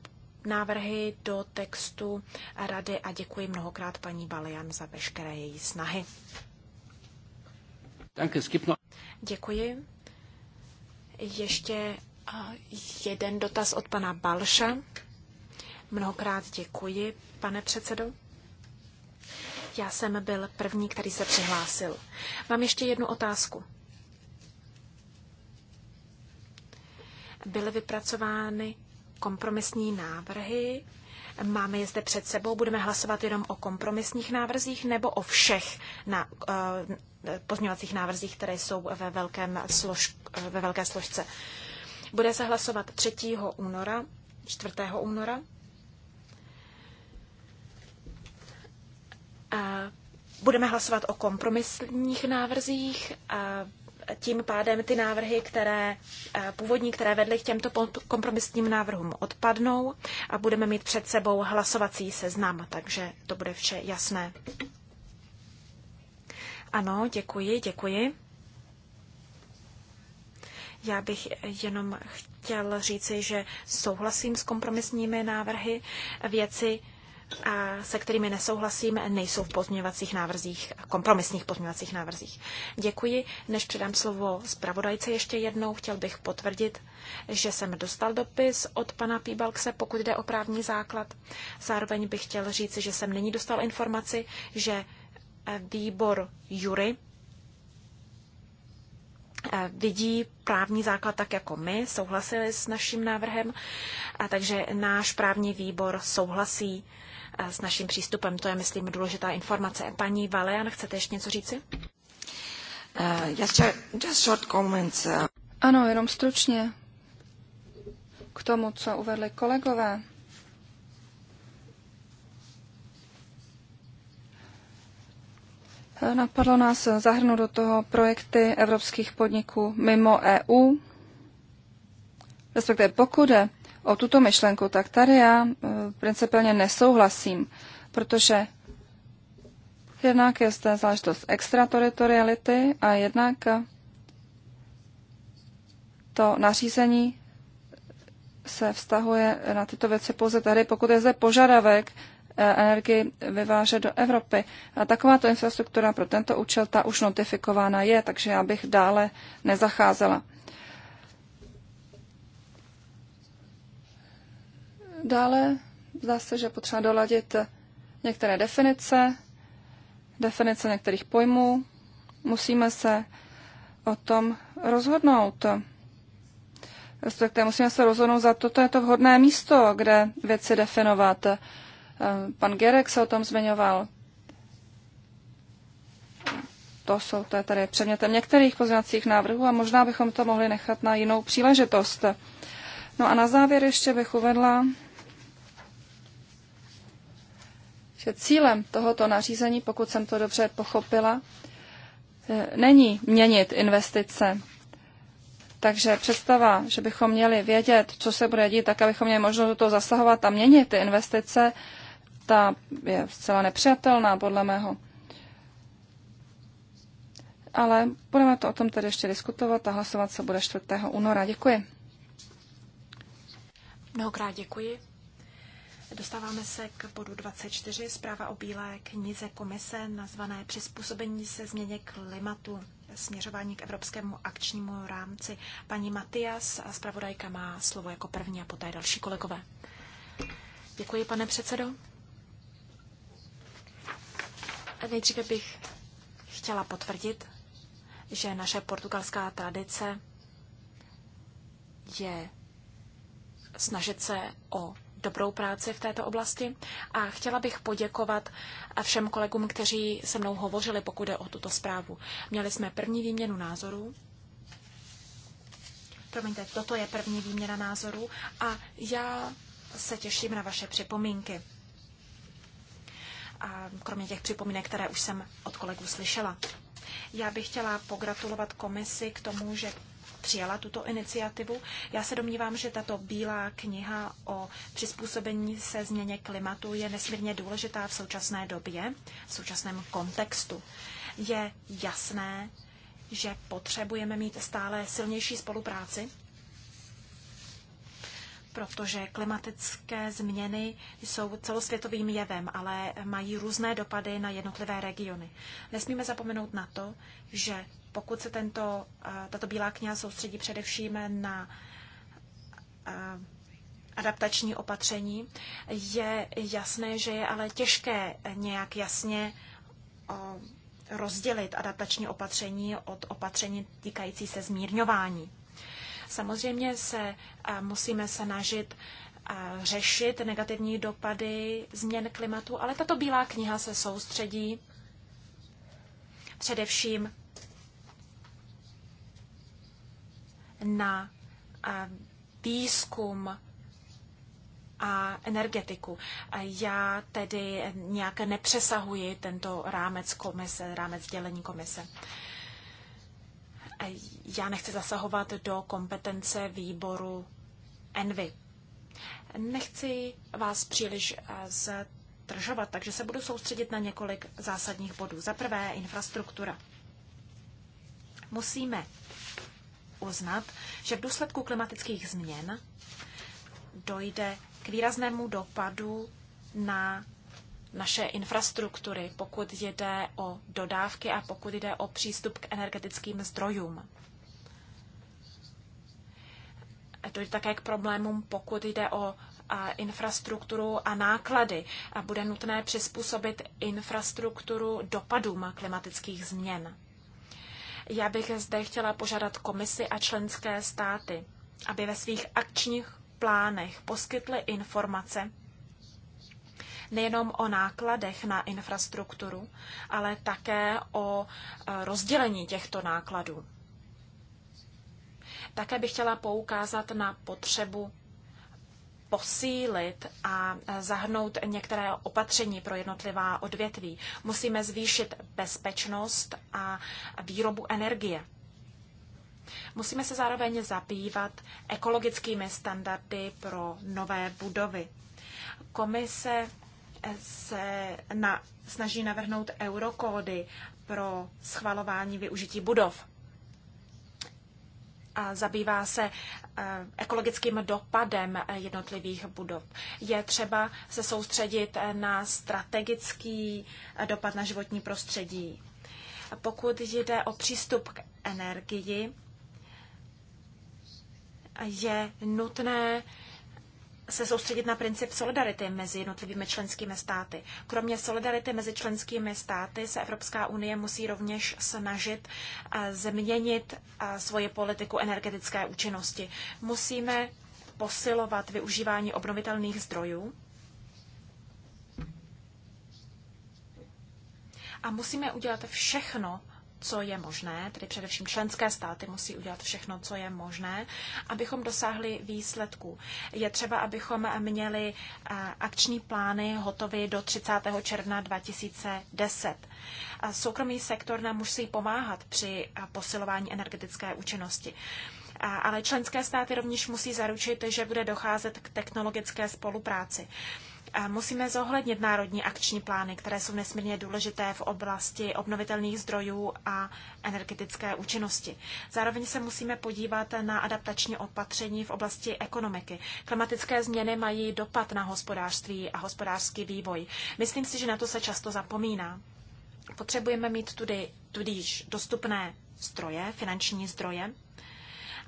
návrhy do textu rady a děkuji mnohokrát paní Balian za veškeré její snahy. Děkuji. Ještě jeden dotaz od pana Balša. Mnohokrát děkuji, pane předsedo. Já jsem byl první, který se přihlásil. Mám ještě jednu otázku. Byly vypracovány kompromisní návrhy. Máme je zde před sebou. Budeme hlasovat jenom o kompromisních návrzích nebo o všech na, uh, pozměňovacích návrzích, které jsou ve, velkém slož, eh, ve velké složce. Uh, bude se hlasovat 3. února, 4. února. Budeme hlasovat o kompromisních návrzích tím pádem ty návrhy, které původní, které vedly k těmto kompromisním návrhům, odpadnou a budeme mít před sebou hlasovací seznam, takže to bude vše jasné. Ano, děkuji, děkuji. Já bych jenom chtěl říci, že souhlasím s kompromisními návrhy věci, a se kterými nesouhlasím, nejsou v pozměňovacích návrzích, kompromisních pozměňovacích návrzích. Děkuji. Než předám slovo zpravodajce ještě jednou, chtěl bych potvrdit, že jsem dostal dopis od pana Píbalkse, pokud jde o právní základ. Zároveň bych chtěl říci, že jsem nyní dostal informaci, že výbor Jury vidí právní základ tak jako my, souhlasili s naším návrhem, a takže náš právní výbor souhlasí s naším přístupem. To je, myslím, důležitá informace. Paní Valean, chcete ještě něco říci? Uh, just, just short comments. Uh. Ano, jenom stručně k tomu, co uvedli kolegové. Napadlo nás zahrnout do toho projekty evropských podniků mimo EU. Respektive pokud je o tuto myšlenku, tak tady já eh, principálně nesouhlasím, protože jednak je zde záležitost extrateritoriality a jednak to nařízení se vztahuje na tyto věci pouze tady, pokud je zde požadavek Eh, energii vyvážet do Evropy. A takováto infrastruktura pro tento účel ta už notifikována je, takže já bych dále nezacházela. Dále zdá se, že potřeba doladit některé definice, definice některých pojmů. Musíme se o tom rozhodnout. Respektive musíme se rozhodnout, za toto je to vhodné místo, kde věci definovat. Pan Gerek se o tom zmiňoval. To, jsou, to je tady předmětem některých pozměňovacích návrhů a možná bychom to mohli nechat na jinou příležitost. No a na závěr ještě bych uvedla, že cílem tohoto nařízení, pokud jsem to dobře pochopila, e, není měnit investice. Takže představa, že bychom měli vědět, co se bude dít, tak abychom měli možnost do toho zasahovat a měnit ty investice, cesta je zcela nepřijatelná, podle mého. Ale budeme to o tom tedy ještě diskutovat a hlasovat se bude 4. února. Děkuji. Mnohokrát děkuji. Dostáváme se k bodu 24, zpráva o bílé knize komise nazvané Přizpůsobení se změně klimatu, směřování k evropskému akčnímu rámci. Paní Matias, zpravodajka, má slovo jako první a poté další kolegové. Děkuji, pane předsedo. Nejdříve bych chtěla potvrdit, že naše portugalská tradice je snažit se o dobrou práci v této oblasti a chtěla bych poděkovat všem kolegům, kteří se mnou hovořili, pokud jde o tuto zprávu. Měli jsme první výměnu názorů. Promiňte, toto je první výměna názorů a já se těším na vaše připomínky kromě těch připomínek, které už jsem od kolegů slyšela. Já bych chtěla pogratulovat komisi k tomu, že přijala tuto iniciativu. Já se domnívám, že tato bílá kniha o přizpůsobení se změně klimatu je nesmírně důležitá v současné době, v současném kontextu. Je jasné, že potřebujeme mít stále silnější spolupráci protože klimatické změny jsou celosvětovým jevem, ale mají různé dopady na jednotlivé regiony. Nesmíme zapomenout na to, že pokud se tento, eh, tato bílá kniha soustředí především na eh, adaptační opatření, je jasné, že je ale těžké nějak jasně eh, rozdělit adaptační opatření od opatření týkající se zmírňování. Samozřejmě se musíme snažit řešit negativní dopady změn klimatu, ale tato bílá kniha se soustředí především na výzkum a energetiku. Já tedy nějak nepřesahuji tento rámec komise, rámec dělení komise. Já nechci zasahovat do kompetence výboru Envy. Nechci vás příliš eh, zdržovat, takže se budu soustředit na několik zásadních bodů. Za prvé, infrastruktura. Musíme uznat, že v důsledku klimatických změn dojde k výraznému dopadu na naše infrastruktury, pokud jde o dodávky a pokud jde o přístup k energetickým zdrojům. Dojde také k problémům, pokud jde o a infrastrukturu a náklady. A bude nutné přizpůsobit infrastrukturu dopadům klimatických změn. Já bych zde chtěla požádat komisi a členské státy, aby ve svých akčních plánech poskytly informace nejenom o nákladech na infrastrukturu, ale také o e, rozdělení těchto nákladů. Také bych chtěla poukázat na potřebu posílit a e, zahrnout některé opatření pro jednotlivá odvětví. Musíme zvýšit bezpečnost a výrobu energie. Musíme se zároveň zabývat ekologickými standardy pro nové budovy. Komise se na, snaží navrhnout eurokódy pro schvalování využití budov. A zabývá se eh, ekologickým dopadem jednotlivých budov. Je třeba se soustředit na strategický eh, dopad na životní prostředí. Pokud jde o přístup k energii, je nutné se soustředit na princip solidarity mezi jednotlivými členskými státy. Kromě solidarity mezi členskými státy se Evropská unie musí rovněž snažit eh, změnit eh, svoji politiku energetické účinnosti. Musíme posilovat využívání obnovitelných zdrojů a musíme udělat všechno co je možné, tedy především členské státy musí udělat všechno, co je možné, abychom dosáhli výsledků. Je třeba, abychom měli eh, akční plány hotovy do 30. června 2010. Soukromý sektor nám musí pomáhat při eh, posilování energetické účinnosti. Ale členské státy rovněž musí zaručit, že bude docházet k technologické spolupráci. Musíme zohlednit národní akční plány, které jsou nesmírně důležité v oblasti obnovitelných zdrojů a energetické účinnosti. Zároveň se musíme podívat na adaptační opatření v oblasti ekonomiky. Klimatické změny mají dopad na hospodářství a hospodářský vývoj. Myslím si, že na to se často zapomíná. Potřebujeme mít tudy, tudíž dostupné zdroje, finanční zdroje,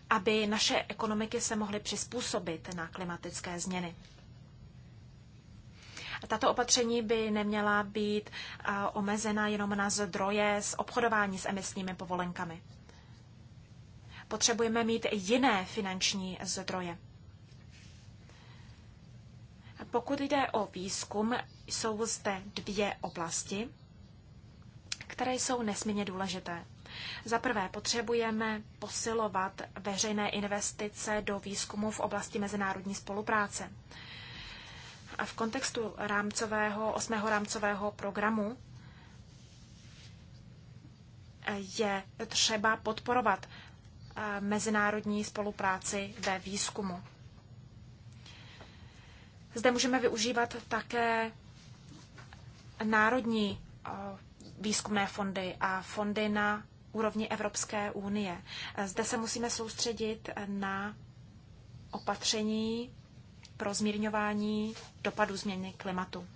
aby naše ekonomiky se mohly přizpůsobit na klimatické změny. Tato opatření by neměla být omezena jenom na zdroje z obchodování s emisními povolenkami. Potřebujeme mít jiné finanční zdroje. Pokud jde o výzkum, jsou zde dvě oblasti, které jsou nesmírně důležité. Za prvé potřebujeme posilovat veřejné investice do výzkumu v oblasti mezinárodní spolupráce. A v kontextu rámcového, osmého rámcového programu je třeba podporovat eh, mezinárodní spolupráci ve výzkumu. Zde můžeme využívat také národní eh, výzkumné fondy a fondy na úrovni Evropské unie. Zde se musíme soustředit na opatření pro zmírňování dopadu změny klimatu.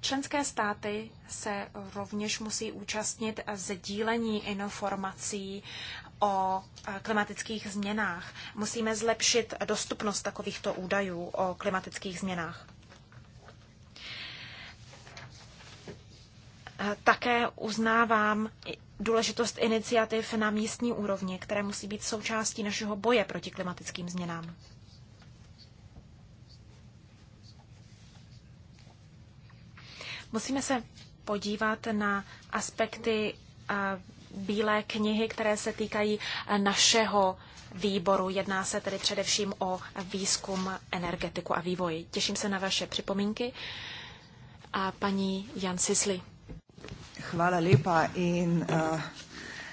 Členské státy se rovněž musí účastnit sdílení informací o klimatických změnách. Musíme zlepšit dostupnost takovýchto údajů o klimatických změnách. Také uznávám důležitost iniciativ na místní úrovni, které musí být součástí našeho boje proti klimatickým změnám. Musíme se podívat na aspekty eh, bílé knihy, které se týkají eh, našeho výboru. Jedná se tedy především o výzkum, energetiku a vývoj. Těším se na vaše připomínky. A paní Jan Sisli. Chvála lepa in uh,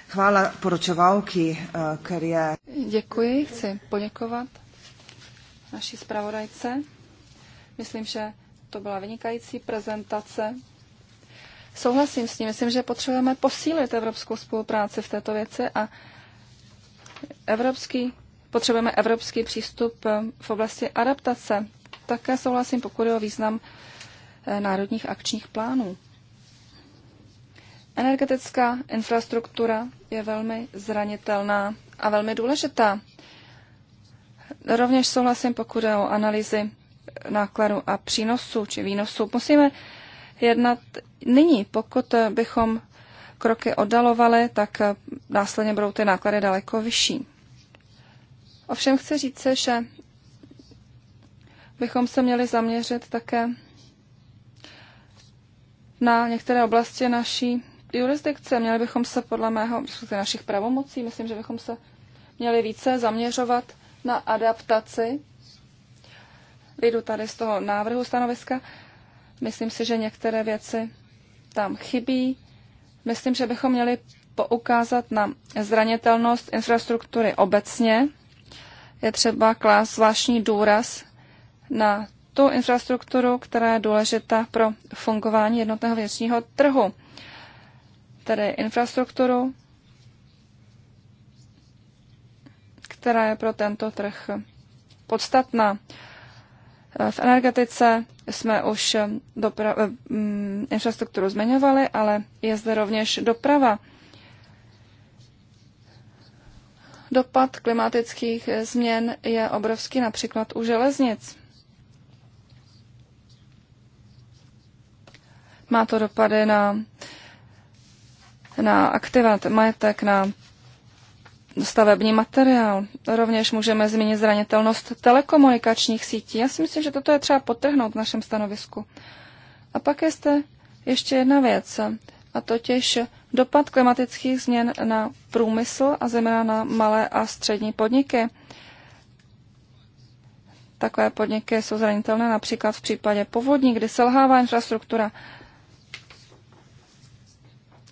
chvála poročovalky, uh, který je... Děkuji, chci poděkovat naší zpravodajce. Myslím, že to byla vynikající prezentace. Souhlasím s ní. myslím, že potřebujeme posílit evropskou spolupráci v této věci a evropský, potřebujeme evropský přístup eh, v oblasti adaptace. Také souhlasím, pokud je o význam eh, národních akčních plánů. Energetická infrastruktura je velmi zranitelná a velmi důležitá. Rovněž souhlasím, pokud je o analýzy nákladu a přínosu, či výnosu Musíme jednat nyní. Pokud bychom kroky oddalovali, tak následně budou ty náklady daleko vyšší. Ovšem chci říct, že bychom se měli zaměřit také na některé oblasti naší jurisdikce. Měli bychom se podle mého, našich pravomocí, myslím, že bychom se měli více zaměřovat na adaptaci Vyjdu tady z toho návrhu stanoviska. Myslím si, že některé věci tam chybí. Myslím, že bychom měli poukázat na zranitelnost infrastruktury obecně. Je třeba klást zvláštní důraz na tu infrastrukturu, která je důležitá pro fungování jednotného věčního trhu. Tedy infrastrukturu, která je pro tento trh podstatná. V energetice jsme už dopra- eh, mm, infrastrukturu zmiňovali, ale je zde rovněž doprava. Dopad klimatických změn je obrovský například u železnic. Má to dopady na, na aktivat majetek, na stavební materiál. Rovněž můžeme zmínit zranitelnost telekomunikačních sítí. Já si myslím, že toto je třeba potrhnout v našem stanovisku. A pak je zde ještě jedna věc, a totiž dopad klimatických změn na průmysl a zejména na malé a střední podniky. Takové podniky jsou zranitelné například v případě povodní, kdy selhává infrastruktura.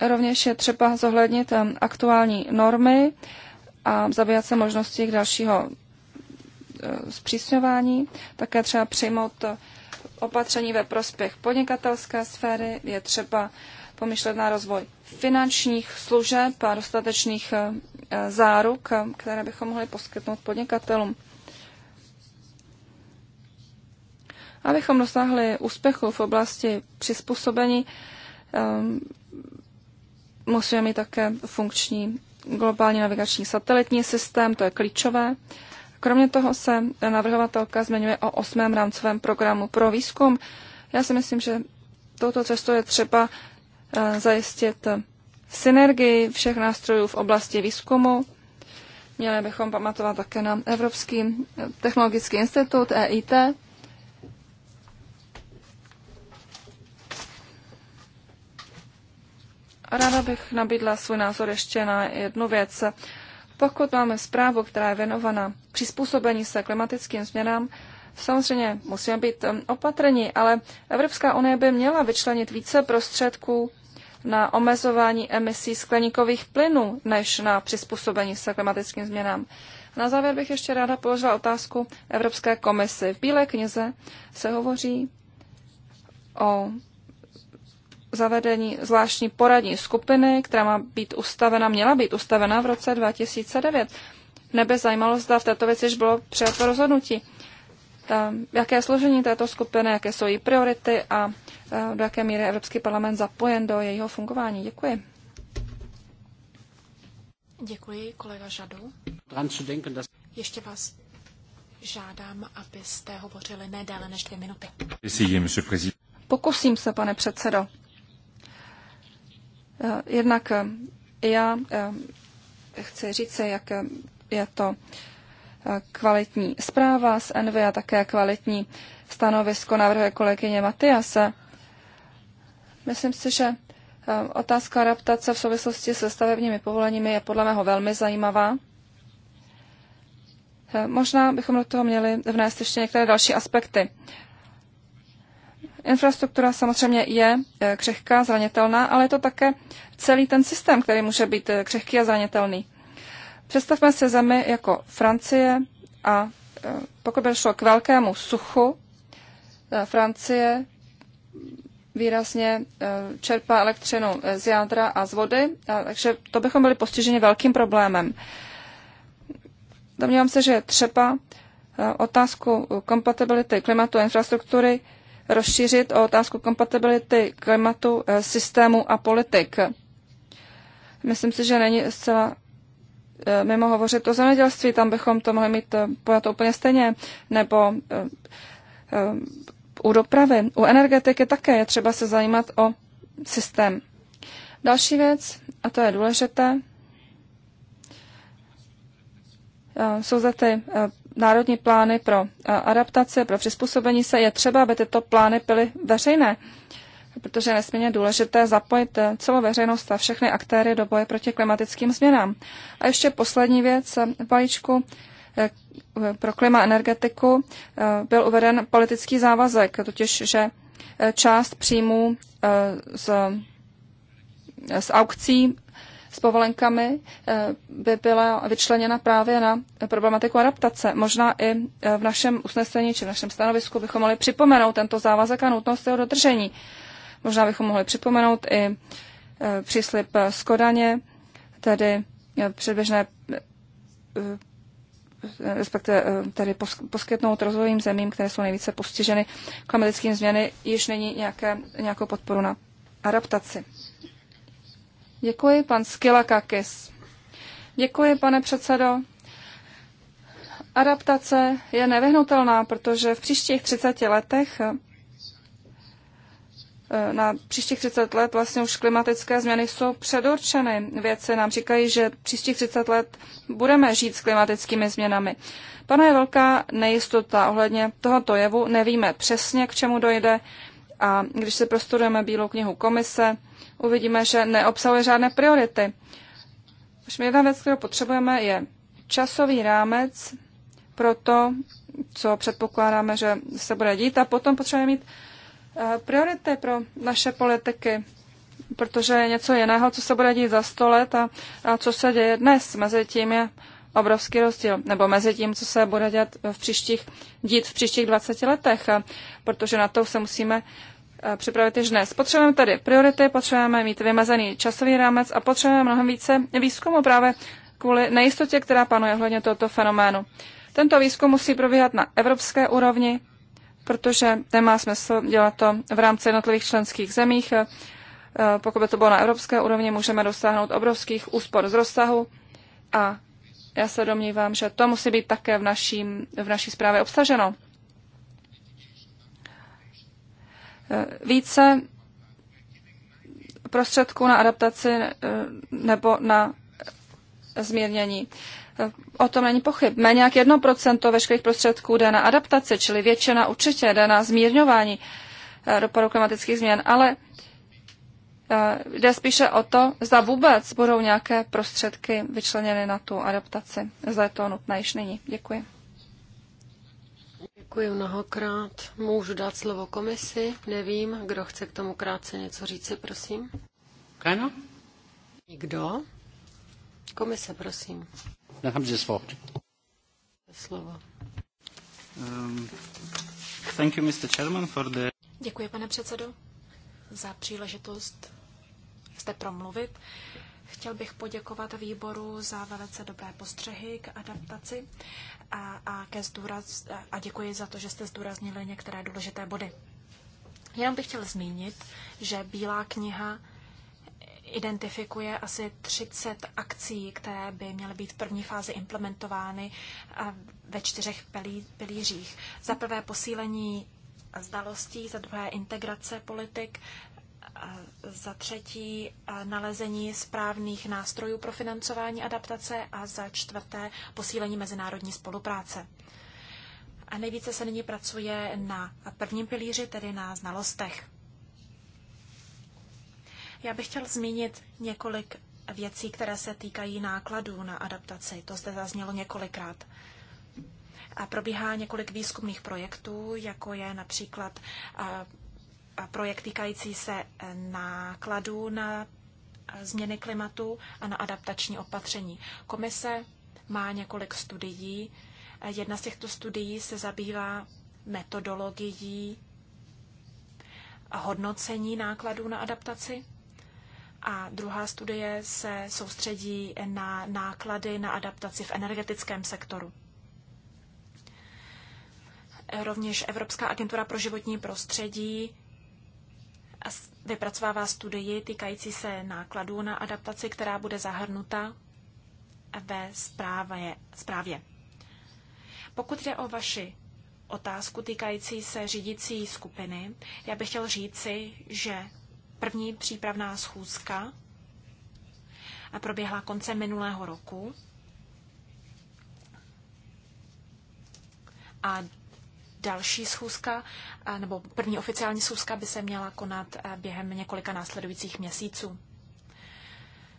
Rovněž je třeba zohlednit um, aktuální normy, a zabývat se možností k dalšího e, zpřísňování. Také třeba přijmout e, opatření ve prospěch podnikatelské sféry. Je třeba pomyšlet na rozvoj finančních služeb a dostatečných e, záruk, které bychom mohli poskytnout podnikatelům. Abychom dosáhli úspěchu v oblasti přizpůsobení, musíme mít také funkční globální navigační satelitní systém, to je klíčové. Kromě toho se navrhovatelka zmiňuje o osmém rámcovém programu pro výzkum. Já si myslím, že touto cestou je třeba eh, zajistit eh, synergii všech nástrojů v oblasti výzkumu. Měli bychom pamatovat také na Evropský eh, technologický institut EIT, Ráda bych nabídla svůj názor ještě na jednu věc. Pokud máme zprávu, která je věnovaná přizpůsobení se klimatickým změnám, samozřejmě musíme být um, opatrní, ale Evropská unie by měla vyčlenit více prostředků na omezování emisí skleníkových plynů, než na přizpůsobení se klimatickým změnám. Na závěr bych ještě ráda položila otázku Evropské komisi. V Bílé knize se hovoří o zavedení zvláštní poradní skupiny, která má být ustavena, měla být ustavena v roce 2009. Nebe zajímalo, zda v této věci již bylo přijato rozhodnutí. Ta, jaké je složení této skupiny, jaké jsou její priority a e, do jaké míry Evropský parlament zapojen do jejího fungování. Děkuji. Děkuji, kolega Žadu. Ještě vás žádám, abyste hovořili ne déle než dvě minuty. Pokusím se, pane předsedo. Eh, jednak eh, já eh, chci říct, jak je to kvalitní zpráva z NV a také kvalitní stanovisko navrhuje kolegyně Matyase. Myslím si, že otázka adaptace v souvislosti se stavebními povoleními je podle mého velmi zajímavá. Možná bychom do toho měli vnést ještě některé další aspekty. Infrastruktura samozřejmě je e, křehká, zranitelná, ale je to také celý ten systém, který může být e, křehký a zranitelný. Představme se zemi jako Francie a e, pokud by šlo k velkému suchu, Francie výrazně čerpá elektřinu z jádra a z vody, takže to bychom byli postiženi velkým problémem. Domnívám se, že je třeba otázku kompatibility klimatu a infrastruktury rozšířit o otázku kompatibility klimatu, eh, systému a politik. Myslím si, že není zcela eh, mimo hovořit o zemědělství, tam bychom to mohli mít eh, pojat úplně stejně, nebo u dopravy, u energetiky také je třeba se zajímat o systém. Další věc, a to je důležité, jsou zde ty národní plány pro eh, adaptaci, pro přizpůsobení se, je třeba, aby tyto plány byly veřejné, protože je nesmírně důležité zapojit eh, celou veřejnost a všechny aktéry do boje proti klimatickým změnám. A ještě poslední věc eh, v balíčku pro klima energetiku byl uveden politický závazek, totiž, že část příjmů z, z aukcí s povolenkami eh, by byla vyčleněna právě na problematiku adaptace. Možná i eh, v našem usnesení či v našem stanovisku bychom mohli připomenout tento závazek a nutnost jeho dodržení. Možná bychom mohli připomenout i eh, příslip Skodaně, tedy předběžné respektive tedy poskytnout rozvojovým zemím, které jsou nejvíce postiženy klimatickým změny, již není nějaké, nějakou podporu na adaptaci. Děkuji, pan Skilakakis. Děkuji, pane předsedo. Adaptace je nevyhnutelná, protože v příštích 30 letech eh, na příštích 30 let vlastně už klimatické změny jsou předurčeny. Vědci nám říkají, že příštích 30 let budeme žít s klimatickými změnami. Panuje velká nejistota ohledně tohoto jevu, nevíme přesně, k čemu dojde a když si prostudujeme Bílou knihu komise, uvidíme, že neobsahuje žádné priority. Už jedna věc, kterou potřebujeme, je časový rámec pro to, co předpokládáme, že se bude dít a potom potřebujeme mít eh, priority pro naše politiky, protože je něco jiného, co se bude dít za sto let a, a co se děje dnes. Mezi tím je obrovský rozdíl, nebo mezi tím, co se bude dělat v příštích, dít v příštích 20 letech, a protože na to se musíme Eh, připravit již dnes. Potřebujeme tady priority, potřebujeme mít vymezený časový rámec a potřebujeme mnohem více výzkumu právě kvůli nejistotě, která panuje hledně tohoto fenoménu. Tento výzkum musí probíhat na evropské úrovni, protože nemá smysl dělat to v rámci jednotlivých členských zemích. Eh, eh, pokud by to bylo na evropské úrovni, můžeme dosáhnout obrovských úspor z rozsahu a já se domnívám, že to musí být také v naší, v naší zprávě obsaženo. více prostředků na adaptaci eh, nebo na zmírnění. Eh, o tom není pochyb. Méně jak 1% veškerých prostředků jde na adaptaci, čili většina určitě jde na zmírňování eh, dopadu klimatických změn, ale jde spíše o to, zda vůbec budou nějaké prostředky vyčleněny na tu adaptaci. Zda je to nutné již nyní. Děkuji. Děkuji mnohokrát. Můžu dát slovo komisi? Nevím, kdo chce k tomu krátce něco říci, prosím. Kano? Nikdo? Komise, prosím. Nechám si slovo. Slovo. Um, thank you, Mr. Chairman, for the... Děkuji, pane předsedo, za příležitost zde promluvit. Chtěl bych poděkovat výboru za velice dobré postřehy k adaptaci a, a, ke zdůraz, a děkuji za to, že jste zdůraznili některé důležité body. Jenom bych chtěl zmínit, že Bílá kniha identifikuje asi 30 akcí, které by měly být v první fázi implementovány ve čtyřech pilířích. Za prvé posílení znalostí, za druhé integrace politik, za třetí nalezení správných nástrojů pro financování adaptace a za čtvrté posílení mezinárodní spolupráce. A nejvíce se nyní pracuje na prvním pilíři, tedy na znalostech. Já bych chtěl zmínit několik věcí, které se týkají nákladů na adaptaci. To zde zaznělo několikrát. A probíhá několik výzkumných projektů, jako je například projekt týkající se eh, nákladů na eh, změny klimatu a na adaptační opatření. Komise má několik studií. Eh, Jedna z těchto studií se zabývá metodologií hodnocení nákladů na adaptaci a druhá studie se soustředí na náklady na adaptaci v energetickém sektoru. Rovněž Evropská agentura pro životní prostředí vypracovává studii týkající se nákladů na adaptaci, která bude zahrnuta ve zprávě. zprávě. Pokud jde o vaši otázku týkající se řídící skupiny, já bych chtěl říci, že první přípravná schůzka proběhla konce minulého roku a další schůzka, nebo první oficiální schůzka by se měla konat během několika následujících měsíců.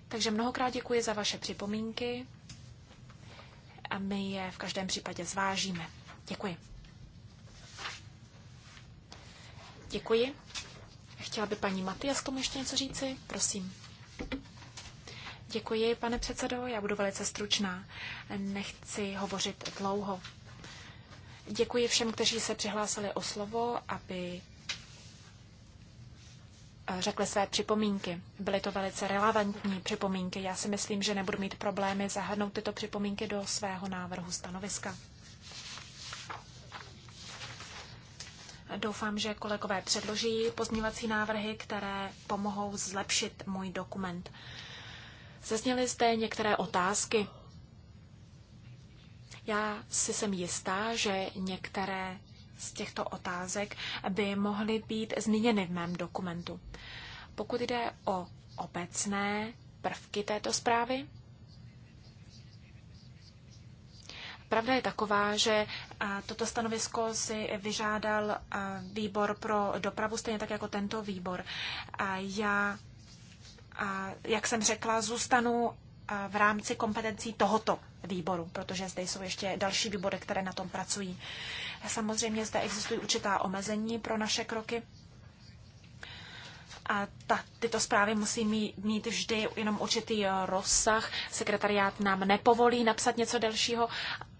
Takže mnohokrát děkuji za vaše připomínky a my je v každém případě zvážíme. Děkuji. Děkuji. Chtěla by paní Matias tomu ještě něco říci? Prosím. Děkuji, pane předsedo, já budu velice stručná. Nechci hovořit dlouho. Děkuji všem, kteří se přihlásili o slovo, aby eh, řekli své připomínky. Byly to velice relevantní připomínky. Já si myslím, že nebudu mít problémy zahrnout tyto připomínky do svého návrhu stanoviska. Doufám, že kolegové předloží pozměňovací návrhy, které pomohou zlepšit můj dokument. Zazněly zde některé otázky. Já si jsem jistá, že některé z těchto otázek by mohly být zmíněny v mém dokumentu. Pokud jde o obecné prvky této zprávy, Pravda je taková, že toto stanovisko si vyžádal výbor pro dopravu, stejně tak jako tento výbor. Já, jak jsem řekla, zůstanu v rámci kompetencí tohoto výboru, protože zde jsou ještě další výbory, které na tom pracují. Samozřejmě zde existují určitá omezení pro naše kroky. A ta, tyto zprávy musí mít, mít vždy jenom určitý rozsah. Sekretariát nám nepovolí napsat něco delšího,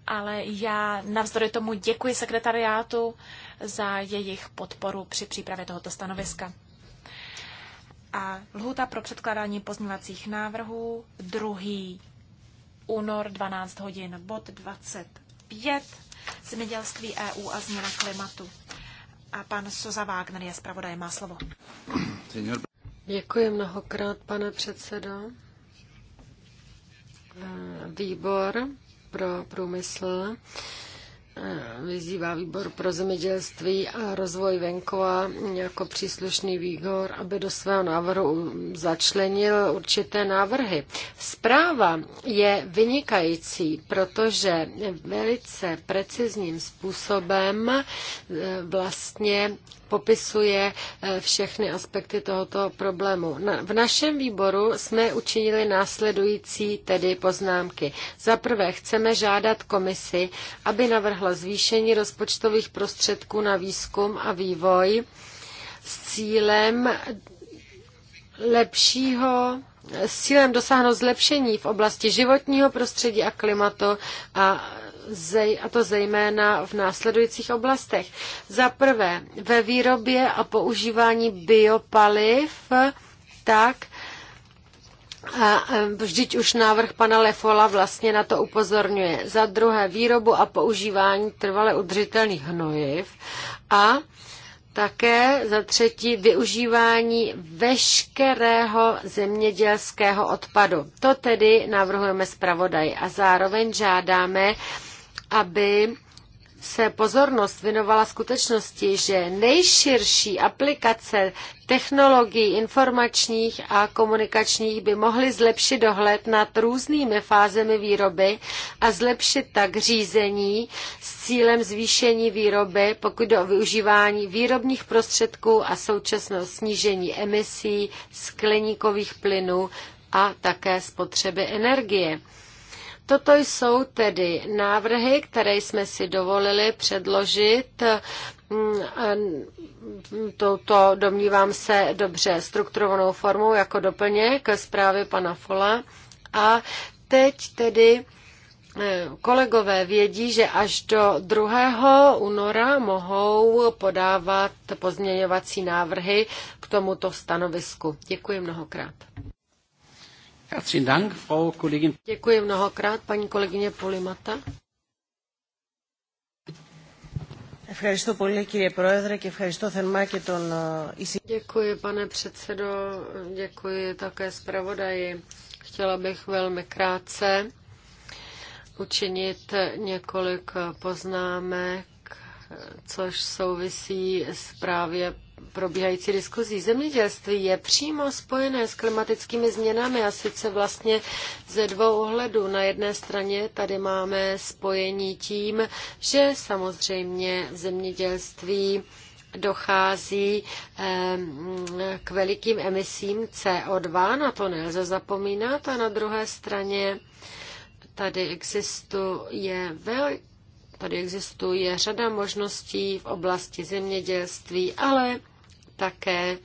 ale já navzdory tomu děkuji sekretariátu za jejich podporu při přípravě tohoto stanoviska. A lhuta pro předkládání pozměňovacích návrhů 2. únor 12 hodin, bod 25, zemědělství EU a změna klimatu. A pan Soza Wagner je zpravodaj, má slovo. Děkuji mnohokrát, pane předsedo. E, výbor pro průmysl vyzývá výbor pro zemědělství a rozvoj venkova jako příslušný výbor, aby do svého návrhu začlenil určité návrhy. Zpráva je vynikající, protože velice precizním způsobem eh, vlastně popisuje eh, všechny aspekty tohoto problému. V našem výboru jsme učinili následující tedy poznámky. Za prvé chceme žádat komisi, aby navrhla zvýšení rozpočtových prostředků na výzkum a vývoj s cílem lepšího s cílem dosáhnout zlepšení v oblasti životního prostředí a klimatu a a to zejména v následujících oblastech. Za prvé, ve výrobě a používání biopaliv tak, a e, vždyť už návrh pana Lefola vlastně na to upozorňuje. Za druhé, výrobu a používání trvale udržitelných hnojiv a také za třetí využívání veškerého zemědělského odpadu. To tedy navrhujeme zpravodaj a zároveň žádáme aby se pozornost věnovala skutečnosti, že nejširší aplikace technologií informačních a komunikačních by mohly zlepšit dohled nad různými fázemi výroby a zlepšit tak řízení s cílem zvýšení výroby, pokud jde o využívání výrobních prostředků a současného snížení emisí skleníkových plynů a také spotřeby energie. Toto jsou tedy návrhy, které jsme si dovolili předložit mm, touto, domnívám se, dobře strukturovanou formou jako doplněk zprávy pana Fola. A teď tedy eh, kolegové vědí, že až do 2. února mohou podávat pozměňovací návrhy k tomuto stanovisku. Děkuji mnohokrát. Děkuji mnohokrát, paní kolegyně Polimata. Ευχαριστώ πολύ κύριε Πρόεδρε και ευχαριστώ θερμά και τον Děkuji pane předsedo, děkuji také zpravodaji. Chtěla bych velmi krátce učinit několik poznámek, což souvisí s právě probíhající diskuzí. Zemědělství je přímo spojené s klimatickými změnami a sice vlastně ze dvou ohledů. Na jedné straně tady máme spojení tím, že samozřejmě v zemědělství dochází eh, k velikým emisím CO2, na to nelze zapomínat, a na druhé straně tady existuje velký Tady existuje řada možností v oblasti zemědělství, ale také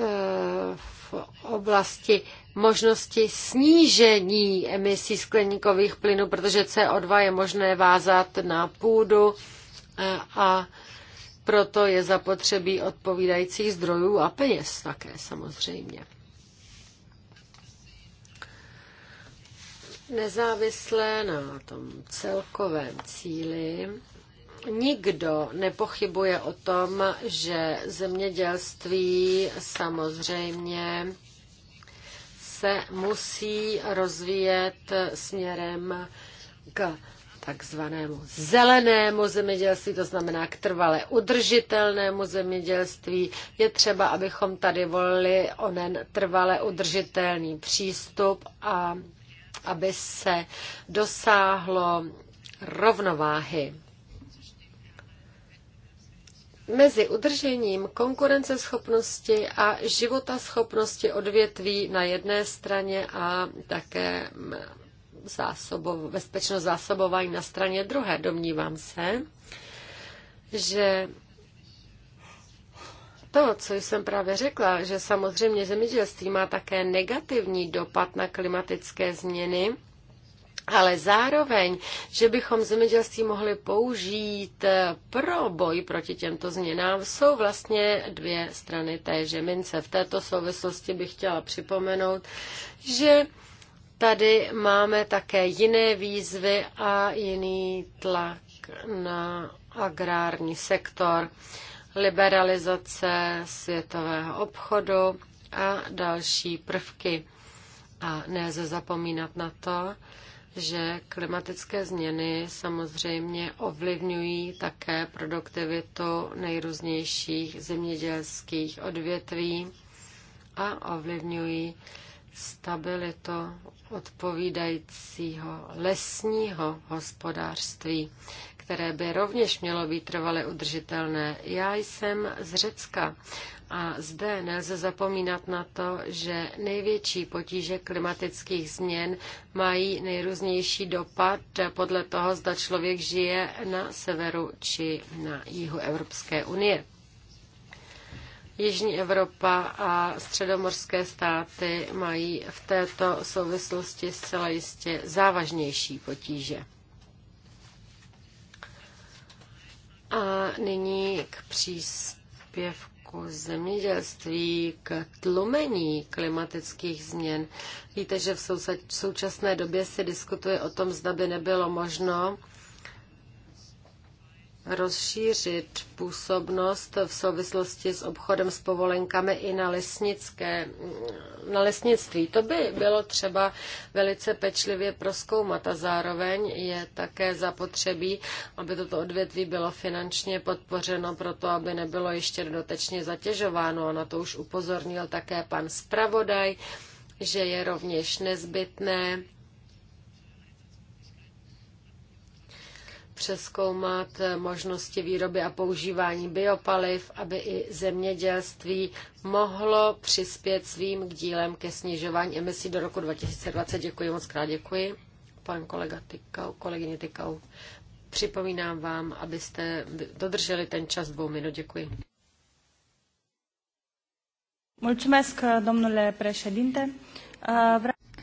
eh, v oblasti možnosti snížení emisí skleníkových plynů, protože CO2 je možné vázat na půdu eh, a proto je zapotřebí odpovídajících zdrojů a peněz také samozřejmě. Nezávisle na tom celkovém cíli Nikdo nepochybuje o tom, že zemědělství samozřejmě se musí rozvíjet směrem k takzvanému zelenému zemědělství, to znamená k trvale udržitelnému zemědělství. Je třeba, abychom tady volili onen trvale udržitelný přístup a aby se dosáhlo rovnováhy mezi udržením konkurenceschopnosti a životaschopnosti odvětví na jedné straně a také zásobov, bezpečnost zásobování na straně druhé. Domnívám se, že to, co jsem právě řekla, že samozřejmě zemědělství má také negativní dopad na klimatické změny, ale zároveň, že bychom zemědělství mohli použít eh, pro boj proti těmto změnám, jsou vlastně dvě strany té mince. V této souvislosti bych chtěla připomenout, že tady máme také jiné výzvy a jiný tlak na agrární sektor, liberalizace světového obchodu a další prvky. A nelze zapomínat na to, že klimatické změny samozřejmě ovlivňují také produktivitu nejrůznějších zemědělských odvětví a ovlivňují stabilitu odpovídajícího lesního hospodářství které by rovněž mělo být trvale udržitelné. Já jsem z Řecka a zde nelze zapomínat na to, že největší potíže klimatických změn mají nejrůznější dopad podle toho, zda člověk žije na severu či na jihu Evropské unie. Jižní Evropa a středomorské státy mají v této souvislosti zcela jistě závažnější potíže. A nyní k příspěvku zemědělství, k tlumení klimatických změn. Víte, že v současné době se diskutuje o tom, zda by nebylo možno rozšířit působnost v souvislosti s obchodem s povolenkami i na, lesnické, na lesnictví. To by bylo třeba velice pečlivě proskoumat a zároveň je také zapotřebí, aby toto odvětví bylo finančně podpořeno proto, aby nebylo ještě dodatečně zatěžováno. A na to už upozornil také pan zpravodaj, že je rovněž nezbytné přeskoumat možnosti výroby a používání biopaliv, aby i zemědělství mohlo přispět svým dílem ke snižování emisí do roku 2020. Děkuji moc krát, děkuji. Pan kolega Tykau, kolegyně Tykau, připomínám vám, abyste dodrželi ten čas dvou minut. Děkuji. Mulțumesc, domnule președinte.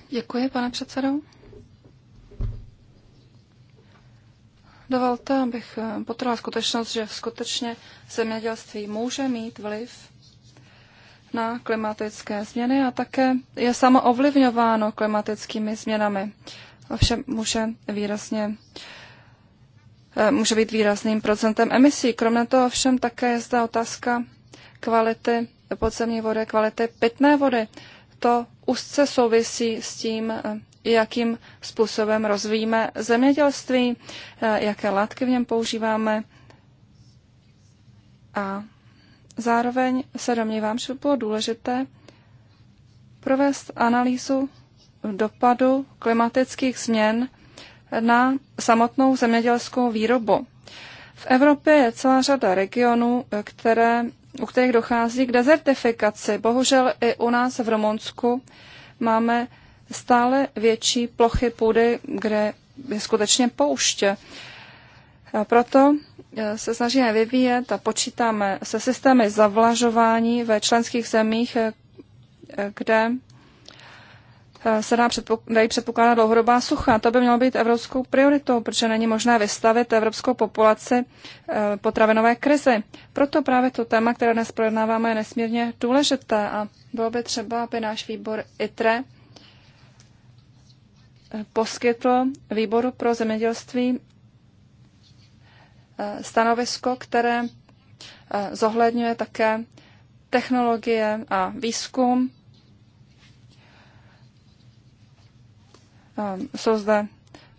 Děkuji, pane předsedo. Dovolte, abych eh, potrhla skutečnost, že skutečně zemědělství může mít vliv na klimatické změny a také je samo ovlivňováno klimatickými změnami. Ovšem může výrazně eh, může být výrazným procentem emisí. Kromě toho ovšem také je zde otázka kvality podzemní vody, kvality pitné vody. To úzce souvisí s tím, eh, jakým způsobem rozvíjíme zemědělství, eh, jaké látky v něm používáme. A zároveň se domnívám, že by bylo důležité provést analýzu dopadu klimatických změn na samotnou zemědělskou výrobu. V Evropě je celá řada regionů, které, u kterých dochází k dezertifikaci. Bohužel i u nás v Rumunsku máme stále větší plochy půdy, kde je skutečně pouště. A proto e, se snažíme vyvíjet a počítáme se systémy zavlažování ve členských zemích, e, e, kde se dá předpok- dají předpokládat dlouhodobá sucha. To by mělo být evropskou prioritou, protože není možné vystavit evropskou populaci potravinové krizi. Proto právě to téma, které dnes projednáváme, je nesmírně důležité a bylo by třeba, aby náš výbor ITRE poskytl výboru pro zemědělství eh, stanovisko, které eh, zohledňuje také technologie a výzkum. Eh, jsou zde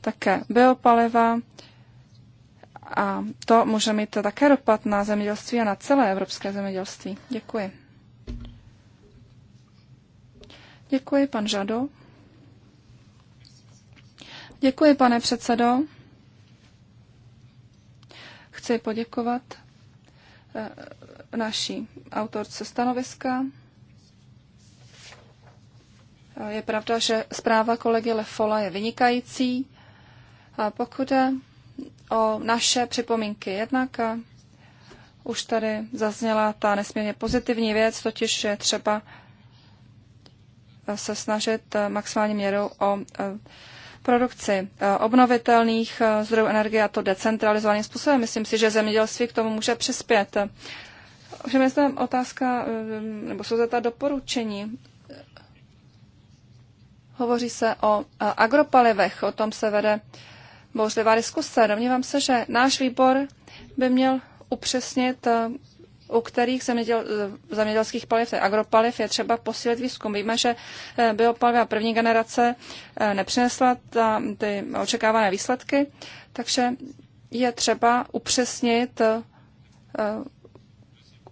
také biopaliva a to může mít také dopad na zemědělství a na celé evropské zemědělství. Děkuji. Děkuji, pan Žado. Děkuji, pane předsedo. Chci poděkovat eh, naší autorce stanoviska. Eh, je pravda, že zpráva kolegy Lefola je vynikající. A pokud je o naše připomínky, jednak eh, už tady zazněla ta nesmírně pozitivní věc, totiž je třeba se snažit maximální měrou o produkci eh, obnovitelných eh, zdrojů energie a to decentralizovaným způsobem. Myslím si, že zemědělství k tomu může přispět. Ovšem je zde otázka, eh, nebo jsou zde ta doporučení. Hovoří se o agropalivech, o tom se vede bouřlivá diskuse. Domnívám se, že náš výbor by měl upřesnit, u kterých zeměděl, zemědělských paliv, agropaliv, je třeba posílit výzkum. Víme, že eh, biopaliva první generace eh, nepřinesla ta, ty očekávané výsledky, takže je třeba upřesnit, eh,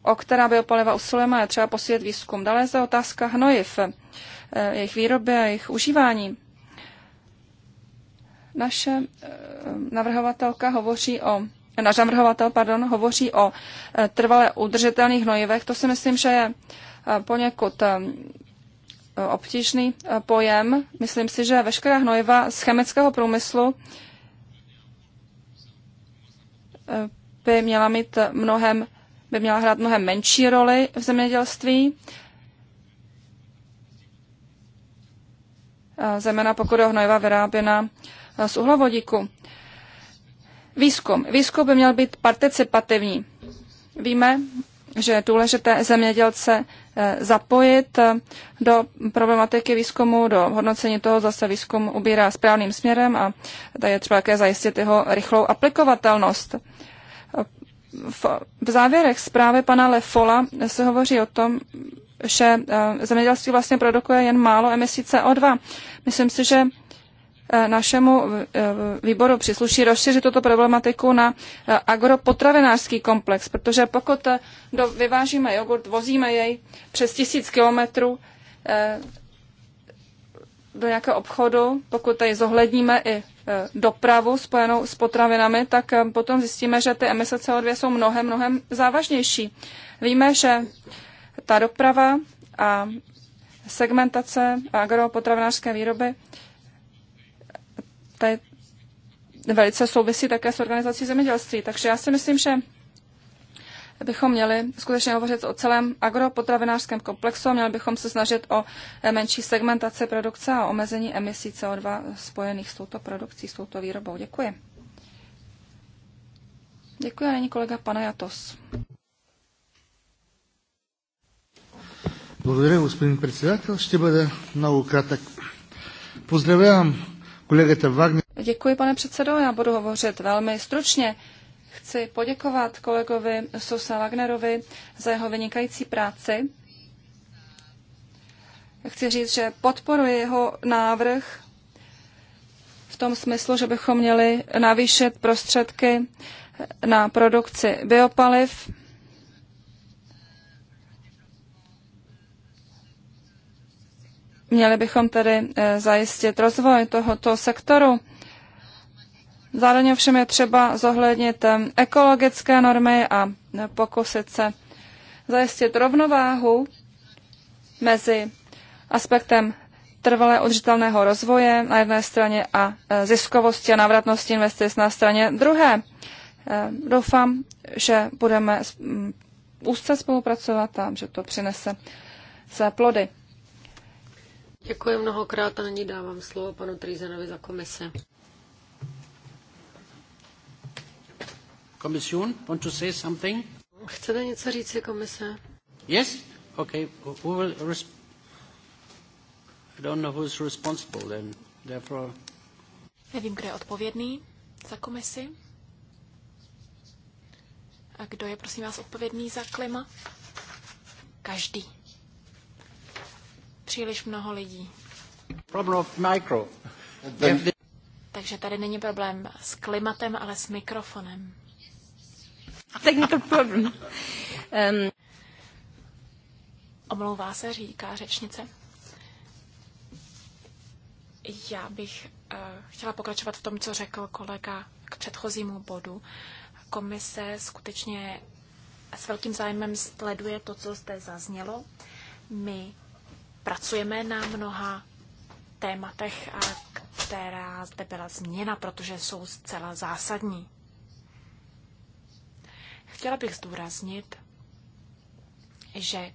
o která biopaliva usilujeme, je třeba posílit výzkum. Dále je zde otázka hnojiv, jejich výroby a jejich užívání. Naše navrhovatelka hovoří o náš navrhovatel pardon, hovoří o eh, trvale udržitelných hnojivech. To si myslím, že je eh, poněkud eh, obtížný pojem. Myslím si, že veškerá hnojiva z chemického průmyslu by měla mít mnohem, by měla hrát mnohem menší roli v zemědělství. Zejména pokud je hnojiva vyráběna z uhlovodíku. Výzkum. Výzkum by měl být participativní. Víme, že je důležité zemědělce eh, zapojit eh, do problematiky výzkumu, do hodnocení toho, zase výzkum ubírá správným směrem a tady je třeba také zajistit jeho rychlou aplikovatelnost. V, závěrech zprávy pana Lefola se hovoří o tom, že eh, zemědělství vlastně produkuje jen málo emisí CO2. Myslím si, že E, našemu e, výboru přísluší rozšířit tuto problematiku na e, agropotravinářský komplex, protože pokud do, vyvážíme jogurt, vozíme jej přes tisíc kilometrů do nějakého obchodu, pokud tady zohledníme i dopravu spojenou s potravinami, tak potom zjistíme, že ty emise CO2 jsou mnohem, mnohem závažnější. Víme, že ta doprava a segmentace agropotravinářské výroby tady velice souvisí také s organizací zemědělství. Takže já si myslím, že bychom měli skutečně hovořit o celém agropotravinářském komplexu a měli bychom se snažit o menší segmentaci produkce a omezení emisí CO2 spojených s touto produkcí, s touto výrobou. Děkuji. Děkuji a nyní kolega Panajatos. Благодаря, господин председател. Ще бъда много кратък. Поздравявам Děkuji, pane předsedo. Já budu hovořit velmi stručně. Chci poděkovat kolegovi Sousa Wagnerovi za jeho vynikající práci. Chci říct, že podporuji jeho návrh v tom smyslu, že bychom měli navýšit prostředky na produkci biopaliv Měli bychom tedy eh, zajistit rozvoj tohoto sektoru. Zároveň ovšem je třeba zohlednit eh, ekologické normy a eh, pokusit se zajistit rovnováhu mezi aspektem trvalé udržitelného rozvoje na jedné straně a ziskovosti a návratnosti investic na straně druhé. Doufám, že budeme mm, úzce spolupracovat a že to přinese své plody. Děkuji mnohokrát a nyní dávám slovo panu Trizenovi za komise. Commission, want to say something? Chcete něco říct, komise? Yes? Okay. Who will resp- I don't know who is responsible then. Therefore... Nevím, kdo je odpovědný za komisi. A kdo je, prosím vás, odpovědný za klima? Každý příliš mnoho lidí. of micro. Takže tady není problém s klimatem, ale s mikrofonem. Technical problem. Um. Omlouvá se, říká řečnice. Já bych uh, chtěla pokračovat v tom, co řekl kolega k předchozímu bodu. Komise skutečně s velkým zájmem sleduje to, co zde zaznělo. My pracujeme na mnoha tématech, která zde byla změna, protože jsou zcela zásadní. Chtěla bych zdůraznit, že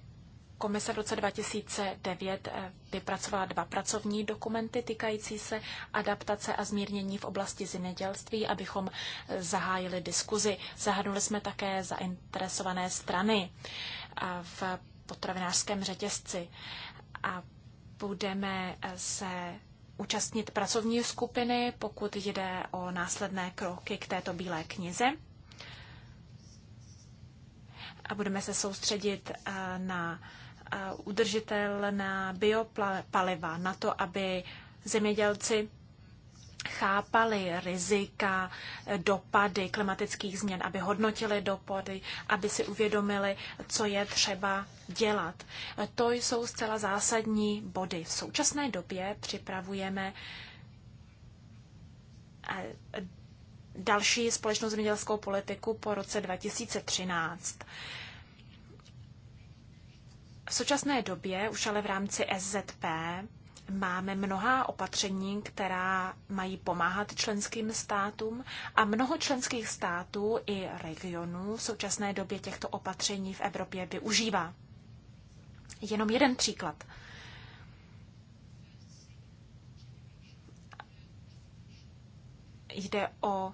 Komise v roce 2009 eh, vypracovala dva pracovní dokumenty týkající se adaptace a zmírnění v oblasti zemědělství, abychom eh, zahájili diskuzi. Zahrnuli jsme také zainteresované strany eh, v potravinářském řetězci a budeme eh, se účastnit pracovní skupiny, pokud jde o následné kroky k této bílé knize. A budeme se soustředit eh, na eh, udržitelná biopaliva, na to, aby zemědělci chápali rizika, eh, dopady klimatických změn, aby hodnotili dopady, aby si uvědomili, co je třeba dělat. Eh, to jsou zcela zásadní body. V současné době připravujeme eh, další společnou zemědělskou politiku po roce 2013. V současné době už ale v rámci SZP máme mnohá opatření, která mají pomáhat členským státům a mnoho členských států i regionů v současné době těchto opatření v Evropě využívá. Jenom jeden příklad. Jde o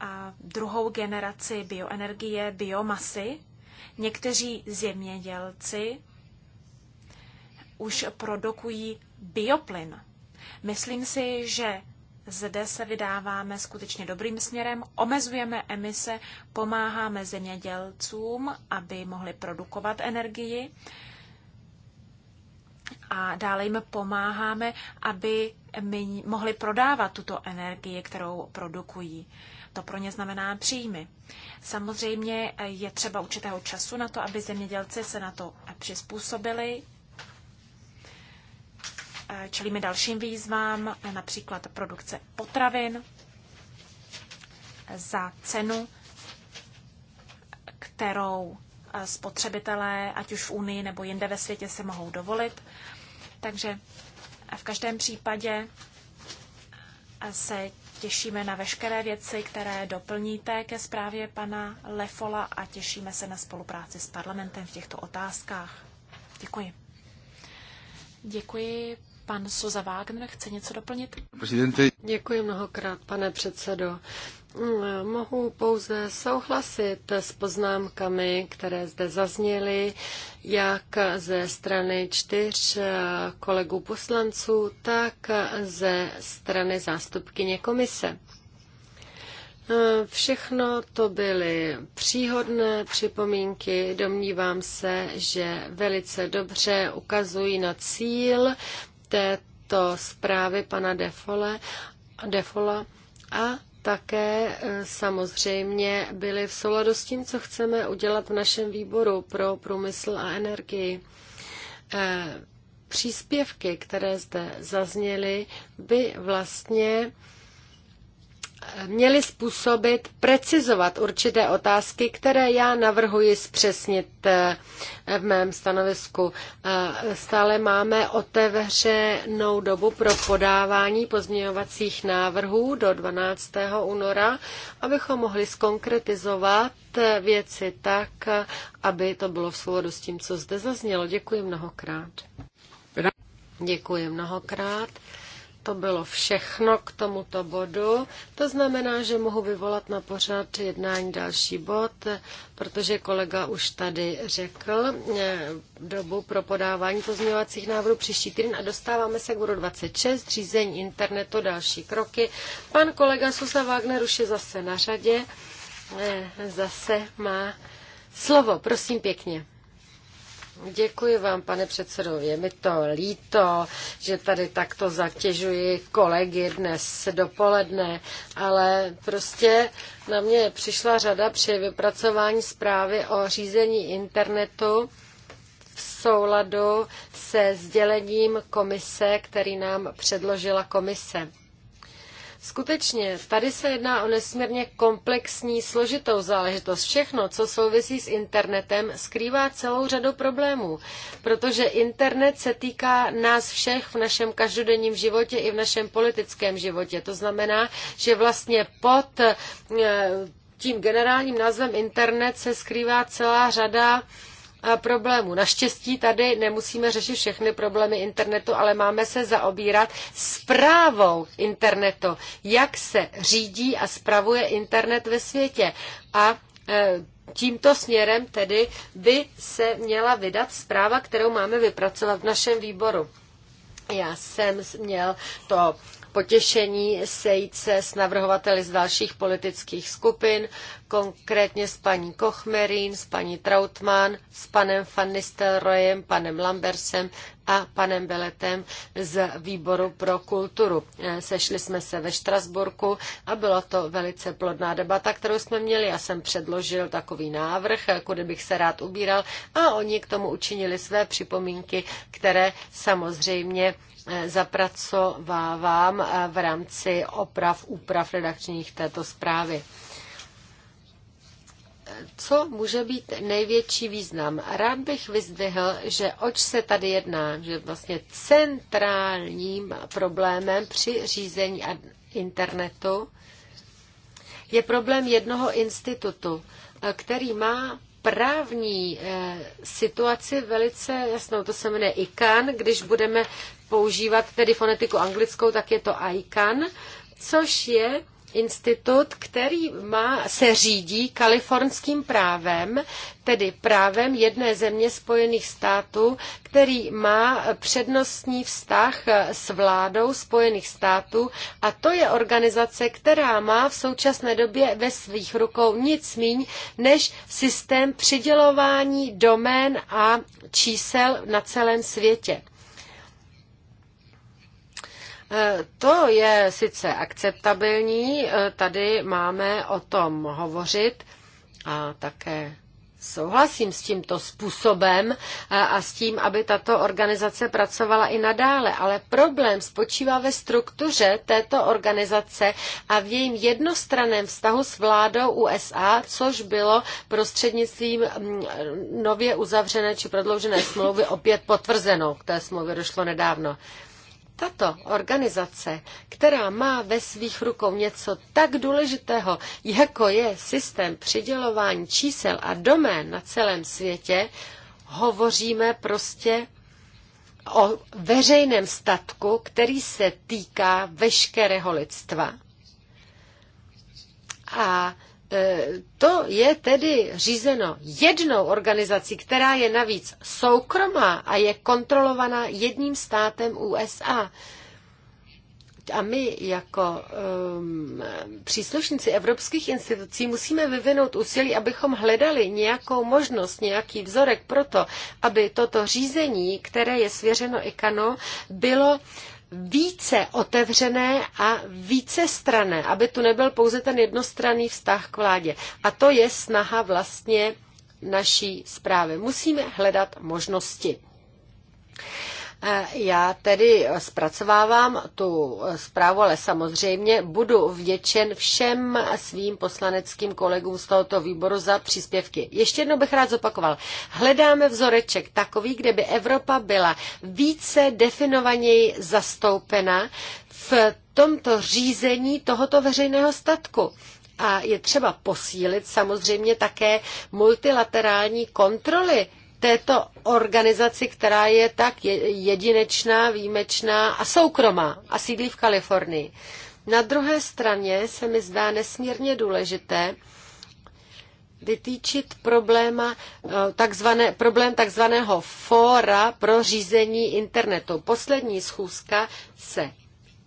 a druhou generaci bioenergie, biomasy. Někteří zemědělci už produkují bioplyn. Myslím si, že zde se vydáváme skutečně dobrým směrem, omezujeme emise, pomáháme zemědělcům, aby mohli produkovat energii a dále jim pomáháme, aby mohli prodávat tuto energii, kterou produkují. To pro ně znamená příjmy. Samozřejmě je třeba určitého času na to, aby zemědělci se na to přizpůsobili, čelíme dalším výzvám, například produkce potravin za cenu, kterou eh, spotřebitelé, ať už v Unii nebo jinde ve světě, se mohou dovolit. Takže v každém případě eh, se těšíme na veškeré věci, které doplníte ke zprávě pana Lefola a těšíme se na spolupráci s parlamentem v těchto otázkách. Děkuji. Děkuji, Pan Suza Wagner chce něco doplnit? Presidente. Děkuji mnohokrát, pane předsedo. Mm, mohu pouze souhlasit s poznámkami, které zde zazněly, jak ze strany čtyř eh, kolegů poslanců, tak ze strany zástupkyně komise. Eh, všechno to byly příhodné připomínky. Domnívám se, že velice dobře ukazují na cíl, této zprávy pana Defole, Defola a také eh, samozřejmě byly v souladu s tím, co chceme udělat v našem výboru pro průmysl a energii. Eh, příspěvky, které zde zazněly, by vlastně měly způsobit precizovat určité otázky, které já navrhuji zpřesnit eh, v mém stanovisku. Eh, stále máme otevřenou dobu pro podávání pozměňovacích návrhů do 12. února, abychom mohli skonkretizovat eh, věci tak, aby to bylo v souladu s tím, co zde zaznělo. Děkuji mnohokrát. Děkuji mnohokrát. To bylo všechno k tomuto bodu. To znamená, že mohu vyvolat na pořad jednání další bod, protože kolega už tady řekl eh, dobu pro podávání pozměňovacích návrhů příští týden a dostáváme se k bodu 26, řízení internetu, další kroky. Pan kolega Susa Wagner už je zase na řadě, eh, zase má slovo, prosím pěkně. Děkuji vám, pane předsedo. Je mi to líto, že tady takto zatěžuji kolegy dnes dopoledne, ale prostě na mě přišla řada při vypracování zprávy o řízení internetu v souladu se sdělením komise, který nám předložila komise. Skutečně, tady se jedná o nesmírně komplexní, složitou záležitost. Všechno, co souvisí s internetem, skrývá celou řadu problémů, protože internet se týká nás všech v našem každodenním životě i v našem politickém životě. To znamená, že vlastně pod eh, tím generálním názvem internet se skrývá celá řada problémů. Naštěstí tady nemusíme řešit všechny problémy internetu, ale máme se zaobírat zprávou internetu, jak se řídí a spravuje internet ve světě. A e, Tímto směrem tedy by se měla vydat zpráva, kterou máme vypracovat v našem výboru. Já jsem měl to potěšení sejít se s navrhovateli z dalších politických skupin konkrétně s paní Kochmerin, s paní Trautmann, s panem Van Nistelrojem, panem Lambersem a panem Beletem z Výboru pro kulturu. Eh, Sešli jsme se ve Štrasburku a byla to velice plodná debata, kterou jsme měli. Já jsem předložil takový návrh, eh, kudy bych se rád ubíral a oni k tomu učinili své připomínky, které samozřejmě eh, zapracovávám v rámci oprav, úprav redakčních této zprávy co může být největší význam? Rád bych vyzdvihl, že oč se tady jedná, že vlastně centrálním problémem při řízení internetu je problém jednoho institutu, který má právní eh, situaci velice jasnou. To se jmenuje ICAN. Když budeme používat tedy fonetiku anglickou, tak je to ICAN, což je institut, který má, se řídí kalifornským právem, tedy právem jedné země Spojených států, který má přednostní vztah s vládou Spojených států a to je organizace, která má v současné době ve svých rukou nic míň než systém přidělování domén a čísel na celém světě. To je sice akceptabilní, eh, tady máme o tom hovořit a také souhlasím s tímto způsobem eh, a s tím, aby tato organizace pracovala i nadále, ale problém spočívá ve struktuře této organizace a v jejím jednostraném vztahu s vládou USA, což bylo prostřednictvím mm, nově uzavřené či prodloužené smlouvy opět potvrzeno. K té smlouvě došlo nedávno tato organizace, která má ve svých rukou něco tak důležitého, jako je systém přidělování čísel a domén na celém světě, hovoříme prostě o veřejném statku, který se týká veškerého lidstva. A E, to je tedy řízeno jednou organizací, která je navíc soukromá a je kontrolovaná jedním státem USA. A my jako um, příslušníci evropských institucí musíme vyvinout úsilí, abychom hledali nějakou možnost, nějaký vzorek pro to, aby toto řízení, které je svěřeno ICANO, bylo uh, více otevřené a více strané, aby tu nebyl pouze ten jednostranný vztah k vládě. A to je snaha vlastně naší zprávy. Musíme hledat možnosti. Já tedy zpracovávám tu zprávu, ale samozřejmě budu vděčen všem svým poslaneckým kolegům z tohoto výboru za příspěvky. Ještě jednou bych rád zopakoval. Hledáme vzoreček takový, kde by Evropa byla více definovaněji zastoupena v tomto řízení tohoto veřejného statku. A je třeba posílit samozřejmě také multilaterální kontroly této organizaci, která je tak jedinečná, výjimečná a soukromá a sídlí v Kalifornii. Na druhé straně se mi zdá nesmírně důležité vytýčit probléma, eh, takzvané, problém takzvaného fóra pro řízení internetu. Poslední schůzka se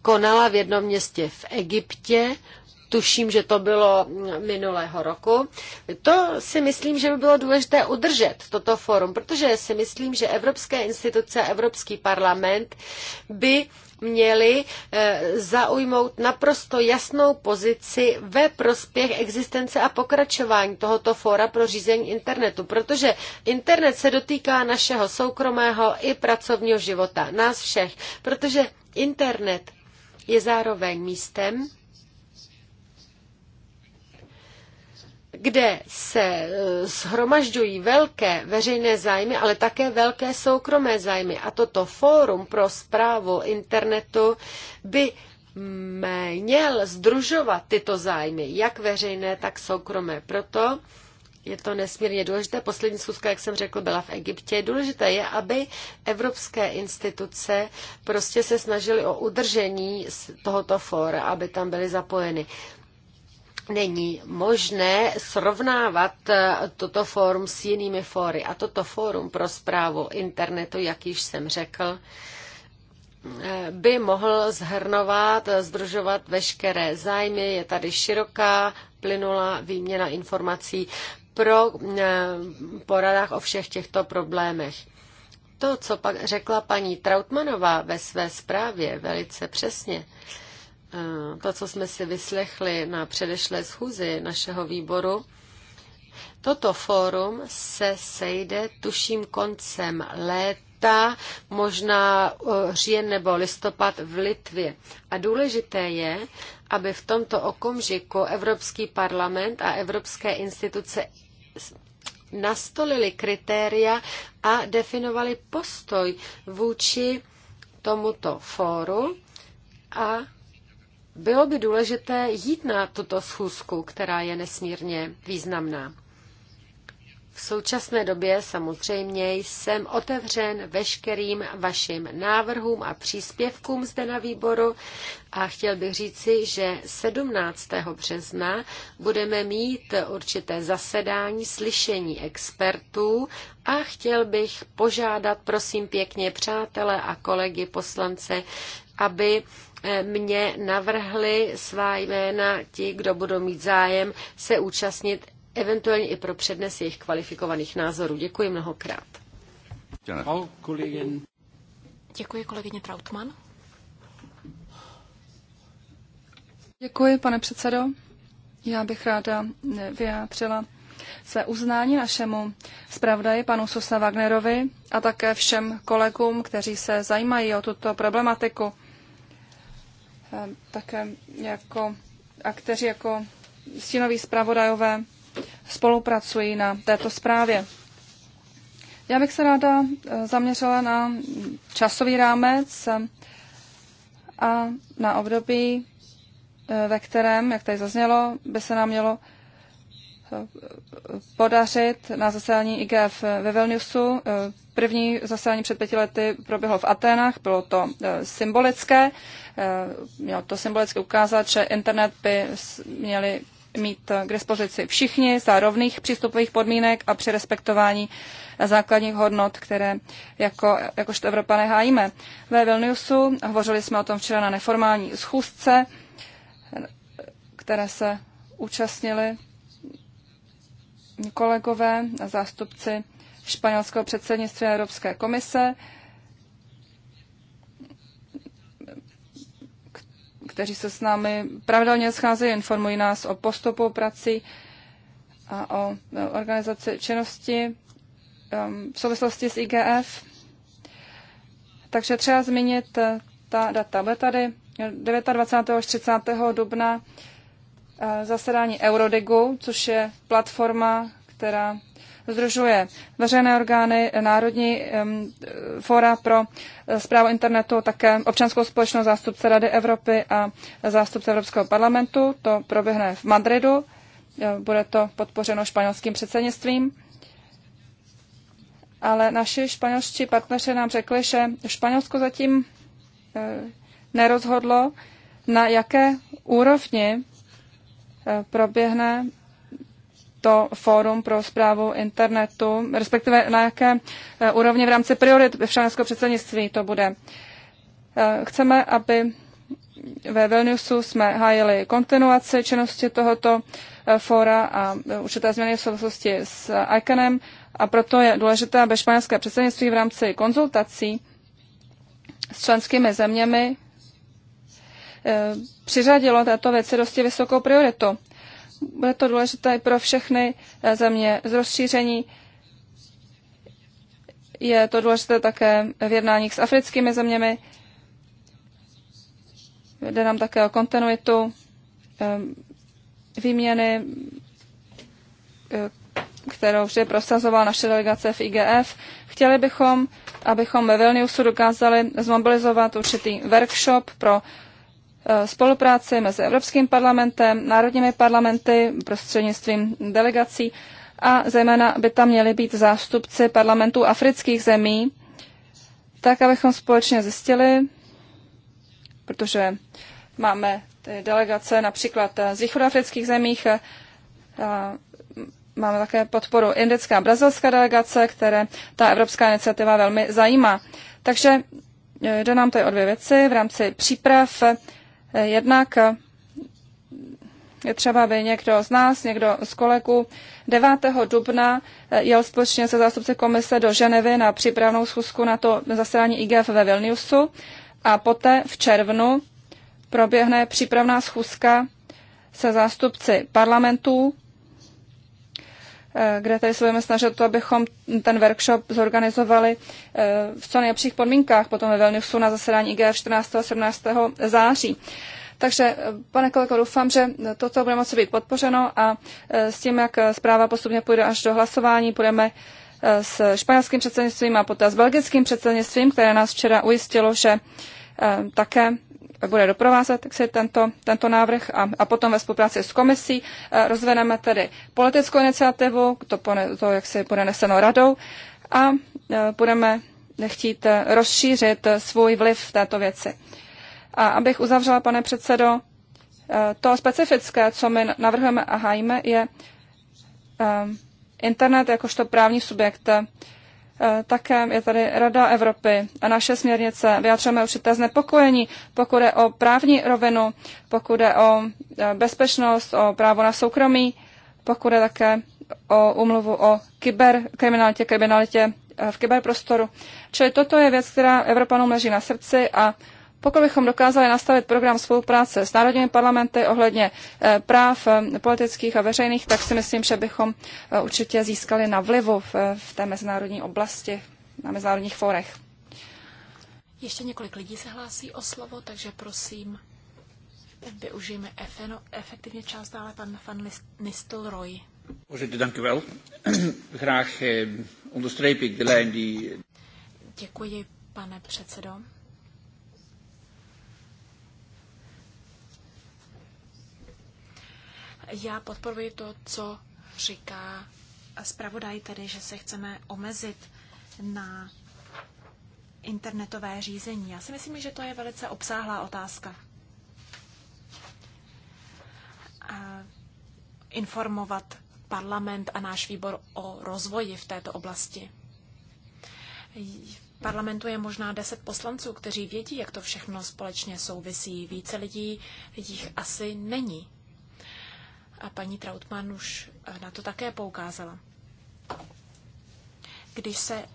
konala v jednom městě v Egyptě tuším, že to bylo minulého roku. To si myslím, že by bylo důležité udržet toto forum, protože si myslím, že evropské instituce a Evropský parlament by měli eh, zaujmout naprosto jasnou pozici ve prospěch existence a pokračování tohoto fóra pro řízení internetu, protože internet se dotýká našeho soukromého i pracovního života, nás všech, protože internet je zároveň místem, kde se eh, shromažďují velké veřejné zájmy, ale také velké soukromé zájmy. A toto fórum pro zprávu internetu by měl združovat tyto zájmy, jak veřejné, tak soukromé. Proto je to nesmírně důležité. Poslední schůzka, jak jsem řekl, byla v Egyptě. Důležité je, aby evropské instituce prostě se snažily o udržení tohoto fóra, aby tam byly zapojeny není možné srovnávat eh, toto fórum s jinými fóry. A toto fórum pro zprávu internetu, jak již jsem řekl, eh, by mohl zhrnovat, eh, združovat veškeré zájmy. Je tady široká, plynulá výměna informací pro poradách o všech těchto problémech. To, co pak řekla paní Trautmanová ve své zprávě velice přesně, Eh, to, co jsme si vyslechli na předešlé schůzi našeho výboru, toto fórum se sejde tuším koncem léta, možná eh, říjen nebo listopad v Litvě. A důležité je, aby v tomto okamžiku Evropský parlament a evropské instituce nastolili kritéria a definovali postoj vůči tomuto fóru a bylo by důležité jít na tuto schůzku, která je nesmírně významná. V současné době samozřejmě jsem otevřen veškerým vašim návrhům a příspěvkům zde na výboru a chtěl bych říci, že 17. března budeme mít určité zasedání, slyšení expertů a chtěl bych požádat, prosím pěkně, přátelé a kolegy poslance, aby eh, mě navrhli svá jména ti, kdo budou mít zájem se účastnit eventuálně i pro přednes jejich kvalifikovaných názorů. Děkuji mnohokrát. Děkuji kolegyně Trautmann. Děkuji, pane předsedo. Já bych ráda vyjádřila své uznání našemu zpravodaji panu Sosa Wagnerovi a také všem kolegům, kteří se zajímají o tuto problematiku. Ehm, také jako, a kteří jako stínoví zpravodajové spolupracují na této zprávě. Já bych se ráda eh, zaměřila na časový rámec eh, a na období, eh, ve kterém, jak tady zaznělo, by se nám mělo podařit na zasedání IGF ve Vilniusu. První zasedání před pěti lety proběhlo v Aténách, bylo to symbolické. Mělo to symbolicky ukázat, že internet by měli mít eh, k dispozici všichni za rovných přístupových podmínek a při respektování základních hodnot, které jako, jakožto Evropané hájíme. Ve Vilniusu, hovořili jsme o tom včera na neformální schůzce, které se účastnili kolegové a zástupci španělského předsednictví Evropské komise. kteří se s námi pravidelně scházejí, informují nás o postupu prací a o e, organizaci činnosti e, v souvislosti s IGF. Takže třeba zmínit e, ta data. Bude tady 29. až 30. dubna zasedání Eurodigu, což je platforma, která združuje veřejné orgány, národní fóra pro eh, zprávu internetu, také občanskou společnost, zástupce Rady Evropy a zástupce Evropského parlamentu. To proběhne v Madridu, eh, bude to podpořeno španělským předsednictvím ale naši španělští partneři nám řekli, že Španělsko zatím eh, nerozhodlo, na jaké úrovni proběhne to fórum pro zprávu internetu, respektive na jaké eh, úrovni v rámci priorit všelenského předsednictví to bude. Eh, chceme, aby ve Vilniusu jsme hájili kontinuaci činnosti tohoto eh, fóra a určité změny v souvislosti s ICANem a proto je důležité, aby španělské předsednictví v rámci konzultací s členskými zeměmi přiřadilo této věci dosti vysokou prioritu. Bude to důležité pro všechny eh, země z rozšíření. Je to důležité také v jednáních s africkými zeměmi. Jde nám také o kontinuitu eh, výměny, eh, kterou vždy prosazovala naše delegace v IGF. Chtěli bychom, abychom ve Vilniusu dokázali zmobilizovat určitý workshop pro Eh, spolupráci mezi Evropským parlamentem, národními parlamenty, prostřednictvím delegací a zejména by tam měli být zástupci parlamentů afrických zemí, tak abychom společně zjistili, protože máme delegace například z východoafrických zemích, eh, máme také podporu indická a brazilská delegace, které ta evropská iniciativa velmi zajímá. Takže eh, jde nám tady o dvě věci v rámci příprav Jednak je třeba, aby někdo z nás, někdo z kolegů 9. dubna jel společně se zástupci komise do Ženevy na přípravnou schůzku na to zasedání IGF ve Vilniusu a poté v červnu proběhne přípravná schůzka se zástupci parlamentů Eh, kde tady se budeme snažit o to, abychom ten workshop zorganizovali eh, v co nejlepších podmínkách, potom ve Vilniusu na zasedání IGF 14. a 17. září. Takže, eh, pane kolego, doufám, že toto bude moci být podpořeno a s tím, jak zpráva postupně půjde až do hlasování, budeme s španělským předsednictvím a poté s belgickým předsednictvím, které nás včera ujistilo, že také bude doprovázet si tento, tento návrh a, a potom ve spolupráci s komisí eh, rozvedeme tedy politickou iniciativu, to, to jak se bude neseno radou a eh, budeme chtít eh, rozšířit svůj vliv v této věci. A abych uzavřela, pane předsedo, to specifické, co my navrhujeme a hájíme, je internet jakožto právní subjekt Eh, také je tady Rada Evropy a naše směrnice. Vyjadřujeme určité znepokojení, pokud je o právní rovinu, pokud je o eh, bezpečnost, o právo na soukromí, pokud je také o umluvu o kyberkriminalitě, kriminalitě eh, v kyberprostoru. Čili toto je věc, která Evropanům leží na srdci a pokud bychom dokázali nastavit program spolupráce s národními parlamenty ohledně eh, práv eh, politických a veřejných, tak si myslím, že bychom eh, určitě získali na vlivu v té mezinárodní oblasti, na mezinárodních fórech. Ještě několik lidí se hlásí o slovo, takže prosím, využijeme efeno, efektivně část dále pan Van Nistel Roy. Děkuji, pane předsedo. Já podporuji to, co říká zpravodaj, tedy že se chceme omezit na internetové řízení. Já si myslím, že to je velice obsáhlá otázka. A informovat parlament a náš výbor o rozvoji v této oblasti. V parlamentu je možná deset poslanců, kteří vědí, jak to všechno společně souvisí. Více lidí jich asi není a paní Trautmann už eh, na to také poukázala. Když se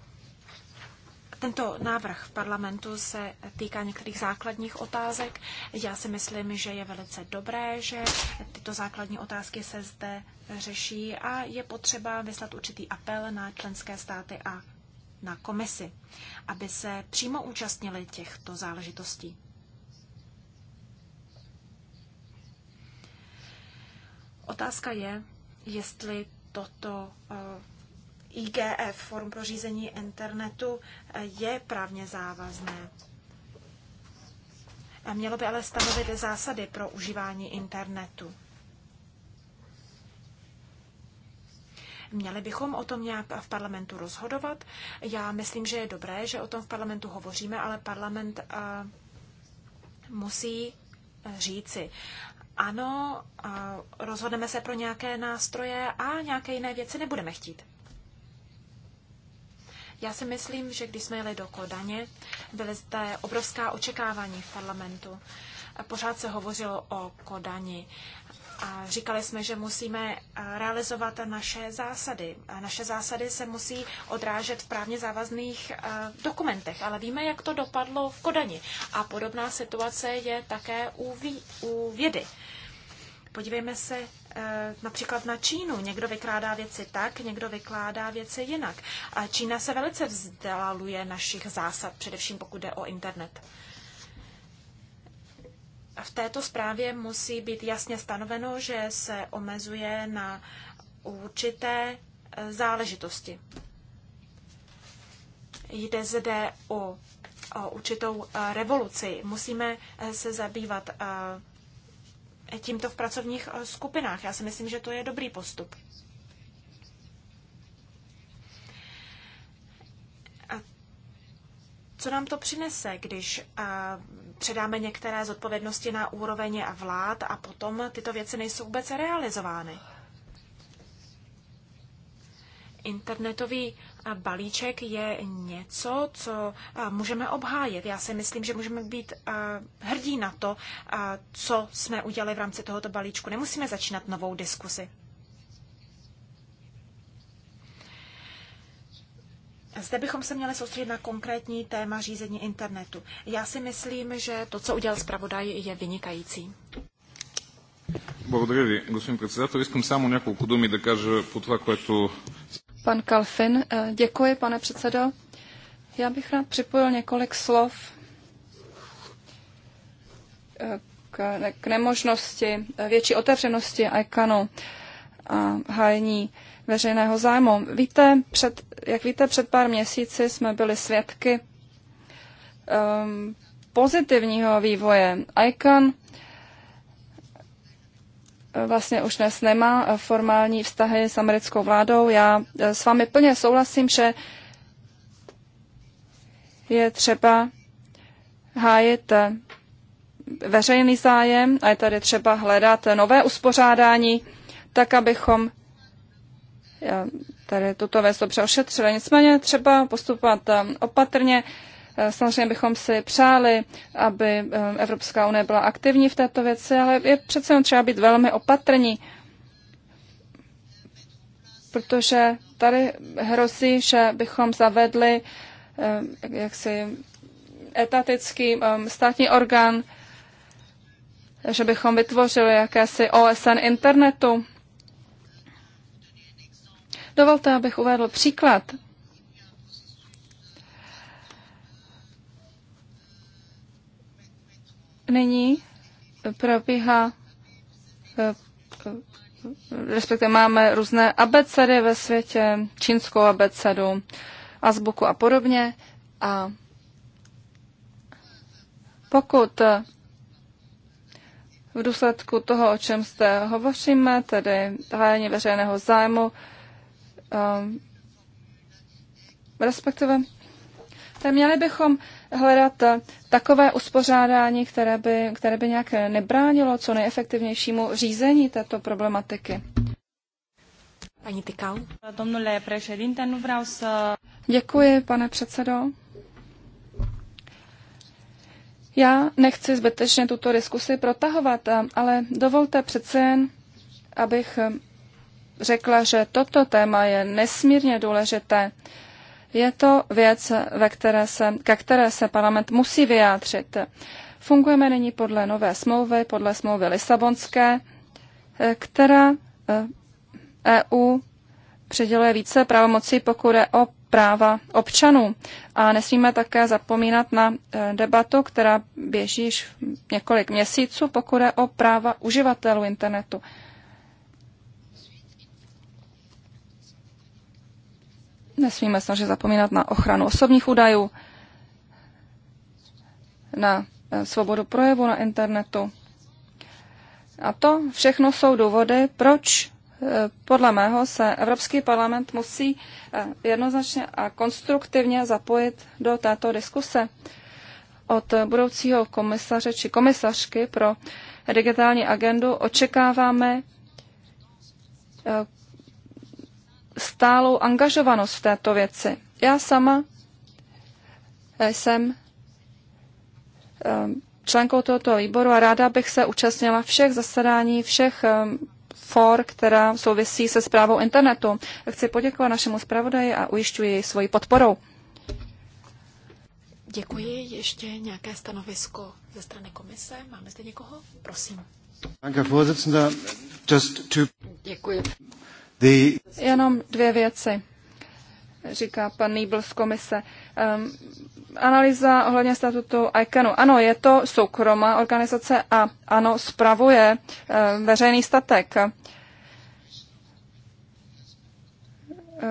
tento návrh v parlamentu se týká některých základních otázek. Já si myslím, že je velice dobré, že tyto základní otázky se zde řeší a je potřeba vyslat určitý apel na členské státy a na komisi, aby se přímo účastnili těchto záležitostí. Otázka je, jestli toto eh, IGF, Forum pro řízení internetu, eh, je právně závazné. Mělo by ale stanovit zásady pro užívání internetu. Měli bychom o tom nějak v parlamentu rozhodovat. Já myslím, že je dobré, že o tom v parlamentu hovoříme, ale parlament eh, musí říci, ano, rozhodneme se pro nějaké nástroje a nějaké jiné věci nebudeme chtít. Já si myslím, že když jsme jeli do Kodaně, byly zde obrovská očekávání v parlamentu. Pořád se hovořilo o Kodani. A říkali jsme, že musíme realizovat naše zásady. A naše zásady se musí odrážet v právně závazných eh, dokumentech, ale víme, jak to dopadlo v Kodani. A podobná situace je také u, u vědy. Podívejme se eh, například na Čínu. Někdo vykládá věci tak, někdo vykládá věci jinak. A Čína se velice vzdaluje našich zásad, především pokud jde o internet. V této zprávě musí být jasně stanoveno, že se omezuje na určité eh, záležitosti. Jde zde o, o určitou eh, revoluci. Musíme se zabývat tímto v pracovních eh, skupinách. Já si myslím, že to je dobrý postup. A co nám to přinese, když eh, předáme některé zodpovědnosti na úroveň a vlád a potom tyto věci nejsou vůbec realizovány? Internetový balíček je něco, co můžeme obhájit. Já si myslím, že můžeme být hrdí na to, co jsme udělali v rámci tohoto balíčku. Nemusíme začínat novou diskusi. Zde bychom se měli soustředit na konkrétní téma řízení internetu. Já si myslím, že to, co udělal zpravodaj, je vynikající. Благодаря ви, господин председател. Искам само няколко думи да кажа по това, което... Pan Kalfin, eh, děkuji, pane předsedo. Já bych rád připojil několik slov eh, k, k nemožnosti eh, větší otevřenosti ICANu a hájení veřejného zájmu. Víte, před, jak víte, před pár měsíci jsme byli svědky um, pozitivního vývoje. ICAN vlastně už dnes nemá eh, formální vztahy s americkou vládou. Já eh, s vámi plně souhlasím, že je třeba hájit eh, veřejný zájem a je tady třeba hledat nové uspořádání, tak abychom tady tuto věc dobře ošetřili. Nicméně třeba postupovat opatrně, Eh, samozřejmě bychom si přáli, aby eh, Evropská unie byla aktivní v této věci, ale je přece jen třeba být velmi opatrní, protože tady hrozí, že bychom zavedli eh, jaksi etatický státní orgán, že bychom vytvořili jakési OSN internetu. Dovolte, abych uvedl příklad. nyní probíhá eh, respektive máme různé abecedy ve světě, čínskou abecedu, azbuku a podobně. A pokud v důsledku toho, o čem zde hovoříme, tedy hájení veřejného zájmu, eh, respektive, tak měli bychom hledat takové uspořádání, které by, které by nějak nebránilo co nejefektivnějšímu řízení této problematiky. Paní Tykal. Domnule președinte, nu vreau să... Děkuji, pane předsedo. Já nechci zbytečně tuto diskusi protahovat, ale dovolte přece jen, abych řekla, že toto téma je nesmírně důležité. Je to věc, ve které se, ke které se parlament musí vyjádřit. Fungujeme nyní podle nové smlouvy, podle smlouvy Lisabonské, eh, která eh, EU předěluje více pravomocí, pokud je o práva občanů. A nesmíme také zapomínat na eh, debatu, která běží již několik měsíců, pokud je o práva uživatelů internetu. Nesmíme snažit zapomínat na ochranu osobních údajů, na eh, svobodu projevu na internetu. A to všechno jsou důvody, proč eh, podle mého se Evropský parlament musí eh, jednoznačně a konstruktivně zapojit do této diskuse. Od budoucího komisaře či komisařky pro digitální agendu očekáváme stálou angažovanost v této věci. Já sama jsem eh, členkou tohoto výboru a ráda bych se účastnila všech zasedání, všech eh, for, která souvisí se zprávou internetu. Chci poděkovat našemu zpravodaji a ujišťuji svoji podporou. Děkuji. Ještě nějaké stanovisko ze strany komise? Máme zde někoho? Prosím. Děkuji. Jenom dvě věci, říká pan Nýbl z komise. Um, analýza ohledně statutu ICANu. Ano, je to soukromá organizace a ano, spravuje uh, veřejný statek. Ehm,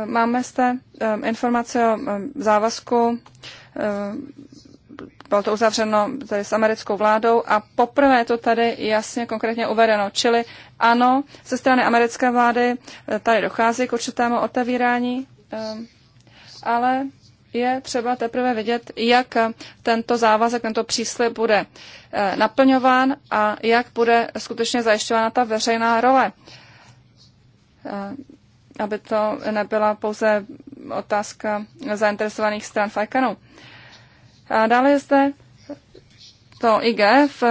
máme zde um, informace o um, závazku um, bylo to uzavřeno tady s americkou vládou a poprvé to tady jasně konkrétně uvedeno. Čili ano, ze strany americké vlády eh, tady dochází k určitému otevírání, eh, ale je třeba teprve vidět, jak tento závazek, tento příslip bude eh, naplňován a jak bude skutečně zajišťována ta veřejná role. Aby to nebyla pouze otázka zainteresovaných stran Fajkanu. A dále je zde to IGF,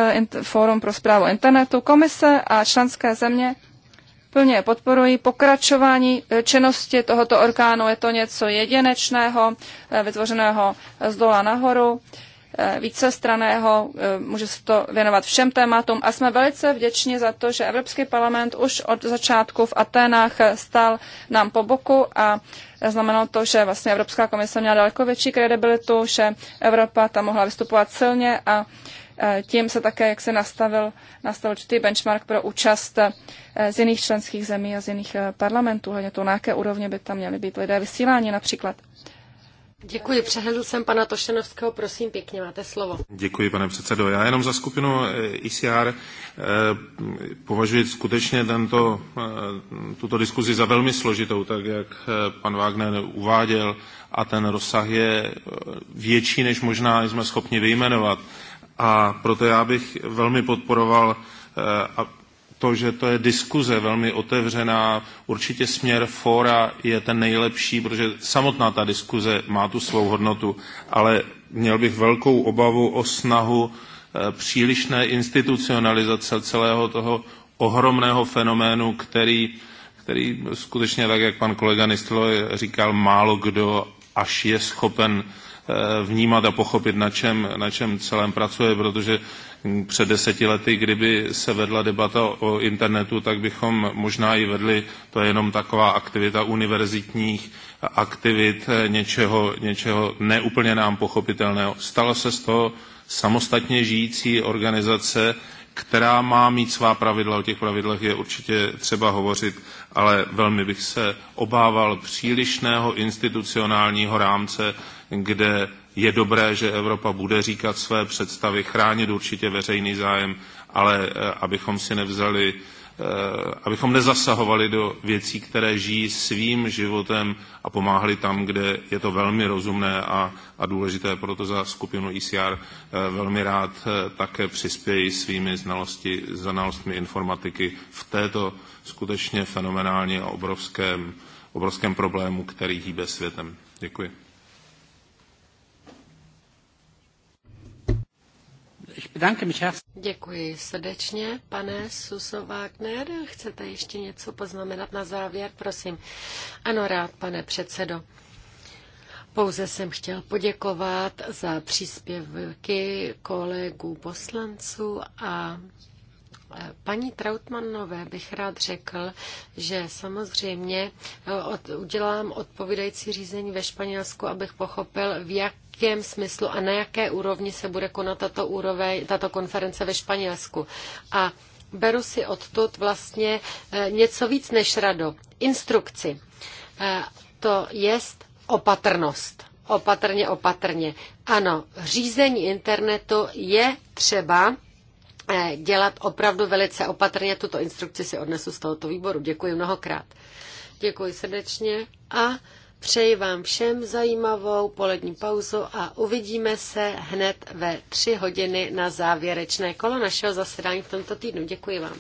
Fórum pro zprávu internetu, komise a členské země plně podporují pokračování e, činnosti tohoto orgánu. Je to něco jedinečného, e, vytvořeného z dola nahoru. Eh, Vícestranného, eh, může se to věnovat všem tématům a jsme velice vděční za to, že Evropský parlament už od začátku v Aténách eh, stál nám po boku a znamenalo to, že vlastně Evropská komise měla daleko větší kredibilitu, že Evropa tam mohla vystupovat silně a tím se také, jak se nastavil, nastavil určitý benchmark pro účast z jiných členských zemí a z jiných parlamentů. hledně to, na jaké úrovně by tam měly být lidé vysíláni například. Děkuji, přehledl jsem pana Tošenovského, prosím pěkně, máte slovo. Děkuji, pane předsedo. Já jenom za skupinu ICR eh, e eh, považuji skutečně tento, eh, tuto diskuzi za velmi složitou, tak jak pan Wagner uváděl, a ten rozsah je větší, než možná jsme schopni vyjmenovat. A proto já bych velmi podporoval to, že to je diskuze velmi otevřená. Určitě směr fóra je ten nejlepší, protože samotná ta diskuze má tu svou hodnotu, ale měl bych velkou obavu o snahu eh, přílišné institucionalizace celého toho ohromného fenoménu, který, který skutečně, tak jak pan kolega Nistlo říkal, málo kdo až je schopen eh, vnímat a pochopit, na čem, na čem celém pracuje, protože před deseti lety, kdyby se vedla debata o internetu, tak bychom možná i vedli, to je jenom taková aktivita univerzitních aktivit, eh, něčeho, něčeho neúplně nám pochopitelného. Stalo se z toho samostatně žijící organizace, která má mít svá pravidla, o těch pravidlech je určitě třeba hovořit, ale velmi bych se obával přílišného institucionálního rámce, kde je dobré, že Evropa bude říkat své představy, chránit určitě veřejný zájem, ale eh, abychom si nevzali eh, abychom nezasahovali do věcí, které žijí svým životem a pomáhali tam, kde je to velmi rozumné a, a důležité. Proto za skupinu ICR e eh, velmi rád také přispěji svými znalosti, znalostmi informatiky v této skutečně fenomenálně obrovském, obrovském problému, který hýbe světem. Děkuji. Děkuji srdečně, pane Suso Wagner. Chcete ještě něco poznamenat na závěr? Prosím. Ano, rád, pane předsedo. Pouze jsem chtěl poděkovat za příspěvky kolegů poslanců a e, Paní Trautmannové bych rád řekl, že samozřejmě e, od, udělám odpovídající řízení ve Španělsku, abych pochopil, v jak jakém smyslu a na jaké úrovni se bude konat tato, úroveň, tato konference ve Španělsku. A beru si odtud vlastně eh, něco víc než rado. Instrukci. Eh, to jest opatrnost. Opatrně, opatrně. Ano, řízení internetu je třeba eh, dělat opravdu velice opatrně. Tuto instrukci si odnesu z tohoto výboru. Děkuji mnohokrát. Děkuji srdečně a Přeji vám všem zajímavou polední pauzu a uvidíme se hned ve tři hodiny na závěrečné kolo našeho zasedání v tomto týdnu. Děkuji vám.